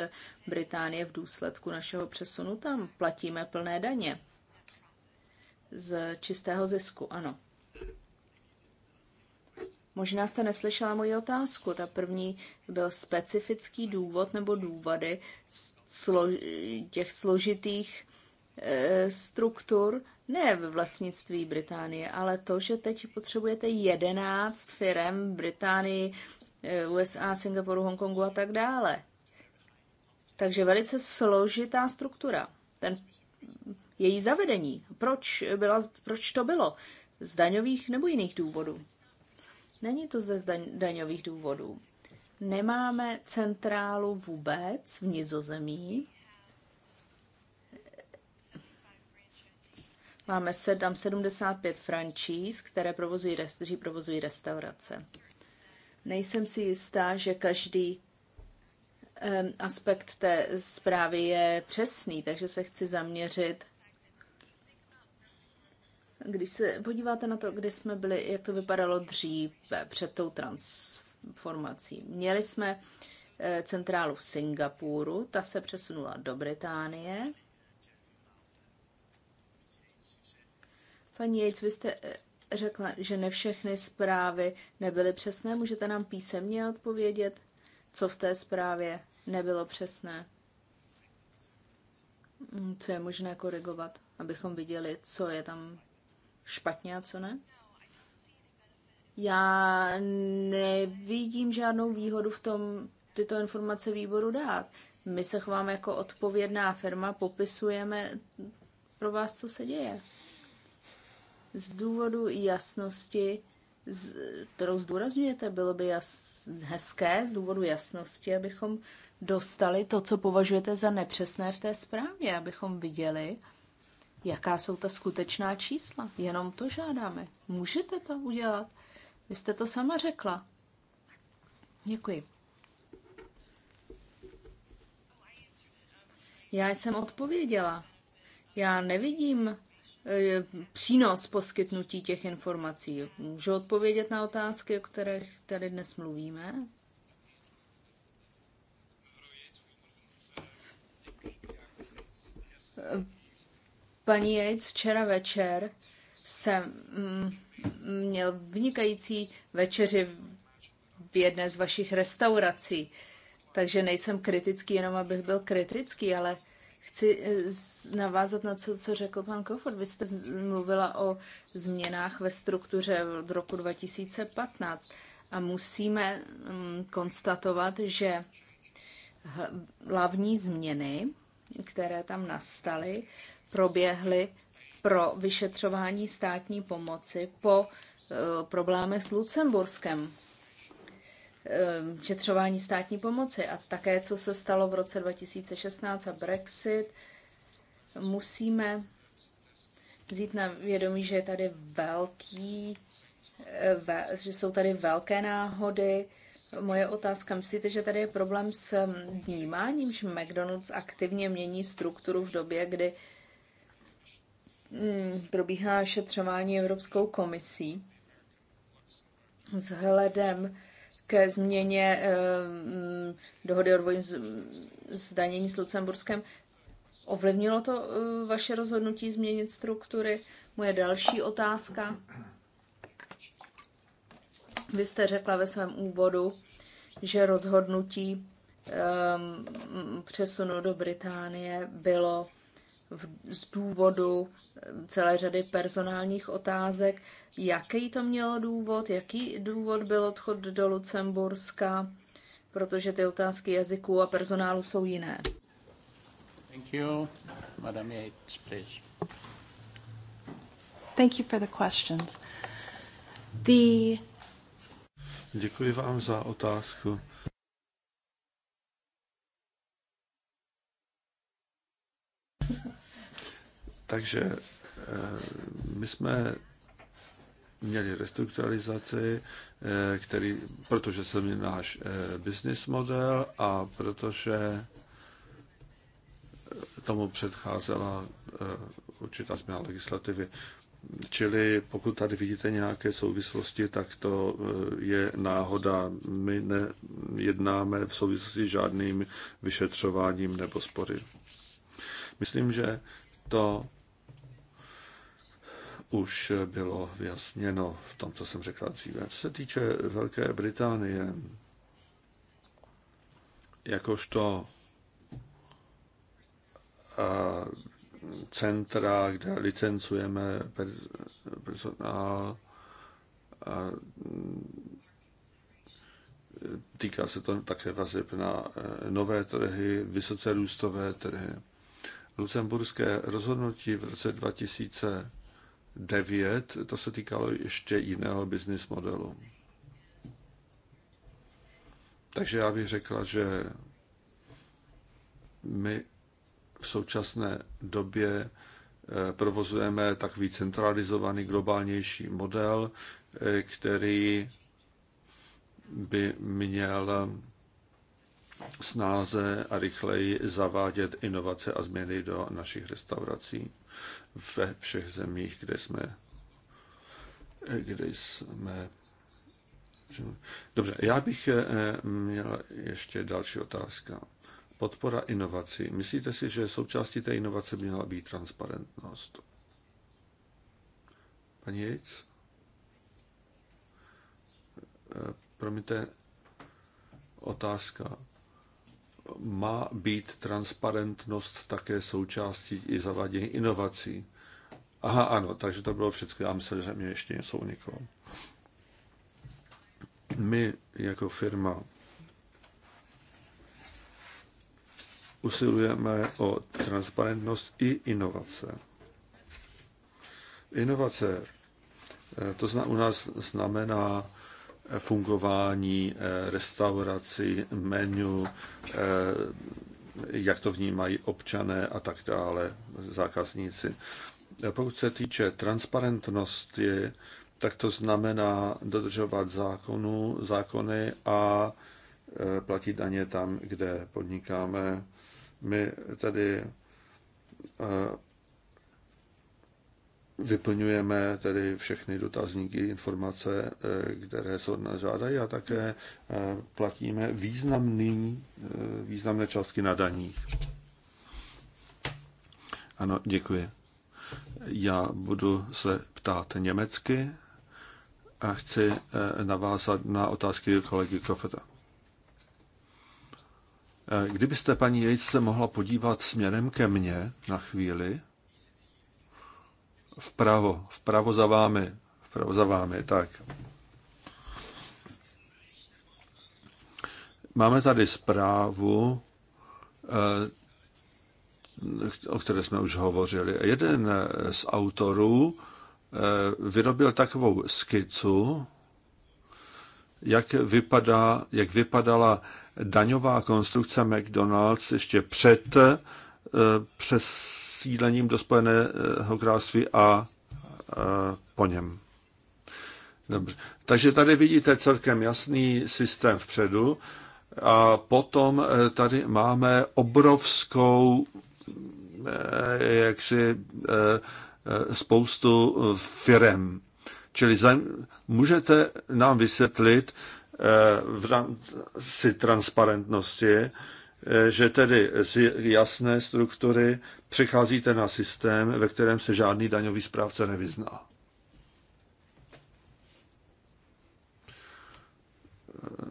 [SPEAKER 2] Británie v důsledku našeho přesunu. Tam platíme plné daně z čistého zisku, ano. Možná jste neslyšela moji otázku. Ta první byl specifický důvod nebo důvody těch složitých eh, struktur ne v vlastnictví Británie, ale to, že teď potřebujete 11 firm v Británii, eh, USA, Singapuru, Hongkongu a tak dále. Takže velice složitá struktura. Ten, její zavedení. Proč, byla, proč to bylo? Z daňových nebo jiných důvodů? Není to zde z daň, daňových důvodů. Nemáme centrálu vůbec v Nizozemí, Máme sedm 75 frančíz, které provozují, kteří provozují restaurace. Nejsem si jistá, že každý aspekt té zprávy je přesný, takže se chci zaměřit. Když se podíváte na to, kde jsme byli, jak to vypadalo dříve, před tou transformací. Měli jsme eh, centrálu v Singapuru, ta se přesunula do Británie. Paní Jejc, vy jste eh, řekla, že ne všechny zprávy nebyly přesné. Můžete nám písemně odpovědět, co v té zprávě nebylo přesné? Mm, co je možné korigovat, abychom viděli, co je tam špatně a co ne? Já nevidím žádnou výhodu v tom tyto informace výboru dát. My se chováme jako odpovědná firma, popisujeme pro vás, co se děje. Z důvodu jasnosti, kterou zdůrazňujete, bylo by jas, hezké z důvodu jasnosti, abychom dostali to, co považujete za nepřesné v té zprávě, abychom viděli, jaká jsou ta skutečná čísla. Jenom to žádáme. Můžete to udělat. Vy jste to sama řekla. Děkuji. Já jsem odpověděla. Já nevidím Eh, přínos poskytnutí těch informací. Můžu odpovědět na otázky, o kterých tady dnes mluvíme? Paní Yates, včera večer jsem mm, měl vynikající večeři v jedné z vašich restaurací, takže nejsem kritický jenom, abych byl kritický, ale Chci eh, navázat na to, co řekl pan Kofod. Vy jste mluvila o změnách ve struktuře od roku 2015 a musíme mm, konstatovat, že hlavní změny, které tam nastaly, proběhly pro vyšetřování státní pomoci po eh, problémech s Lucemburskem. Eh, šetřování státní pomoci a také, co se stalo v roce 2016 a Brexit, musíme vzít na vědomí, že je tady velký, eh, že jsou tady velké náhody. Moje otázka, myslíte, že tady je problém s mm, vnímáním, že McDonald's aktivně mění strukturu v době, kdy mm, probíhá šetřování Evropskou komisí s hledem ke změně eh, dohody o dvojím zdanění s Lucemburskem. Ovlivnilo to eh, vaše rozhodnutí změnit struktury? Moje další otázka. Vy jste řekla ve svém úvodu, že rozhodnutí eh, přesunu do Británie bylo v, z důvodu eh, celé řady personálních otázek. Jaký to mělo důvod? Jaký důvod byl odchod do Lucemburska? Protože ty otázky jazyků a personálu jsou jiné.
[SPEAKER 1] Thank you.
[SPEAKER 3] Madam Yates,
[SPEAKER 1] please.
[SPEAKER 2] Thank you for the questions. The...
[SPEAKER 1] Děkuji vám za otázku. Takže eh, my jsme měli restrukturalizaci, eh, který, protože se měl náš eh, business model a protože tomu předcházela určitá změna legislativy. Čili pokud tady vidíte nějaké souvislosti, tak to je náhoda. My nejednáme v souvislosti s žádným vyšetřováním nebo spory. Myslím, že to už bylo vyjasněno v tom, co jsem řekl dříve. Co se týče Velké Británie, jakožto centra, kde licencujeme personál, a týká se to také vazeb na e, nové trhy, vysoce růstové trhy. Lucemburské rozhodnutí v roce 2000 9, to se týkalo ještě jiného business modelu. Takže já bych řekla, že my v současné době eh, provozujeme takový centralizovaný, globálnější model, eh, který by měl snáze a rychleji zavádět inovace a změny do našich restaurací ve všech zemích, kde jsme, kde jsme Dobře, já bych eh, měl ještě další otázka. Podpora inovací. Myslíte si, že součástí té inovace by měla být transparentnost? Pani Jejc? Eh, promiňte, otázka má být transparentnost také součástí i zavádění inovací. Aha, ano, takže to bylo všechno. Já myslím, že mě ještě něco uniklo. My jako firma usilujeme o transparentnost i inovace. Inovace, eh, to zna, u nás znamená fungování eh, restauraci, menu, eh, jak to vnímají občané a tak dále, zákazníci. Pokud se týče transparentnosti, tak to znamená dodržovat zákonu, zákony a eh, platit daně tam, kde podnikáme. My tedy vyplňujeme tedy všechny dotazníky, informace, eh, které se od nás žádají a také eh, platíme významný, eh, významné částky na daních. Ano, děkuji. Já budu se ptát německy a chci navázat na otázky kolegy Kofeta. Kdybyste, paní Jejc, se mohla podívat směrem ke mně na chvíli, Vpravo, vpravo za vámi, vpravo za vámi, tak. Máme tady zprávu, eh, o které jsme už hovořili. Jeden eh, z autorů eh, vyrobil takovou skicu, jak, vypadá, jak vypadala daňová konstrukce McDonald's ještě před přes sídlením do Spojeného království a po něm. Dobře. Takže tady vidíte celkem jasný systém vpředu a potom e, tady máme obrovskou e, jaksi e, spoustu firem. Čili můžete nám vysvětlit v rámci transparentnosti, Eh, že tedy z jasné struktury přecházíte na systém, ve kterém se žádný daňový správce nevyzná. Eh,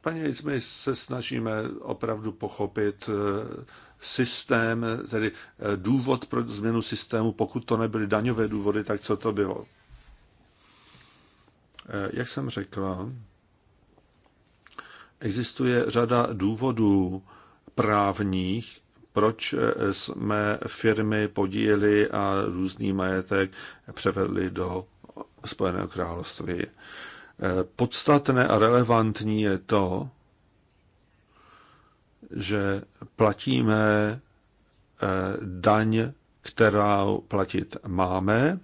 [SPEAKER 1] paní my se snažíme opravdu pochopit eh, systém, tedy důvod pro změnu systému, pokud to nebyly daňové důvody, tak co to bylo. Jak jsem řekla, existuje řada důvodů právních, proč eh, jsme firmy, podíjeli a různý majetek převedli do Spojeného království. Eh, podstatné a relevantní je to, že platíme eh, daň, kterou platit máme.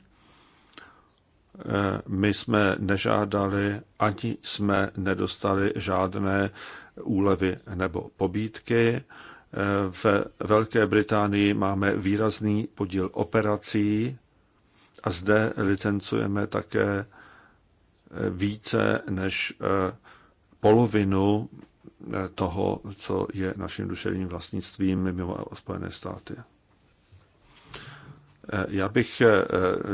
[SPEAKER 1] My jsme nežádali, ani jsme nedostali žádné úlevy nebo pobídky. V Velké Británii máme výrazný podíl operací a zde licencujeme také více než eh, polovinu eh, toho, co je naším duševním vlastnictvím mimo Spojené státy. Eh, já bych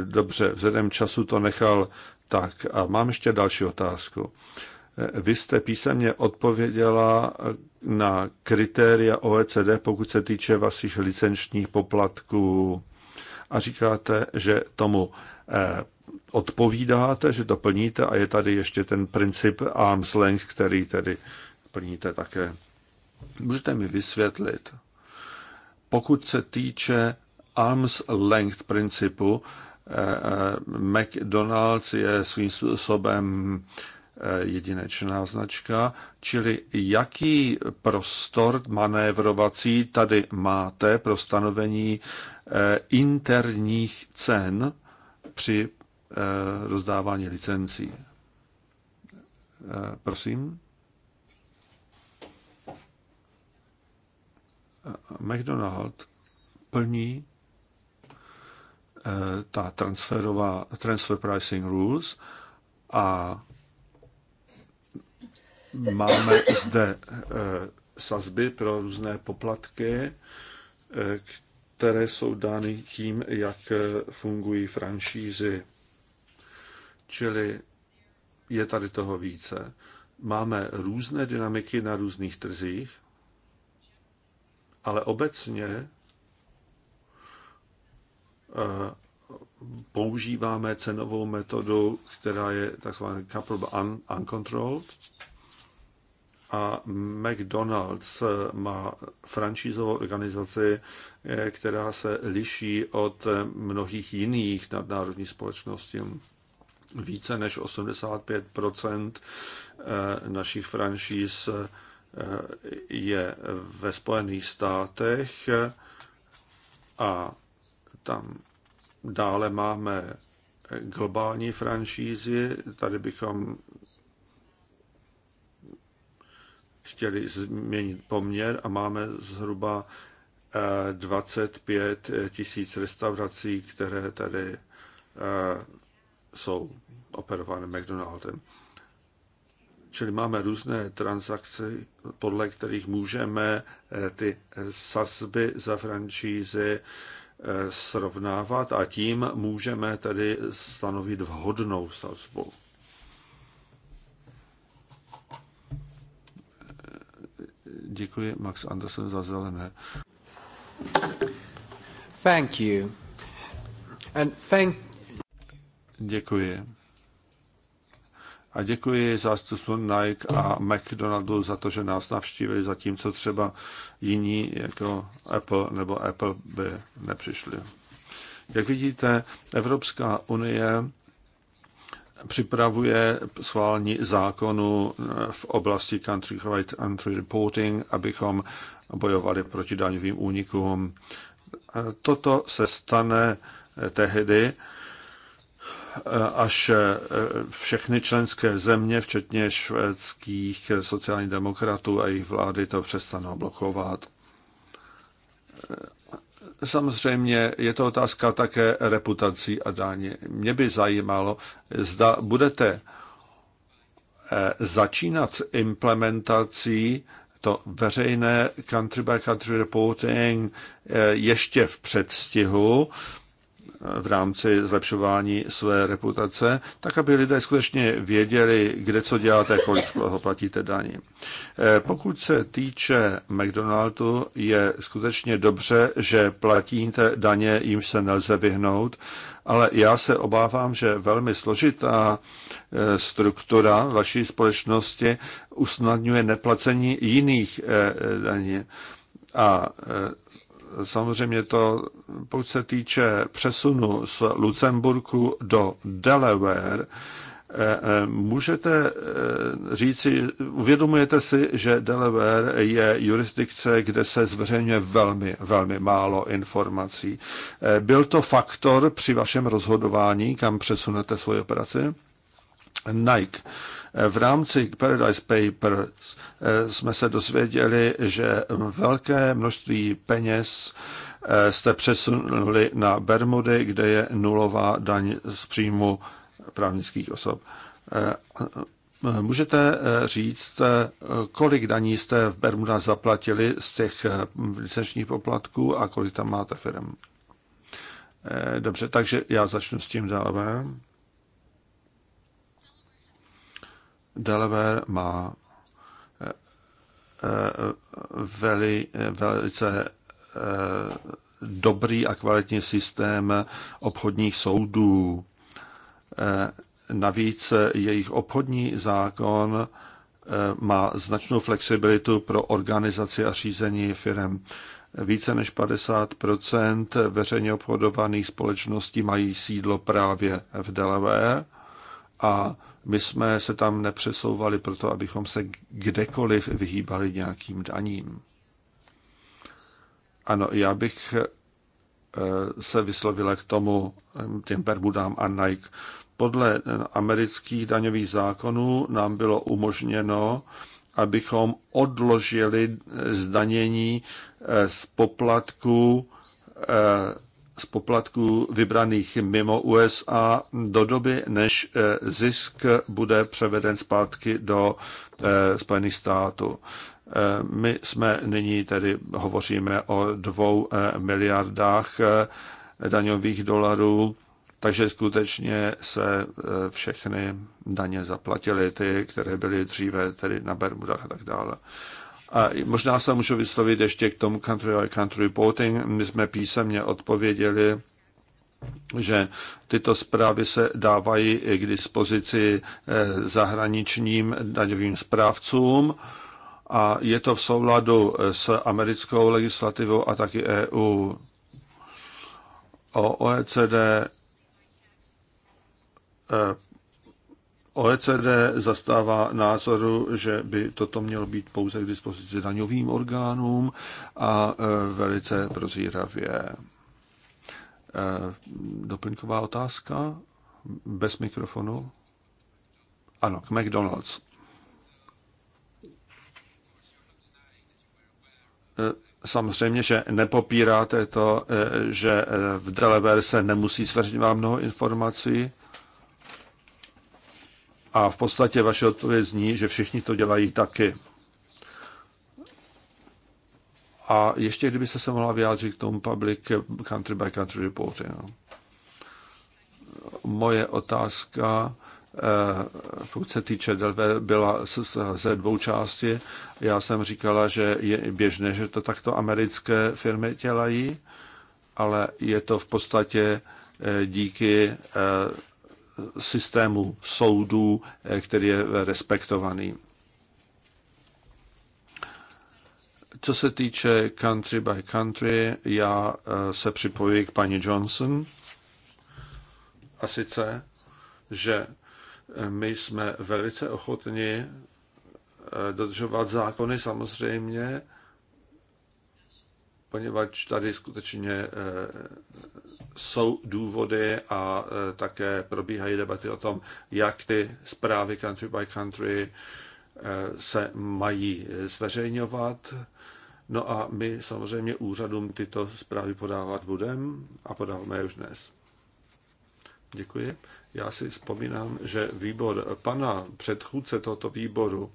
[SPEAKER 1] dobře vzhledem času to nechal tak. A mám ještě další otázku. Vy jste písemně odpověděla na kritéria OECD, pokud se týče vašich licenčních poplatků a říkáte, že tomu eh, odpovídáte, že to plníte a je tady ještě ten princip arm's length, který tedy plníte také. Můžete mi vysvětlit, pokud se týče arm's length principu, eh, eh, McDonald's je svým způsobem jedinečná značka, čili jaký prostor manévrovací tady máte pro stanovení eh, interních cen při eh, rozdávání licencí. Eh, prosím. McDonald plní ta transferová, transfer pricing rules a Máme zde eh, sazby pro různé poplatky, eh, které jsou dány tím, jak eh, fungují franšízy. Čili je tady toho více. Máme různé dynamiky na různých trzích, ale obecně používáme cenovou metodu, která je takzvaná coupled uncontrolled, a McDonald's má franšízovou organizaci, eh, která se liší od mnohých jiných nadnárodních společností. Více než 85 eh, našich franšíz eh, je ve Spojených státech a tam dále máme globální franšízy. Tady bychom chtěli změnit poměr a máme zhruba 25 eh, tisíc restaurací, které tady eh, jsou operovány McDonaldem. Čili máme různé transakce, podle kterých můžeme eh, ty sazby za franšízy srovnávat a tím můžeme tedy stanovit vhodnou sazbu. Děkuji Max Anderson za zelené. Thank you. And thank... Děkuji. A děkuji zástupcům Nike a McDonaldu za to, že nás navštívili, zatímco třeba jiní jako Apple nebo Apple by nepřišli. Jak vidíte, Evropská unie připravuje schválení zákonu eh, v oblasti country right Entry reporting, abychom bojovali proti daňovým únikům. Eh, Toto se stane eh, tehdy, až všechny členské země, včetně švédských sociálních demokratů a jejich vlády, to přestanou blokovat samozřejmě je to otázka také reputací a dáně. Mě by zajímalo, zda budete eh, začínat s implementací to veřejné country by country reporting eh, ještě v předstihu, v rámci zlepšování své reputace, tak aby lidé skutečně věděli, kde co děláte, kolik toho platíte daní. Eh, pokud se týče McDonaldu, je skutečně dobře, že platíte daně, jimž se nelze vyhnout, ale já se obávám, že velmi složitá eh, struktura vaší společnosti usnadňuje neplacení jiných eh, daní. A samozřejmě to, pokud se týče přesunu z Lucemburku do Delaware, eh, můžete eh, říci, uvědomujete si, že Delaware je jurisdikce, kde se zveřejňuje velmi, velmi málo informací. Eh, byl to faktor při vašem rozhodování, kam přesunete svoji operaci? Nike. V rámci Paradise Papers Eh, jsme se dozvěděli, že velké množství peněz eh, jste přesunuli na Bermudy, kde je nulová daň z příjmu právnických osob. Eh, můžete říct, kolik daní jste v Bermuda zaplatili z těch licenčních poplatků a kolik tam máte firm? Dobře, takže já začnu s tím Delaware. Delaware má Eh, veli, eh, velice eh, dobrý a kvalitní systém obchodních soudů. Navíc jejich obchodní zákon má značnou flexibilitu pro organizaci a řízení firm. Více než 50 veřejně obchodovaných společností mají sídlo právě v Delaware a my jsme se tam nepřesouvali proto, abychom se kdekoliv vyhýbali nějakým daním. Ano, já bych eh, se vyslovila k tomu eh, těm Bermudám a Nike. Podle eh, amerických daňových zákonů nám bylo umožněno, abychom odložili zdanění z poplatků z poplatků vybraných mimo USA do doby, než eh, zisk bude převeden zpátky do eh, Spojených států. Eh, my jsme nyní tedy hovoříme o dvou miliardách daňových dolarů, takže skutečně se všechny daně zaplatily, ty, které byly dříve tedy na Bermudách a tak dále. A možná se můžu vyslovit ještě k tomu country by country reporting. My jsme písemně odpověděli, že tyto zprávy se dávají k dispozici eh, zahraničním daňovým správcům a je to v souladu eh, s americkou legislativou a taky EU. O OECD eh, OECD zastává názoru, že by toto mělo být pouze k dispozici daňovým orgánům a e, velice prozíravě. E, doplňková otázka? Bez mikrofonu? Ano, k McDonald's. E, samozřejmě, že nepopíráte to, že v Delaware se nemusí zveřejňovat mnoho informací, a v podstatě vaše odpověď zní, že všichni to dělají taky. A ještě kdyby se mohla vyjádřit k tomu public country by country reporting. No. Moje otázka, eh, pokud se týče Delve, byla ze dvou části. Já jsem říkala, že je běžné, že to takto americké firmy dělají, ale je to v podstatě eh, díky eh, systému soudů, eh, který je respektovaný. Co se týče country by country, já eh, se připojuji k paní Johnson. A sice, že eh, my jsme velice ochotni dodržovat zákony samozřejmě, poněvadž tady skutečně jsou důvody a e, také probíhají debaty o tom, jak ty zprávy country by country e, se mají zveřejňovat. No a my samozřejmě úřadům tyto zprávy podávat budeme a podáváme je už dnes. Děkuji. Já si vzpomínám, že výbor pana předchůdce tohoto výboru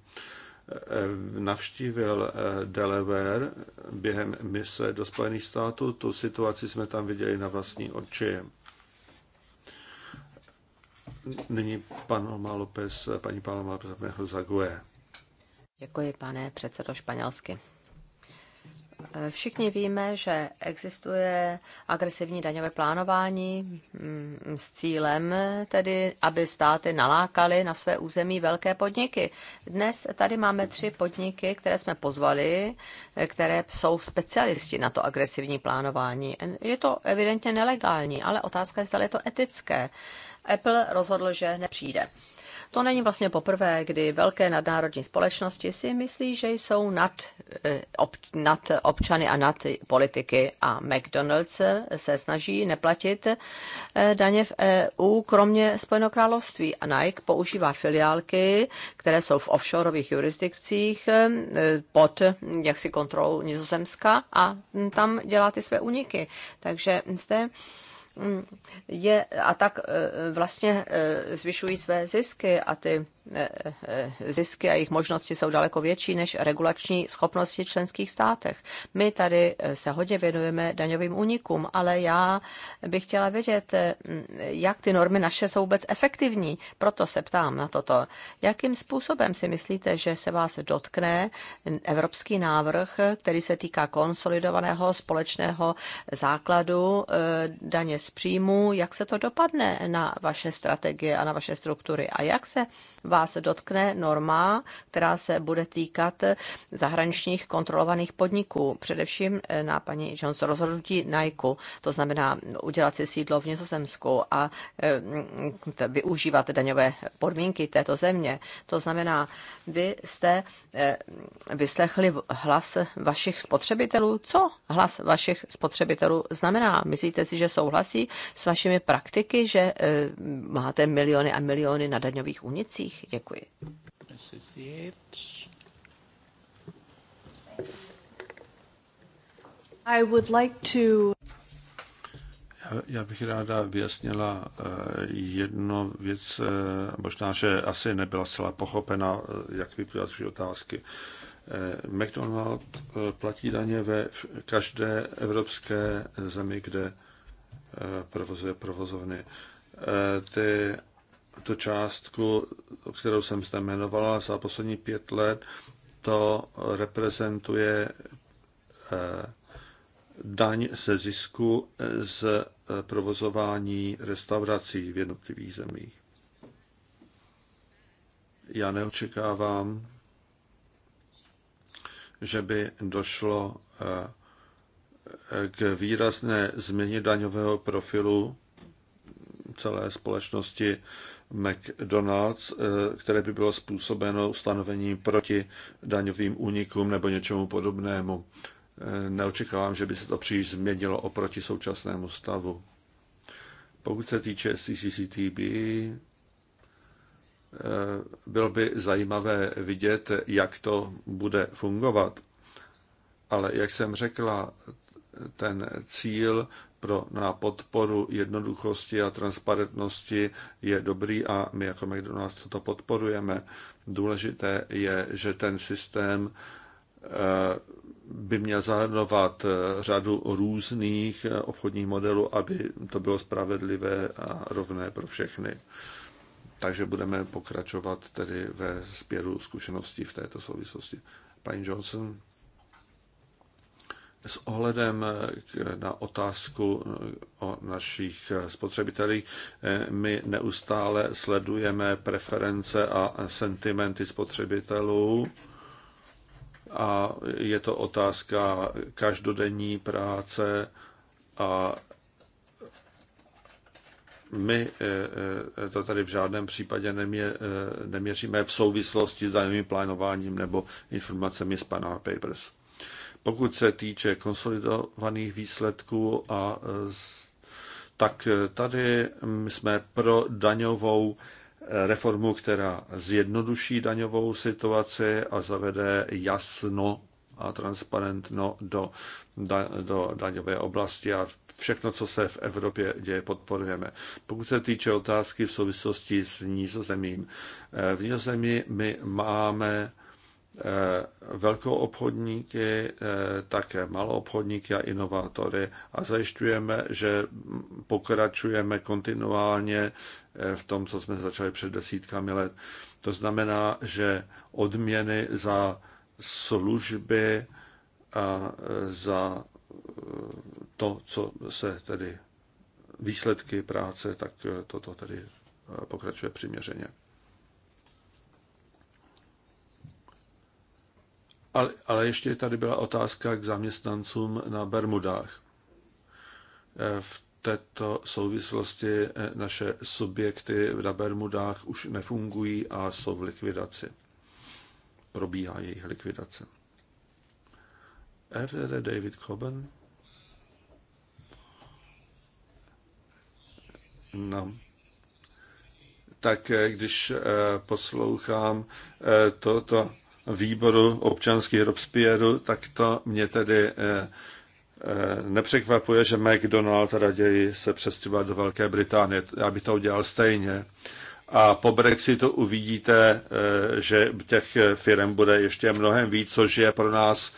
[SPEAKER 1] Eh, navštívil eh, Delaware během mise do Spojených států. Tu situaci jsme tam viděli na vlastní oči. Nyní pan Oma López, paní Paloma Zague.
[SPEAKER 3] Děkuji, pane předsedo španělsky. Všichni víme, že existuje agresivní daňové plánování mm, s cílem tedy, aby státy nalákaly na své území velké podniky. Dnes tady máme tři podniky, které jsme pozvali, které jsou specialisti na to agresivní plánování. Je to evidentně nelegální, ale otázka je, zda je to etické. Apple rozhodl, že nepřijde. To není vlastně poprvé, kdy velké nadnárodní společnosti si myslí, že jsou nad, eh, ob, nad občany a nad politiky a McDonald's se snaží neplatit eh, daně v EU, kromě Spojeného království. A Nike používá filiálky, které jsou v offshoreových jurisdikcích eh, pod jaksi kontrolou Nizozemska a hm, tam dělá ty své úniky. Takže zde Mm, je, a tak eh, vlastně eh, zvyšují své zisky a ty Eh, eh, zisky a jejich možnosti jsou daleko větší než regulační schopnosti členských státech. My tady eh, se hodně věnujeme daňovým únikům, ale já bych chtěla vědět, jak ty normy naše jsou vůbec efektivní. Proto se ptám na toto. Jakým způsobem si myslíte, že se vás dotkne evropský návrh, který se týká konsolidovaného společného základu daně z příjmu? Jak se to dopadne na vaše strategie a na vaše struktury? A jak se vás vás dotkne norma, která se bude týkat zahraničních kontrolovaných podniků, především eh, na paní Jones rozhodnutí Nike, to znamená udělat si sídlo v Nizozemsku a eh, využívat daňové podmínky této země. To znamená, vy jste eh, vyslechli hlas vašich spotřebitelů. Co hlas vašich spotřebitelů znamená? Myslíte si, že souhlasí s vašimi praktiky, že máte miliony a miliony na daňových únicích? Děkuji. I would like to...
[SPEAKER 1] Já bych ráda vyjasnila eh, jednu věc, eh, možná, že asi nebyla zcela pochopena, eh, jak vyplývá z otázky. McDonald platí daně ve každé evropské zemi, kde provozuje provozovny. Ty tu částku, kterou jsem zde jmenovala za poslední pět let, to reprezentuje eh, daň ze zisku eh, z eh, provozování restaurací v jednotlivých zemích. Já neočekávám, že by došlo k výrazné změně daňového profilu celé společnosti McDonald's, eh, které by bylo způsobeno ustanovením proti daňovým únikům nebo něčemu podobnému. Eh, neočekávám, že by se to příliš změnilo oproti současnému stavu. Pokud se týče CCCTB, eh, bylo by zajímavé vidět, jak to bude fungovat. Ale jak jsem řekla, ten cíl pro, na podporu jednoduchosti a transparentnosti je dobrý a my jako McDonald's toto podporujeme. Důležité je, že ten systém eh, by měl zahrnovat eh, řadu různých eh, obchodních modelů, aby to bylo spravedlivé a rovné pro všechny. Takže budeme pokračovat tedy ve sběru zkušeností v této souvislosti. Paní Johnson? s ohledem eh, na otázku eh, o našich eh, spotřebitelích, my neustále sledujeme preference a sentimenty spotřebitelů a je to otázka každodenní práce a my to tady v žádném případě nemě, neměříme v souvislosti s daným plánováním nebo informacemi z Panama Papers. Pokud se týče konsolidovaných výsledků, a, tak tady jsme pro daňovou reformu, která zjednoduší daňovou situaci a zavede jasno a transparentno do, da, do daňové oblasti a všechno, co se v Evropě děje, podporujeme. Pokud se týče otázky v souvislosti s nízozemím, eh, v nízozemí my máme Eh, velkou obchodníky, eh, také malou obchodníky a inovátory a zajišťujeme, že pokračujeme kontinuálně eh, v tom, co jsme začali před desítkami let. To znamená, že odměny za služby a za to, co se tedy výsledky práce, tak toto tedy pokračuje přiměřeně. Ale, ale ještě tady byla otázka k zaměstnancům na Bermudách. V této souvislosti eh, naše subjekty na Bermudách už nefungují a jsou v likvidaci. Probíhá jejich likvidace. FDD David Coben. No. Tak eh, když eh, poslouchám toto, to, výboru občanských Robespierre, tak to mě tedy eh, eh, nepřekvapuje, že McDonald raději se přestěhoval do Velké Británie. Já bych to udělal stejně. A po Brexitu uvidíte, eh, že těch firm bude ještě mnohem víc, což je pro nás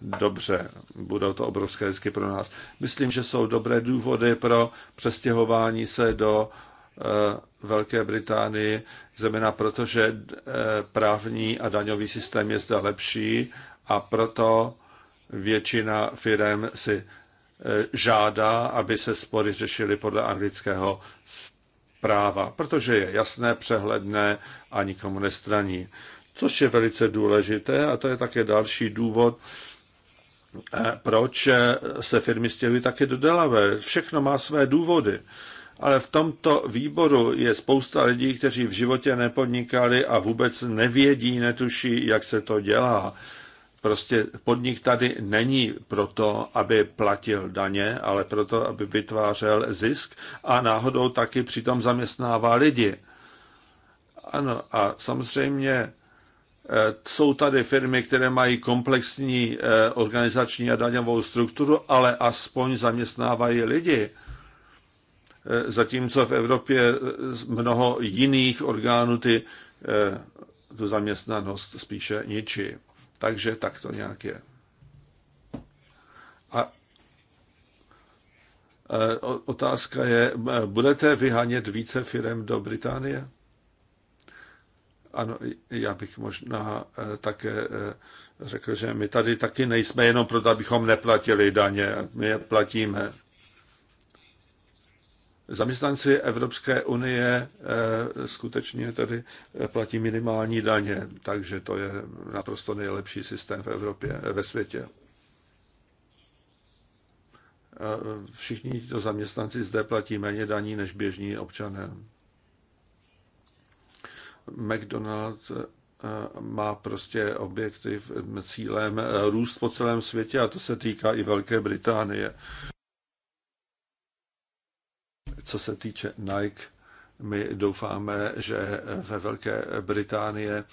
[SPEAKER 1] dobře. Budou to obrovské zisky pro nás. Myslím, že jsou dobré důvody pro přestěhování se do Eh, Velké Británii, zejména proto, že eh, právní a daňový systém je zde lepší a proto většina firm si eh, žádá, aby se spory řešily podle anglického práva, protože je jasné, přehledné a nikomu nestraní. Což je velice důležité a to je také další důvod, proč se firmy stěhují také do Delaware. Všechno má své důvody ale v tomto výboru je spousta lidí, kteří v životě nepodnikali a vůbec nevědí, netuší, jak se to dělá. Prostě podnik tady není proto, aby platil daně, ale proto, aby vytvářel zisk a náhodou taky přitom zaměstnává lidi. Ano, a samozřejmě eh, jsou tady firmy, které mají komplexní eh, organizační a daňovou strukturu, ale aspoň zaměstnávají lidi. Eh, zatímco v Evropě eh, mnoho jiných orgánů ty, eh, tu zaměstnanost spíše ničí. Takže tak to nějak je. A otázka je, budete vyhánět více firm do Británie? Ano, já bych možná také řekl, že my tady taky nejsme jenom proto, abychom neplatili daně, my je platíme zaměstnanci Evropské unie eh, skutečně tedy eh, platí minimální daně, takže to je naprosto nejlepší systém v Evropě, eh, ve světě. Všichni tito zaměstnanci zde platí méně daní než běžní občané. McDonald's má prostě objektiv cílem růst po celém světě a to se týká i Velké Británie. Co se týče Nike, my doufáme, že ve Velké Británie,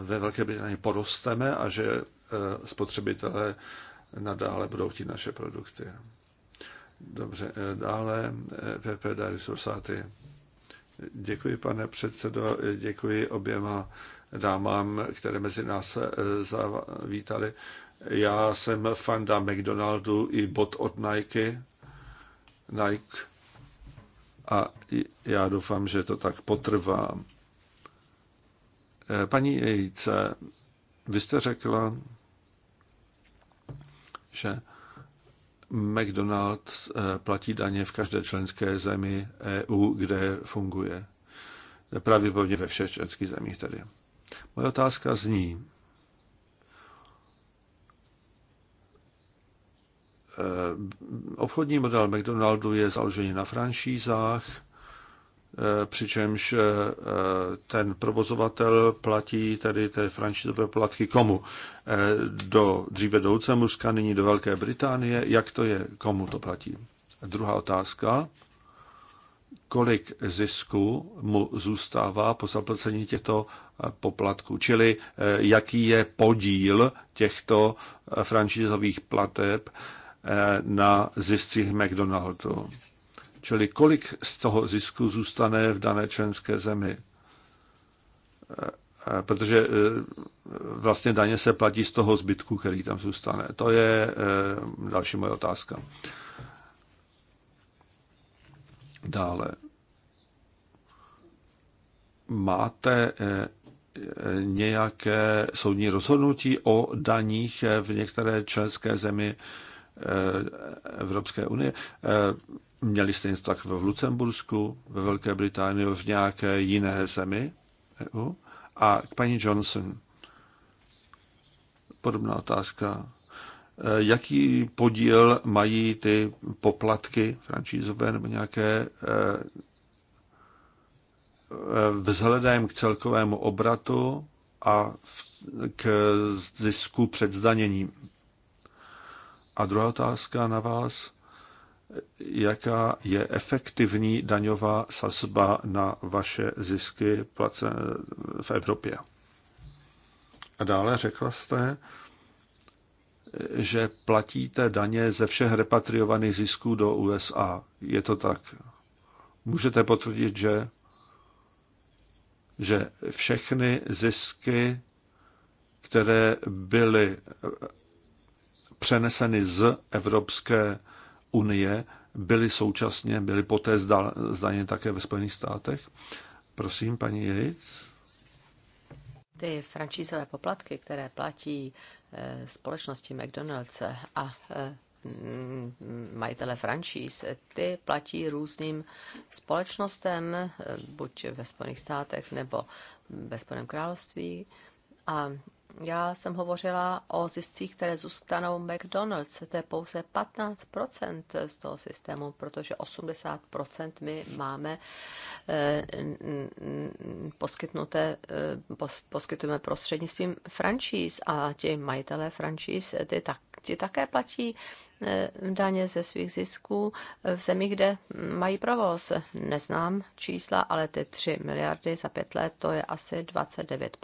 [SPEAKER 1] ve Velké Británii porosteme a že eh, spotřebitelé nadále budou chtít naše produkty. Dobře, eh, dále eh, PP Dary Děkuji, pane předsedo, děkuji oběma dámám, které mezi nás zavítali. Já jsem fanda McDonaldu i bot od Nike. Nike a já doufám, že to tak potrvá. Eh, paní Jejce, vy jste řekla, že McDonald's eh, platí daně v každé členské zemi EU, kde funguje. Pravděpodobně ve všech členských zemích tedy. Moje otázka zní, Eh, obchodní model McDonaldu je založený na franšízách, eh, přičemž eh, ten provozovatel platí tedy té franšízové platky komu? Do dříve do Ucemuska, nyní do Velké Británie. Jak to je? Komu to platí? Druhá otázka. Kolik zisku mu zůstává po zaplacení těchto poplatků? Čili jaký je podíl těchto franšízových plateb Eh, na ziscích McDonaldu. Čili kolik z toho zisku zůstane v dané členské zemi. Eh, eh, protože vlastně daně se platí z toho zbytku, který tam zůstane. To je další moje otázka. Dále. Máte nějaké soudní rozhodnutí o daních v některé členské zemi, Eh, Evropské unie. Eh, měli jste něco tak v Lucembursku, ve Velké Británii, v nějaké jiné zemi EU? A k paní Johnson. Podobná otázka. Eh, jaký podíl mají ty poplatky francízové nebo nějaké vzhledem k celkovému obratu a k zisku před zdaněním? A druhá otázka na vás, jaká je efektivní daňová sazba na vaše zisky v Evropě. A dále řekla jste, že platíte daně ze všech repatriovaných zisků do USA. Je to tak? Můžete potvrdit, že, že všechny zisky, které byly přeneseny z Evropské unie, byly současně, byly poté zdaněny také ve Spojených státech. Prosím, paní Yates.
[SPEAKER 3] Ty francízové poplatky, které platí eh, společnosti McDonald's a eh, mm, majitele franšíz, ty platí různým společnostem, eh, buď ve Spojených státech nebo ve Spojeném království. A já jsem hovořila o ziscích, které zůstanou McDonald's. To je pouze 15% z toho systému, protože 80% my máme eh, poskytnuté, eh, poskytujeme prostřednictvím franchise a ti majitelé franchise ty, tak, ti také platí eh, daně ze svých zisků v zemích, kde mají provoz. Neznám čísla, ale ty 3 miliardy za pět let, to je asi 29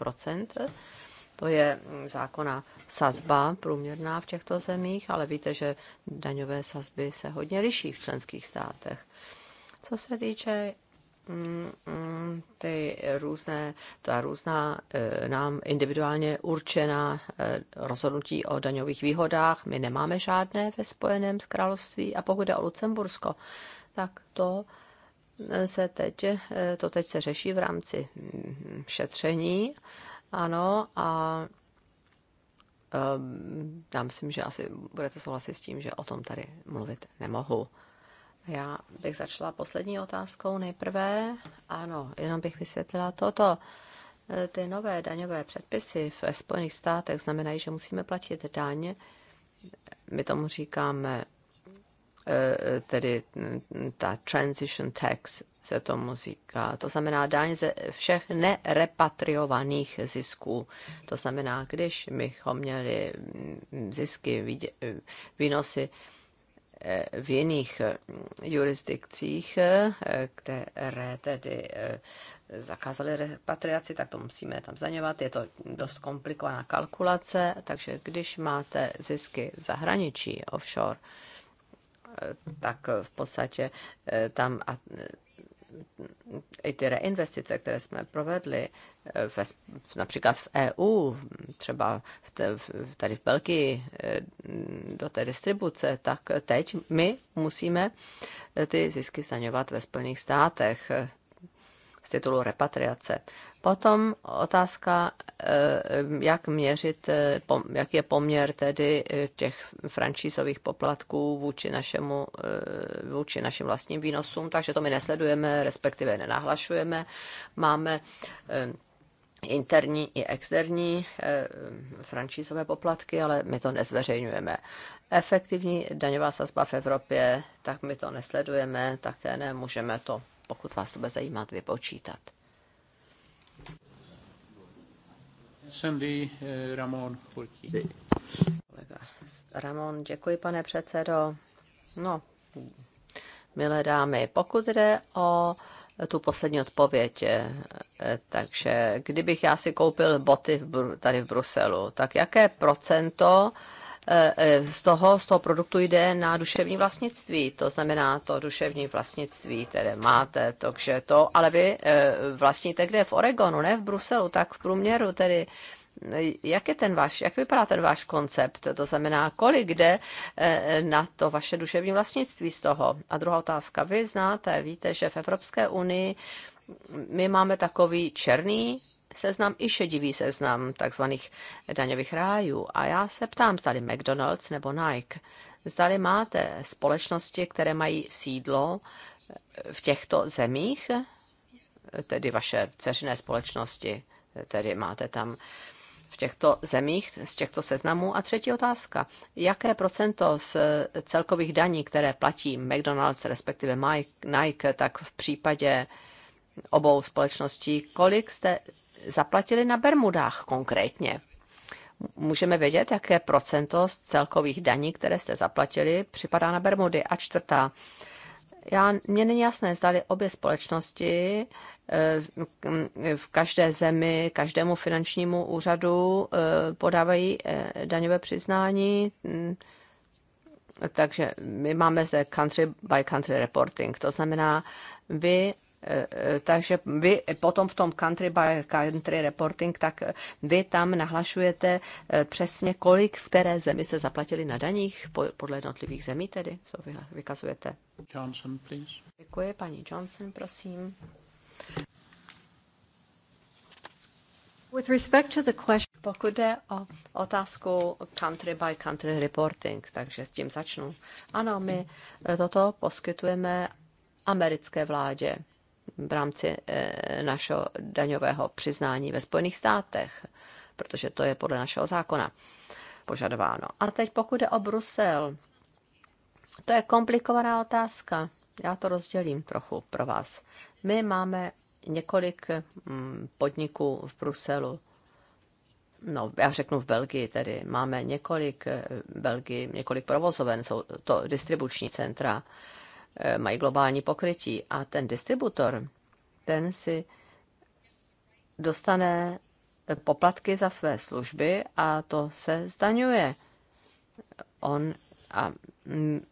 [SPEAKER 3] to je mm, zákona sazba průměrná v těchto zemích, ale víte, že daňové sazby se hodně liší v členských státech. Co se týče mm, mm, ty různé, ta různá e, nám individuálně určená e, rozhodnutí o daňových výhodách. My nemáme žádné ve Spojeném království a pokud jde o Lucembursko, tak to e, se teď, to teď se řeší v rámci šetření ano, a um, já myslím, že asi budete souhlasit s tím, že o tom tady mluvit nemohu. Já bych začala poslední otázkou nejprve. Ano, jenom bych vysvětlila toto. E, ty nové daňové předpisy v Spojených státech znamenají, že musíme platit daň. My tomu říkáme e, e, tedy ta transition tax, se tomu říká. To znamená daň ze všech nerepatriovaných zisků. To znamená, když bychom měli mm, zisky, výnosy eh, v jiných mm, jurisdikcích, eh, které tedy eh, zakázali repatriaci, tak to musíme tam zdaňovat. Je to dost komplikovaná kalkulace, takže když máte zisky v zahraničí, offshore, tak v podstatě tam i ty reinvestice, které jsme provedli, eh, ve, například v EU, třeba v te, v, tady v Belgii, eh, do té distribuce, tak teď my musíme eh, ty zisky zdaňovat ve Spojených státech z titulu repatriace. Potom otázka, eh, jak měřit, eh, jak je poměr tedy eh, těch francízových poplatků vůči, našemu, vůči našim vlastním výnosům, takže to my nesledujeme, respektive nenahlašujeme. Máme interní i externí francízové poplatky, ale my to nezveřejňujeme. Efektivní daňová sazba v Evropě, tak my to nesledujeme, také nemůžeme to pokud vás to bude zajímat, vypočítat. Sandy eh, Ramon Ramon, děkuji, pane předsedo. No, milé dámy, pokud jde o tu poslední odpověď. Eh, takže kdybych já si koupil boty tady v Bruselu, tak jaké procento Eh, eh, z toho, z toho produktu jde na duševní vlastnictví. To znamená to duševní vlastnictví, které máte, takže to, ale vy eh, vlastníte kde? V Oregonu, ne v Bruselu, tak v průměru tedy jak je ten váš, jak vypadá ten váš koncept? To znamená, kolik jde na to vaše duševní vlastnictví z toho? A druhá otázka. Vy znáte, víte, že v Evropské unii my máme takový černý seznam i šedivý seznam takzvaných daňových rájů. A já se ptám, zdali McDonald's nebo Nike, zdali máte společnosti, které mají sídlo eh, v těchto zemích, tedy vaše dceřiné společnosti, tedy máte tam v těchto zemích z těchto seznamů. A třetí otázka. Jaké procento z celkových daní, které platí McDonald's, respektive Nike, tak v případě obou společností, kolik jste zaplatili na Bermudách konkrétně. Můžeme vědět, jaké procento z celkových daní, které jste zaplatili, připadá na Bermudy. A čtvrtá, já, mě není jasné, zdali obě společnosti eh, v každé zemi, každému finančnímu úřadu eh, podávají eh, daňové přiznání. Mm, takže my máme zde country by country reporting, to znamená, vy Eh, takže vy potom v tom country by country reporting, tak vy tam nahlašujete eh, přesně, kolik v které zemi se zaplatili na daních, podle jednotlivých zemí tedy, co vy vykazujete.
[SPEAKER 1] Johnson, please.
[SPEAKER 3] Děkuji, paní Johnson, prosím. With respect to the question, pokud jde o otázku country by country reporting, takže s tím začnu. Ano, my eh, toto poskytujeme americké vládě v rámci eh, našeho daňového přiznání ve Spojených státech, protože to je podle našeho zákona požadováno. A teď pokud jde o Brusel, to je komplikovaná otázka. Já to rozdělím trochu pro vás. My máme několik mm, podniků v Bruselu, no já řeknu v Belgii tedy, máme několik eh, Belgii, několik provozoven, jsou to distribuční centra, Eh, mají globální pokrytí. A ten distributor, ten si dostane eh, poplatky za své služby a to se zdaňuje. On a mm,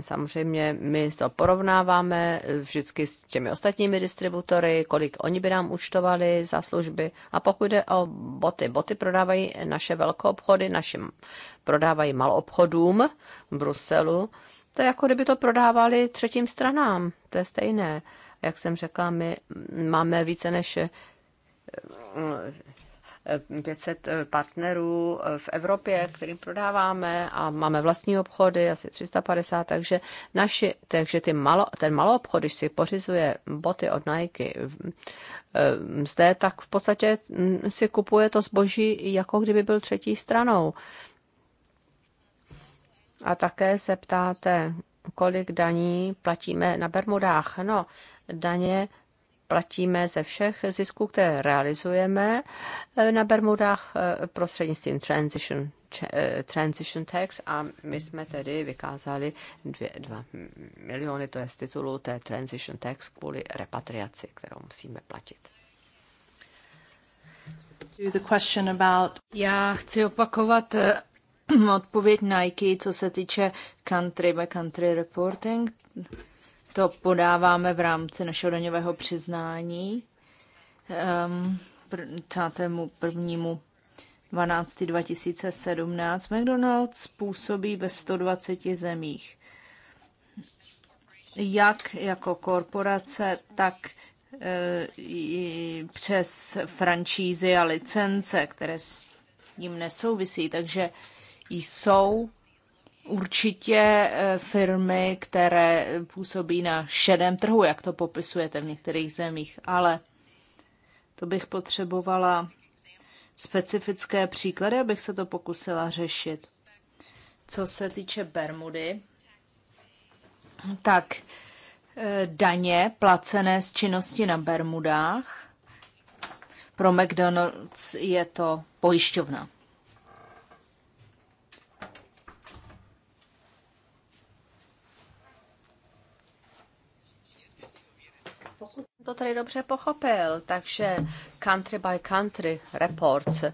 [SPEAKER 3] samozřejmě my to porovnáváme eh, vždycky s těmi ostatními distributory, kolik oni by nám účtovali za služby. A pokud jde o boty, boty prodávají naše velké obchody, našim prodávají obchodům v Bruselu to je jako kdyby to prodávali třetím stranám. To je stejné. Jak jsem řekla, my máme více než 500 eh, eh, eh, partnerů v Evropě, kterým prodáváme a máme vlastní obchody, asi 350, takže, naši, takže ty malo, ten malý obchod, když si pořizuje boty od Nike zde, tak v podstatě mm, si kupuje to zboží, jako kdyby byl třetí stranou. A také se ptáte, kolik daní platíme na Bermudách. No, daně platíme ze všech zisků, které realizujeme eh, na Bermudách eh, prostřednictvím transition, eh, transition tax a my jsme tedy vykázali 2 miliony, to je z titulu té transition tax kvůli repatriaci, kterou musíme platit.
[SPEAKER 2] Já chci opakovat odpověď Nike, co se týče country by country reporting. To podáváme v rámci našeho daňového přiznání um, prvnímu 12. 2017 McDonald's působí ve 120 zemích. Jak jako korporace, tak e, přes francízy a licence, které s tím nesouvisí. Takže e, jsou určitě eh, firmy, které působí na šedém trhu, jak to popisujete v některých zemích, ale to bych potřebovala specifické příklady, abych se to pokusila řešit. Co se týče Bermudy, tak eh, daně placené z činnosti na Bermudách. Pro McDonald's je to pojišťovna.
[SPEAKER 3] to tady dobře pochopil, takže country by country reports,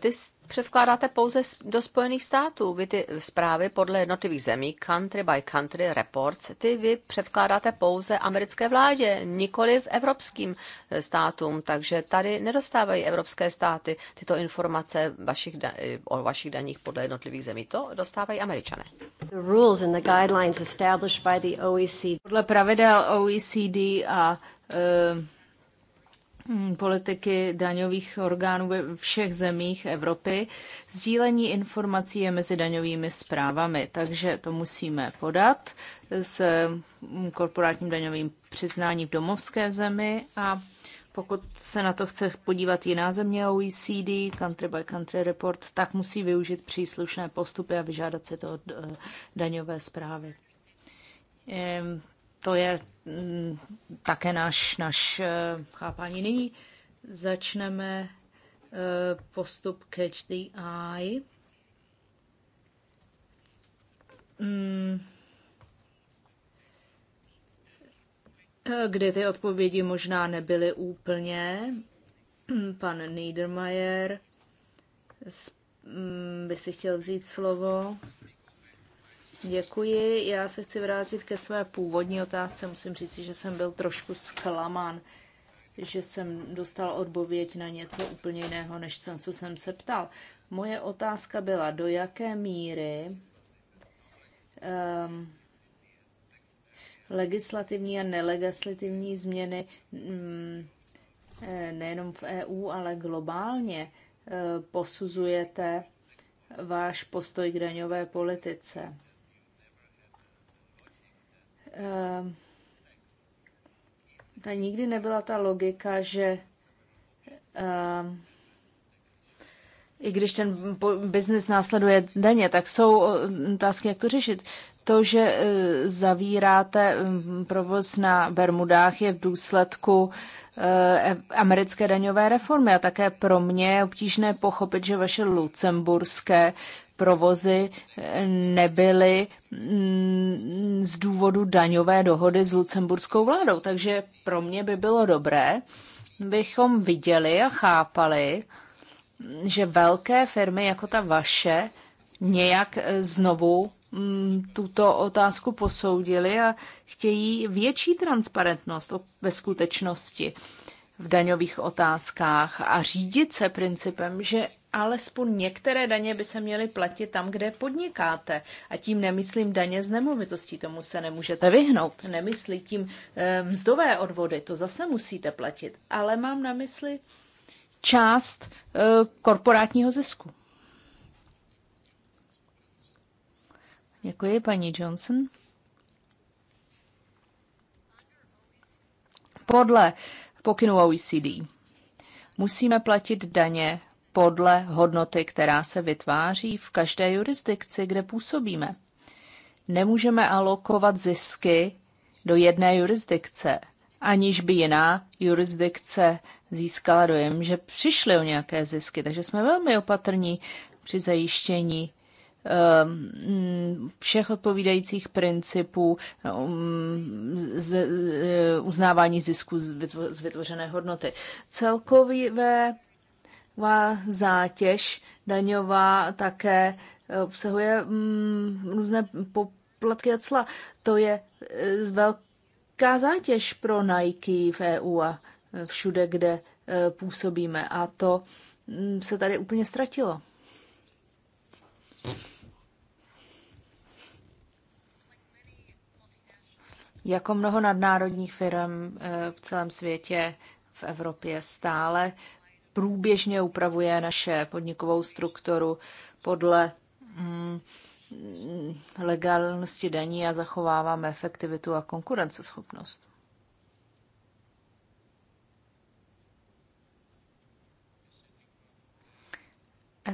[SPEAKER 3] ty předkládáte pouze do Spojených států. Vy ty zprávy podle jednotlivých zemí, country by country reports, ty vy předkládáte pouze americké vládě, nikoli v evropským eh, státům, takže tady nedostávají evropské státy tyto informace vašich eh, o vašich daních podle jednotlivých zemí. To dostávají američané. E podle pravidel OECD a Ehm, politiky
[SPEAKER 2] daňových orgánů ve všech zemích Evropy. Sdílení informací je mezi daňovými zprávami, takže to musíme podat s mm, korporátním daňovým přiznáním v domovské zemi a pokud se na to chce podívat jiná země OECD, country by country report, tak musí využít příslušné postupy a vyžádat si to od eh, daňové zprávy. Ehm, to je Mm, také náš, náš eh, chápání. Nyní začneme eh, postup Catch the Eye. Mm. Eh, Kdy ty odpovědi možná nebyly úplně. Pan Niedermayer mm, by si chtěl vzít slovo. Děkuji. Já se chci vrátit ke své původní otázce. Musím říct, že jsem byl trošku zklamán, že jsem dostal odpověď na něco úplně jiného, než co, co jsem se ptal. Moje otázka byla, do jaké míry um, legislativní a nelegislativní změny um, nejenom v EU, ale globálně eh, posuzujete váš postoj k daňové politice. Ehm, ta nikdy nebyla ta logika, že ehm, i když ten biznis následuje denně, tak jsou otázky, jak to řešit. To, že e, zavíráte provoz na Bermudách, je v důsledku e, americké daňové reformy. A také pro mě je obtížné pochopit, že vaše lucemburské provozy nebyly mm, z důvodu daňové dohody s lucemburskou vládou. Takže pro mě by bylo dobré, bychom viděli a chápali, že velké firmy jako ta vaše nějak eh, znovu mm, tuto otázku posoudili a chtějí větší transparentnost ve skutečnosti v daňových otázkách a řídit se principem, že alespoň některé daně by se měly platit tam, kde podnikáte. A tím nemyslím daně z nemovitostí, tomu se nemůžete vyhnout. Nemyslím tím eh, mzdové odvody, to zase musíte platit. Ale mám na mysli část eh, korporátního zisku. Děkuji, paní Johnson. Podle pokynu OECD musíme platit daně podle hodnoty, která se vytváří v každé jurisdikci, kde působíme. Nemůžeme alokovat zisky do jedné jurisdikce, aniž by jiná jurisdikce získala dojem, že přišly o nějaké zisky. Takže jsme velmi opatrní při zajištění ehm, všech odpovídajících principů ehm, e, uznávání zisku z vytvořené hodnoty. Celkové zátěž daňová také eh, obsahuje mm, různé poplatky a cla. To je eh, velká zátěž pro Nike v EU a eh, všude, kde působíme. A to mm, se tady úplně ztratilo. Jako mnoho nadnárodních firm v celém světě, v Evropě stále průběžně upravuje naše podnikovou strukturu podle mm, legálnosti daní a zachováváme efektivitu a konkurenceschopnost.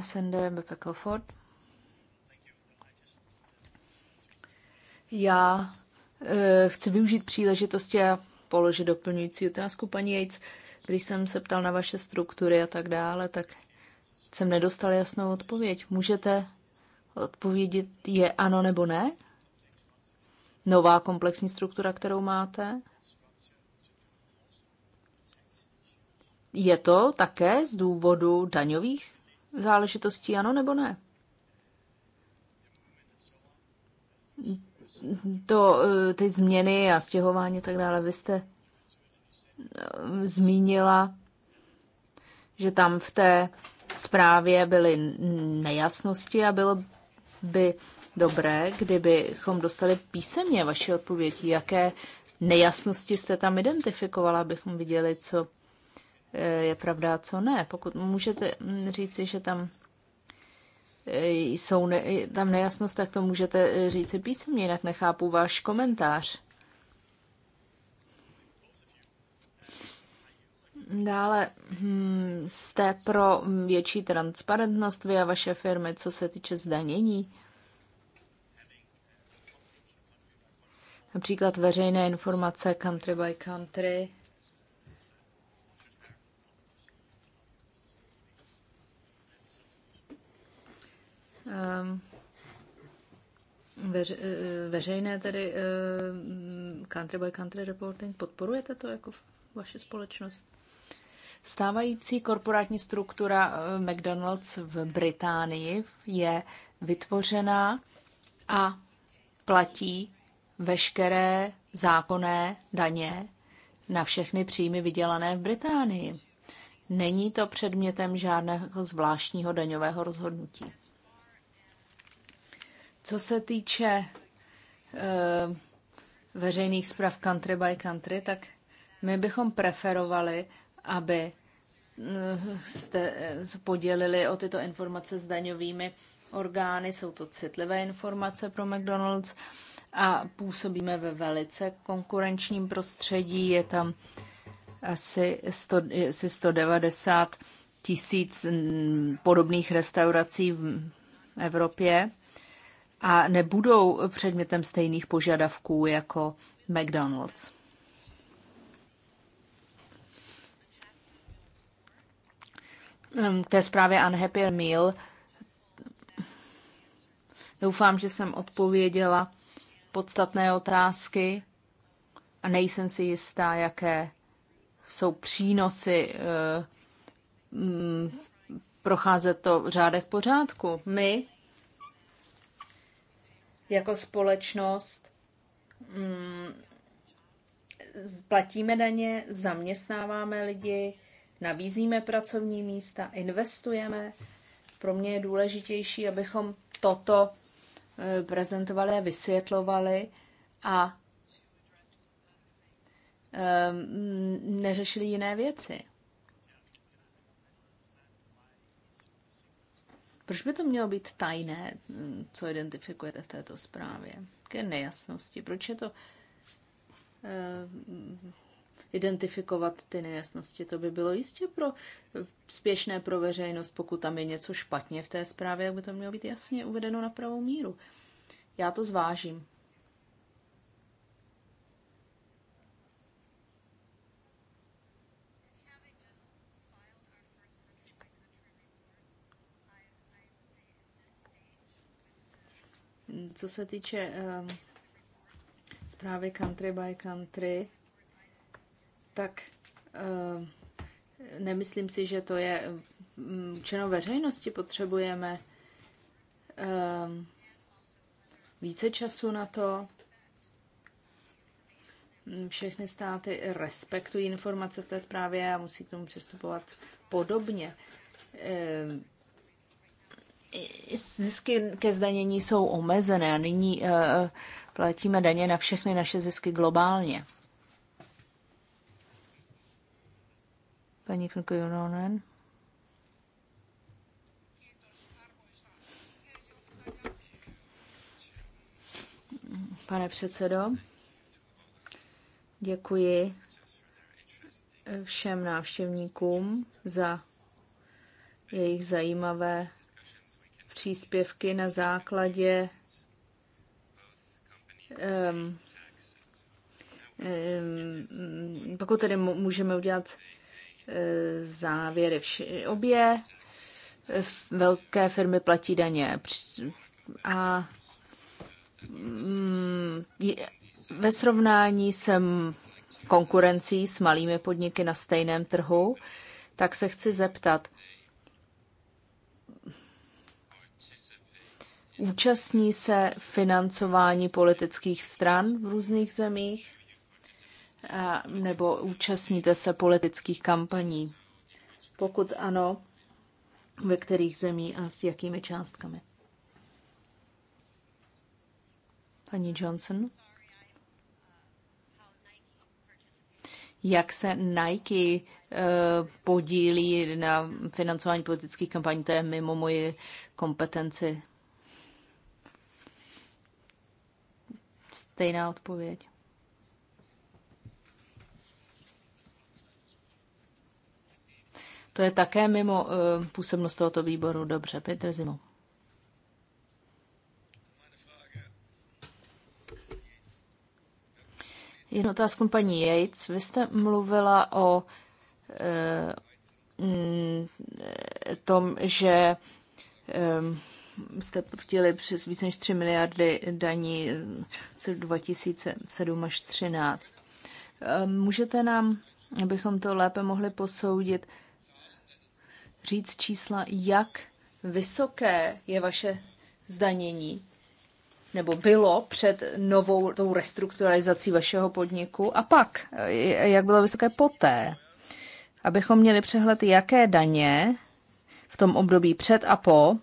[SPEAKER 2] SND Rebecca Ford. Já e, chci využít příležitosti a položit doplňující otázku paní Jejc. E, když jsem se ptal na vaše struktury a tak dále, tak jsem nedostal jasnou odpověď. Můžete odpovědět je ano nebo ne? Nová komplexní struktura, kterou máte? Je to také z důvodu daňových záležitostí, ano nebo ne? To, eh, ty změny a stěhování a tak dále, vy jste Eh, zmínila, že tam v té zprávě byly nejasnosti a bylo by dobré, kdybychom dostali písemně vaši odpověď, jaké nejasnosti jste tam identifikovala, abychom viděli, co eh, je pravda a co ne. Pokud můžete mm, říci, že tam eh, jsou ne, tam nejasnost, tak to můžete říci písemně, jinak nechápu váš komentář. Dále hm, jste pro větší transparentnost vy a vaše firmy, co se týče zdanění? Například veřejné informace country by country. Um, veř, e, veřejné tedy e, country by country reporting, podporujete to jako vaše společnost? Stávající korporátní struktura eh, McDonald's v Británii je vytvořená a platí veškeré zákonné daně na všechny příjmy vydělané v Británii. Není to předmětem žádného zvláštního daňového rozhodnutí. Co se týče e, veřejných zpráv country by country, tak my bychom preferovali, aby eh, jste eh, podělili o tyto informace s daňovými orgány. Jsou to citlivé informace pro McDonald's a působíme ve velice konkurenčním prostředí. Je tam asi, 100, asi 190 tisíc podobných restaurací v Evropě a nebudou předmětem stejných požadavků jako McDonald's. k ehm, té zprávě Unhappy Meal. Doufám, že jsem odpověděla podstatné otázky a nejsem si jistá, jaké jsou přínosy eh, mm, procházet to v řádech pořádku. My jako společnost mm, platíme daně, zaměstnáváme lidi, nabízíme pracovní místa, investujeme. Pro mě je důležitější, abychom toto eh, prezentovali a vysvětlovali a ehm, neřešili jiné věci. Proč by to mělo být tajné, hm, co identifikujete v této zprávě? Ke nejasnosti? Proč je to ehm, identifikovat ty nejasnosti. To by bylo jistě pro spěšné pro veřejnost, pokud tam je něco špatně v té zprávě, tak by to mělo být jasně uvedeno na pravou míru. Já to zvážím. Co se týče um, zprávy country by country, tak eh, nemyslím si, že to je mm, čeno veřejnosti. Potřebujeme eh, více času na to. Všechny státy respektují informace v té zprávě a musí k tomu přistupovat podobně. Eh, zisky ke zdanění jsou omezené a nyní platíme daně na všechny naše zisky globálně. paní von Pane předsedo, děkuji všem návštěvníkům za jejich zajímavé příspěvky na základě um, um, pokud tedy můžeme udělat závěry. Vši, obě velké firmy platí daně a mm, ve srovnání s konkurencí s malými podniky na stejném trhu, tak se chci zeptat, účastní se financování politických stran v různých zemích? nebo účastníte se politických kampaní? Pokud ano, ve kterých zemí a s jakými částkami? Paní Johnson? Jak se Nike eh, podílí na financování politických kampaní, to je mimo moji kompetenci. Stejná odpověď. To je také mimo eh, působnost tohoto výboru. Dobře, Petr Zimo. Jednu otázku paní Yates. Vy jste mluvila o e, tom, že e, jste chtěli přes více než 3 miliardy daní z 2007 až 2013. Můžete nám, abychom to lépe mohli posoudit, říct čísla, jak vysoké je vaše zdanění, nebo bylo před novou tou restrukturalizací vašeho podniku a pak, eh, jak bylo vysoké poté, abychom měli přehled, jaké daně v tom období před a po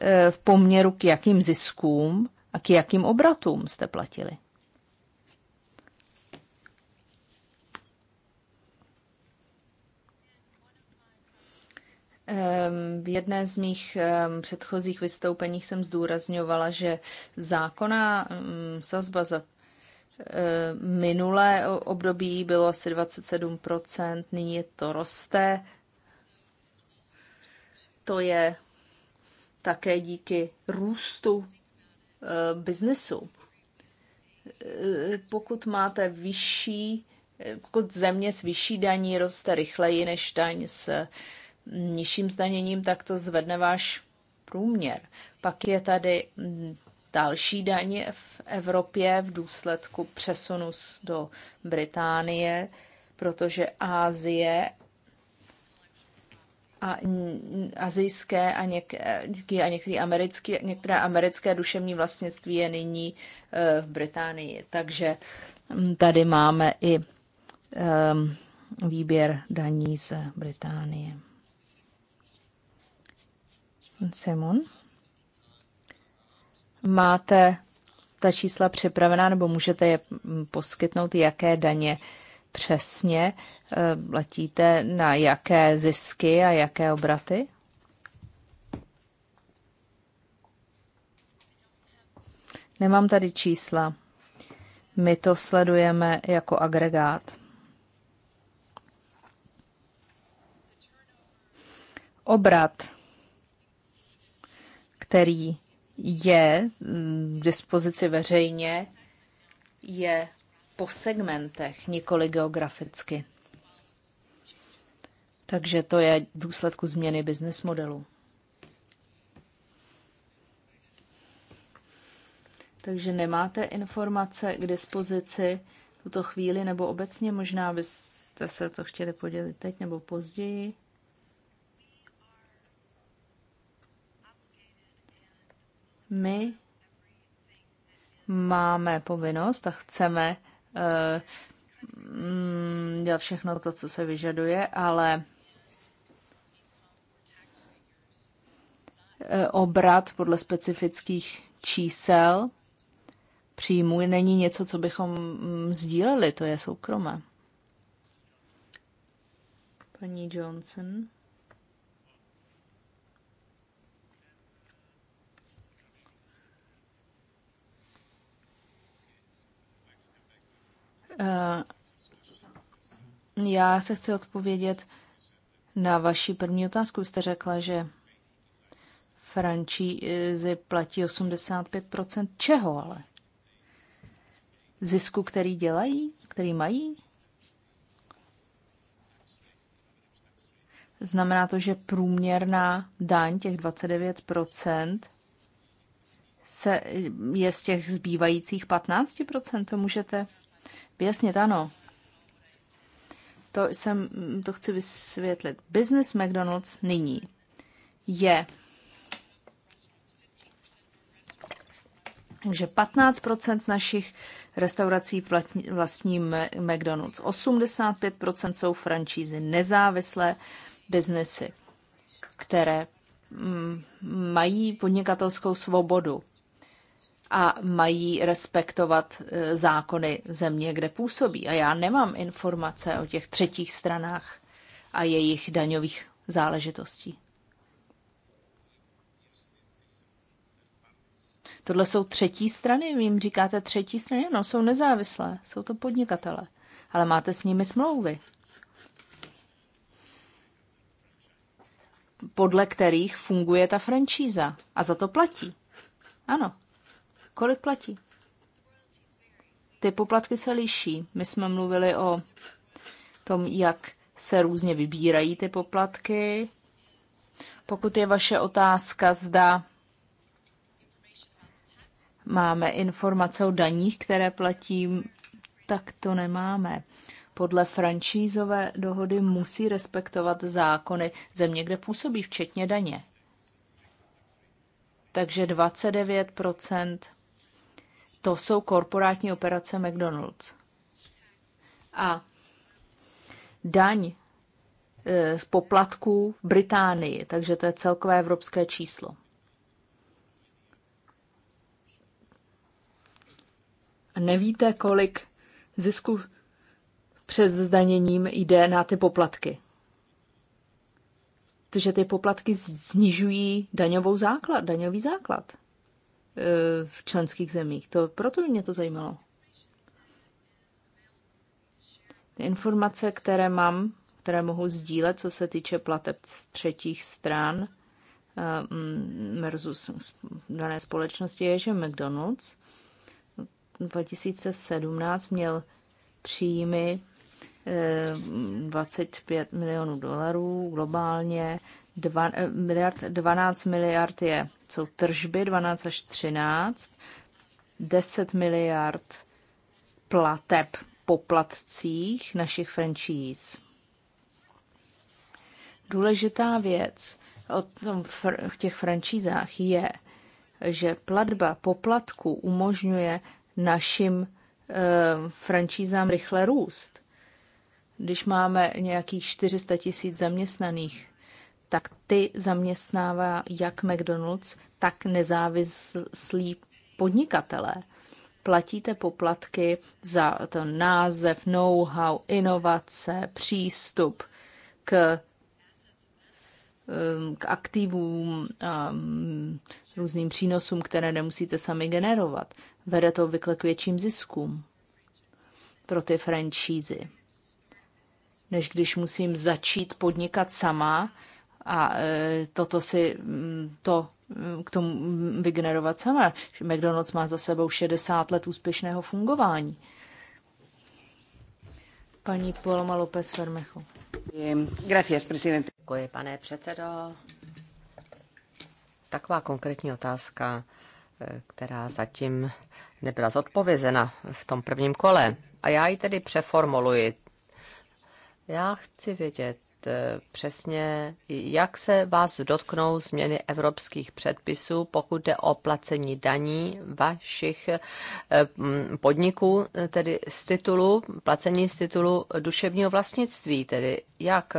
[SPEAKER 2] eh, v poměru k jakým ziskům a k jakým obratům jste platili. V jedné z mých předchozích vystoupeních jsem zdůrazňovala, že zákona mm, sazba za minulé období bylo asi 27%, nyní je to roste. To je také díky růstu biznesu. E, pokud máte vyšší, e, pokud země s vyšší daní roste rychleji než daň s nižším zdaněním, tak to zvedne váš průměr. Pak je tady další daň v Evropě v důsledku přesunu do Británie, protože Ázie a azijské a, něk, a některé americké, některé americké duševní vlastnictví je nyní eh, v Británii. Takže hm, tady máme i ehm, výběr daní z Británie. Simon. Máte ta čísla připravená nebo můžete je poskytnout, jaké daně přesně eh, letíte, na jaké zisky a jaké obraty? Nemám tady čísla. My to sledujeme jako agregát. Obrat který je k dispozici veřejně, je po segmentech, nikoli geograficky. Takže to je v důsledku změny business modelu. Takže nemáte informace k dispozici tuto chvíli, nebo obecně možná byste se to chtěli podělit teď nebo později. My máme povinnost a chceme uh, dělat všechno to, co se vyžaduje, ale eh, obrat podle specifických čísel příjmů není něco, co bychom mm, sdíleli, to je soukromé. Paní Johnson. Eh, já se chci odpovědět na vaši první otázku. Jste řekla, že franšízy platí 85% čeho ale? Zisku, který dělají? Který mají? Znamená to, že průměrná daň těch 29% se, je z těch zbývajících 15%? To můžete Vyjasnit, ano. To, jsem, to chci vysvětlit. Business McDonald's nyní je Takže 15 našich restaurací vlastní McDonald's, 85 jsou franšízy, nezávislé biznesy, které mm, mají podnikatelskou svobodu a mají respektovat e, zákony země, kde působí. A já nemám informace o těch třetích stranách a jejich daňových záležitostí. Tohle jsou třetí strany, vy jim říkáte třetí strany, no jsou nezávislé, jsou to podnikatele, ale máte s nimi smlouvy. Podle kterých funguje ta franšíza a za to platí. Ano, Kolik platí? Ty poplatky se liší. My jsme mluvili o tom, jak se různě vybírají ty poplatky. Pokud je vaše otázka, zda máme informace o daních, které platím, tak to nemáme. Podle franšízové dohody musí respektovat zákony země, kde působí, včetně daně. Takže 29 to jsou korporátní operace McDonald's. A daň e, z poplatků v Británii, takže to je celkové evropské číslo. A nevíte, kolik zisku přes zdaněním jde na ty poplatky. Protože ty poplatky snižují daňovou základ, daňový základ. Eh, v členských zemích. To, proto by mě to zajímalo. Ty informace, které mám, které mohu sdílet, co se týče plateb z třetích stran eh, mm, versus dané společnosti, je, že McDonald's v 2017 měl příjmy 25 eh, milionů dolarů globálně, 2, miliard, 12 miliard je jsou tržby 12 až 13, 10 miliard plateb poplatcích našich franchise. Důležitá věc o tom fr- v těch franšízách je, že platba poplatku umožňuje našim e, eh, franšízám rychle růst. Když máme nějakých 400 tisíc zaměstnaných tak ty zaměstnává jak McDonald's, tak nezávislí podnikatelé. Platíte poplatky za to název, know-how, inovace, přístup k, um, k aktivům, a um, různým přínosům, které nemusíte sami generovat. Vede to obvykle k větším ziskům pro ty franšízy než když musím začít podnikat sama a e, toto si mm, to mm, k tomu mm, vygenerovat sama. McDonald's má za sebou 60 let úspěšného fungování. Paní Paloma López Fermecho.
[SPEAKER 3] Gracias, presidente. Děkuji, pane předsedo. Taková konkrétní otázka, e, která zatím nebyla zodpovězena v tom prvním kole. A já ji tedy přeformuluji. Já chci vědět, E, přesně, jak se vás dotknou změny evropských předpisů, pokud jde o placení daní vašich e, podniků, tedy z titulu, placení z titulu duševního vlastnictví, tedy jak,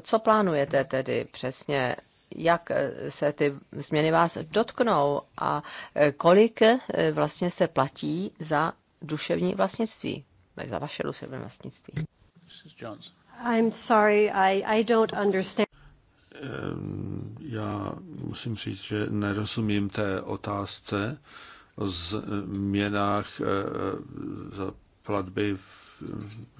[SPEAKER 3] co plánujete tedy přesně, jak se ty změny vás dotknou a kolik e, vlastně se platí za duševní vlastnictví, za vaše duševní vlastnictví. Mrs. I'm sorry, I, I don't understand.
[SPEAKER 1] Já musím říct, že nerozumím té otázce o změnách e, e, za platby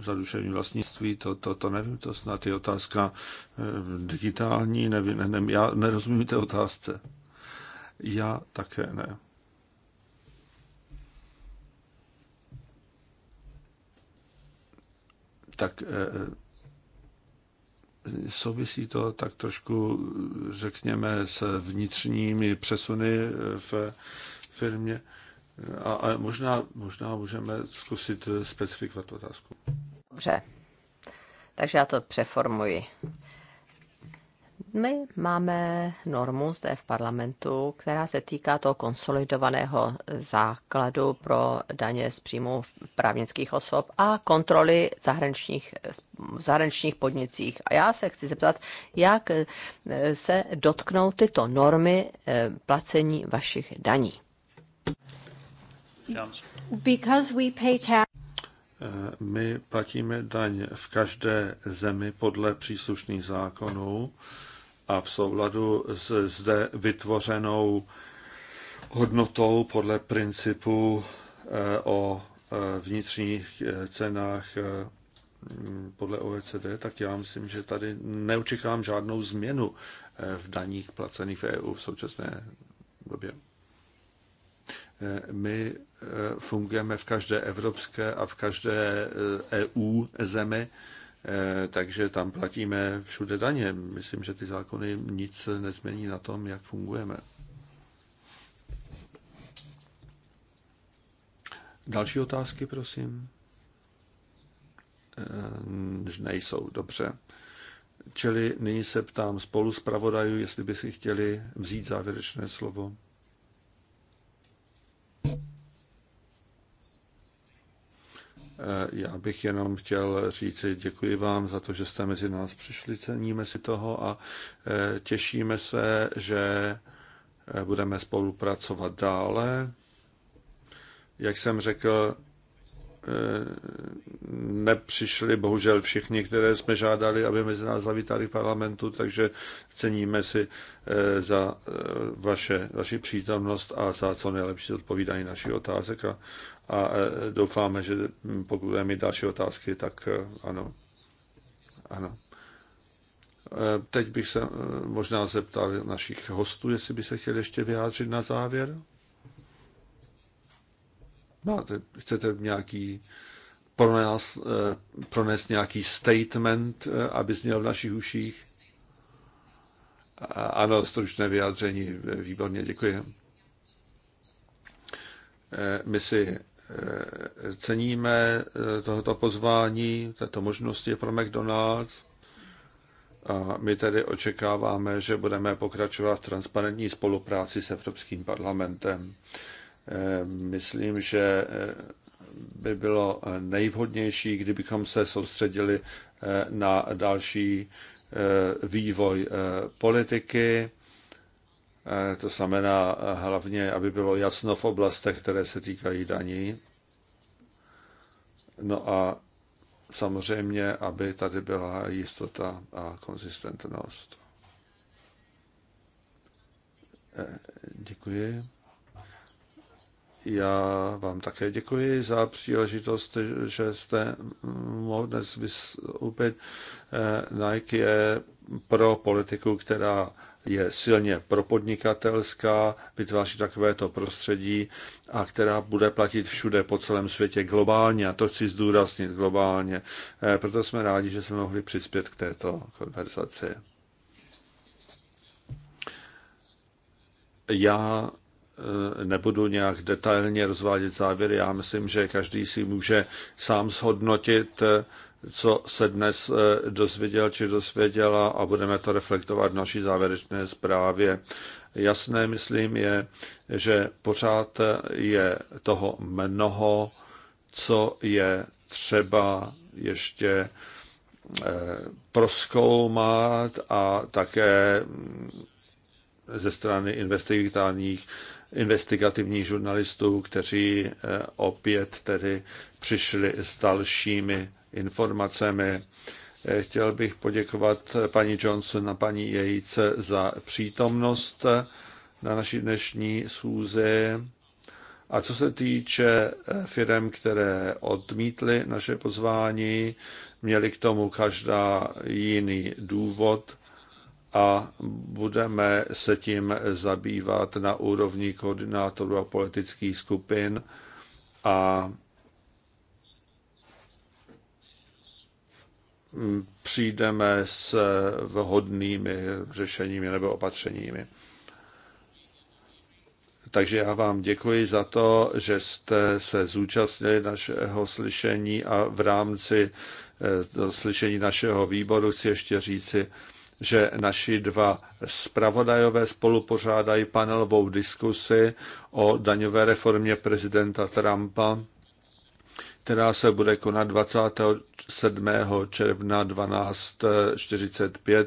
[SPEAKER 1] v duševní vlastnictví, to, to, to nevím, to snad je otázka e, digitální, nevím, ne, ne, já nerozumím té otázce. Já také ne. tak eh, eh, souvisí to tak trošku, řekněme, s vnitřními přesuny eh, v firmě. A, a možná, možná můžeme zkusit specifikovat otázku.
[SPEAKER 3] Dobře, takže já to přeformuji. My máme normu zde v parlamentu, která se týká toho konsolidovaného základu pro daně z příjmu právnických osob a kontroly zahraničních, zahraničních podnicích. A já se chci zeptat, jak se dotknou tyto normy eh, placení vašich daní. Because we
[SPEAKER 1] pay tax. Eh, my platíme daň v každé zemi podle příslušných zákonů a v souladu s zde vytvořenou hodnotou podle principu eh, o eh, vnitřních cenách mm, podle OECD, tak já myslím, že tady neočekám žádnou změnu v daních placených v EU v současné době. Eh, my eh, fungujeme v každé evropské a v každé EU eh, e zemi, takže tam platíme všude daně. Myslím, že ty zákony nic nezmění na tom, jak fungujeme. Další otázky, prosím? Nejsou, dobře. Čili nyní se ptám spolu s pravodajů, jestli by si chtěli vzít závěrečné slovo. Eh, já bych jenom chtěl říci děkuji vám za to, že jste mezi nás přišli, ceníme si toho a eh, těšíme se, že eh, budeme spolupracovat dále. Jak jsem řekl, nepřišli bohužel všichni, které jsme žádali, aby mezi nás zavítali v parlamentu, takže ceníme si za vaše, vaši přítomnost a za co nejlepší odpovídání našich otázek a a e, doufáme, že pokud budeme mít další otázky, tak e, ano. Ano. E, teď bych se možná zeptal našich hostů, jestli by se chtěli ještě vyjádřit na závěr. Máte, chcete nějaký pronést pronést nějaký statement, aby zněl v našich uších? Ano, stručné vyjádření, výborně, děkuji. My si Eh, ceníme eh, tohoto pozvání, této možnosti pro McDonald's. A my tedy očekáváme, že budeme pokračovat v transparentní spolupráci s Evropským parlamentem. Eh, myslím, že by bylo nejvhodnější, kdybychom se soustředili na další vývoj politiky Eh, to znamená eh, hlavně, aby bylo jasno v oblastech, které se týkají daní. No a samozřejmě, aby tady byla jistota a konzistentnost. Eh, děkuji. Já vám také děkuji za příležitost, že jste mohl dnes vystoupit. Nike je pro politiku, která je silně propodnikatelská, vytváří takovéto prostředí a která bude platit všude po celém světě globálně. A to chci zdůraznit globálně. Eh, proto jsme rádi, že jsme mohli přispět k této konverzaci. Já eh, nebudu nějak detailně rozvádět závěry. Já myslím, že každý si může sám shodnotit, eh, co se dnes eh, dozvěděl či dozvěděla a budeme to reflektovat v naší závěrečné zprávě. Jasné, myslím, je, že pořád je toho mnoho, co je třeba ještě eh, proskoumat a také mm, ze strany investigativních, investigativních žurnalistů, kteří eh, opět tedy přišli s dalšími informacemi. Eh, chtěl bych poděkovat eh, paní Johnson a paní Jejíce eh, za přítomnost na naší dnešní schůzi. A co se týče firm, které odmítly naše pozvání, měli k tomu každá jiný důvod a budeme se tím zabývat na úrovni koordinátorů a politických skupin a Mm, přijdeme s vhodnými řešeními nebo opatřeními. Takže já vám děkuji za to, že jste se zúčastnili našeho slyšení a v rámci eh, slyšení našeho výboru chci ještě říci, že naši dva zpravodajové spolupořádají panelovou diskusi o daňové reformě prezidenta Trumpa která se bude konat 27. června 12.45 eh,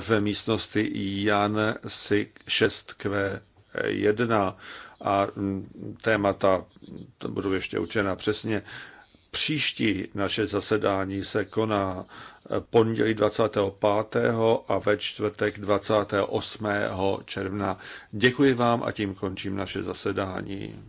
[SPEAKER 1] v místnosti Jan 6Q1 a mm, témata to budou ještě učena přesně. Příští naše zasedání se koná eh, pondělí 25. a ve čtvrtek 28. června. Děkuji vám a tím končím naše zasedání.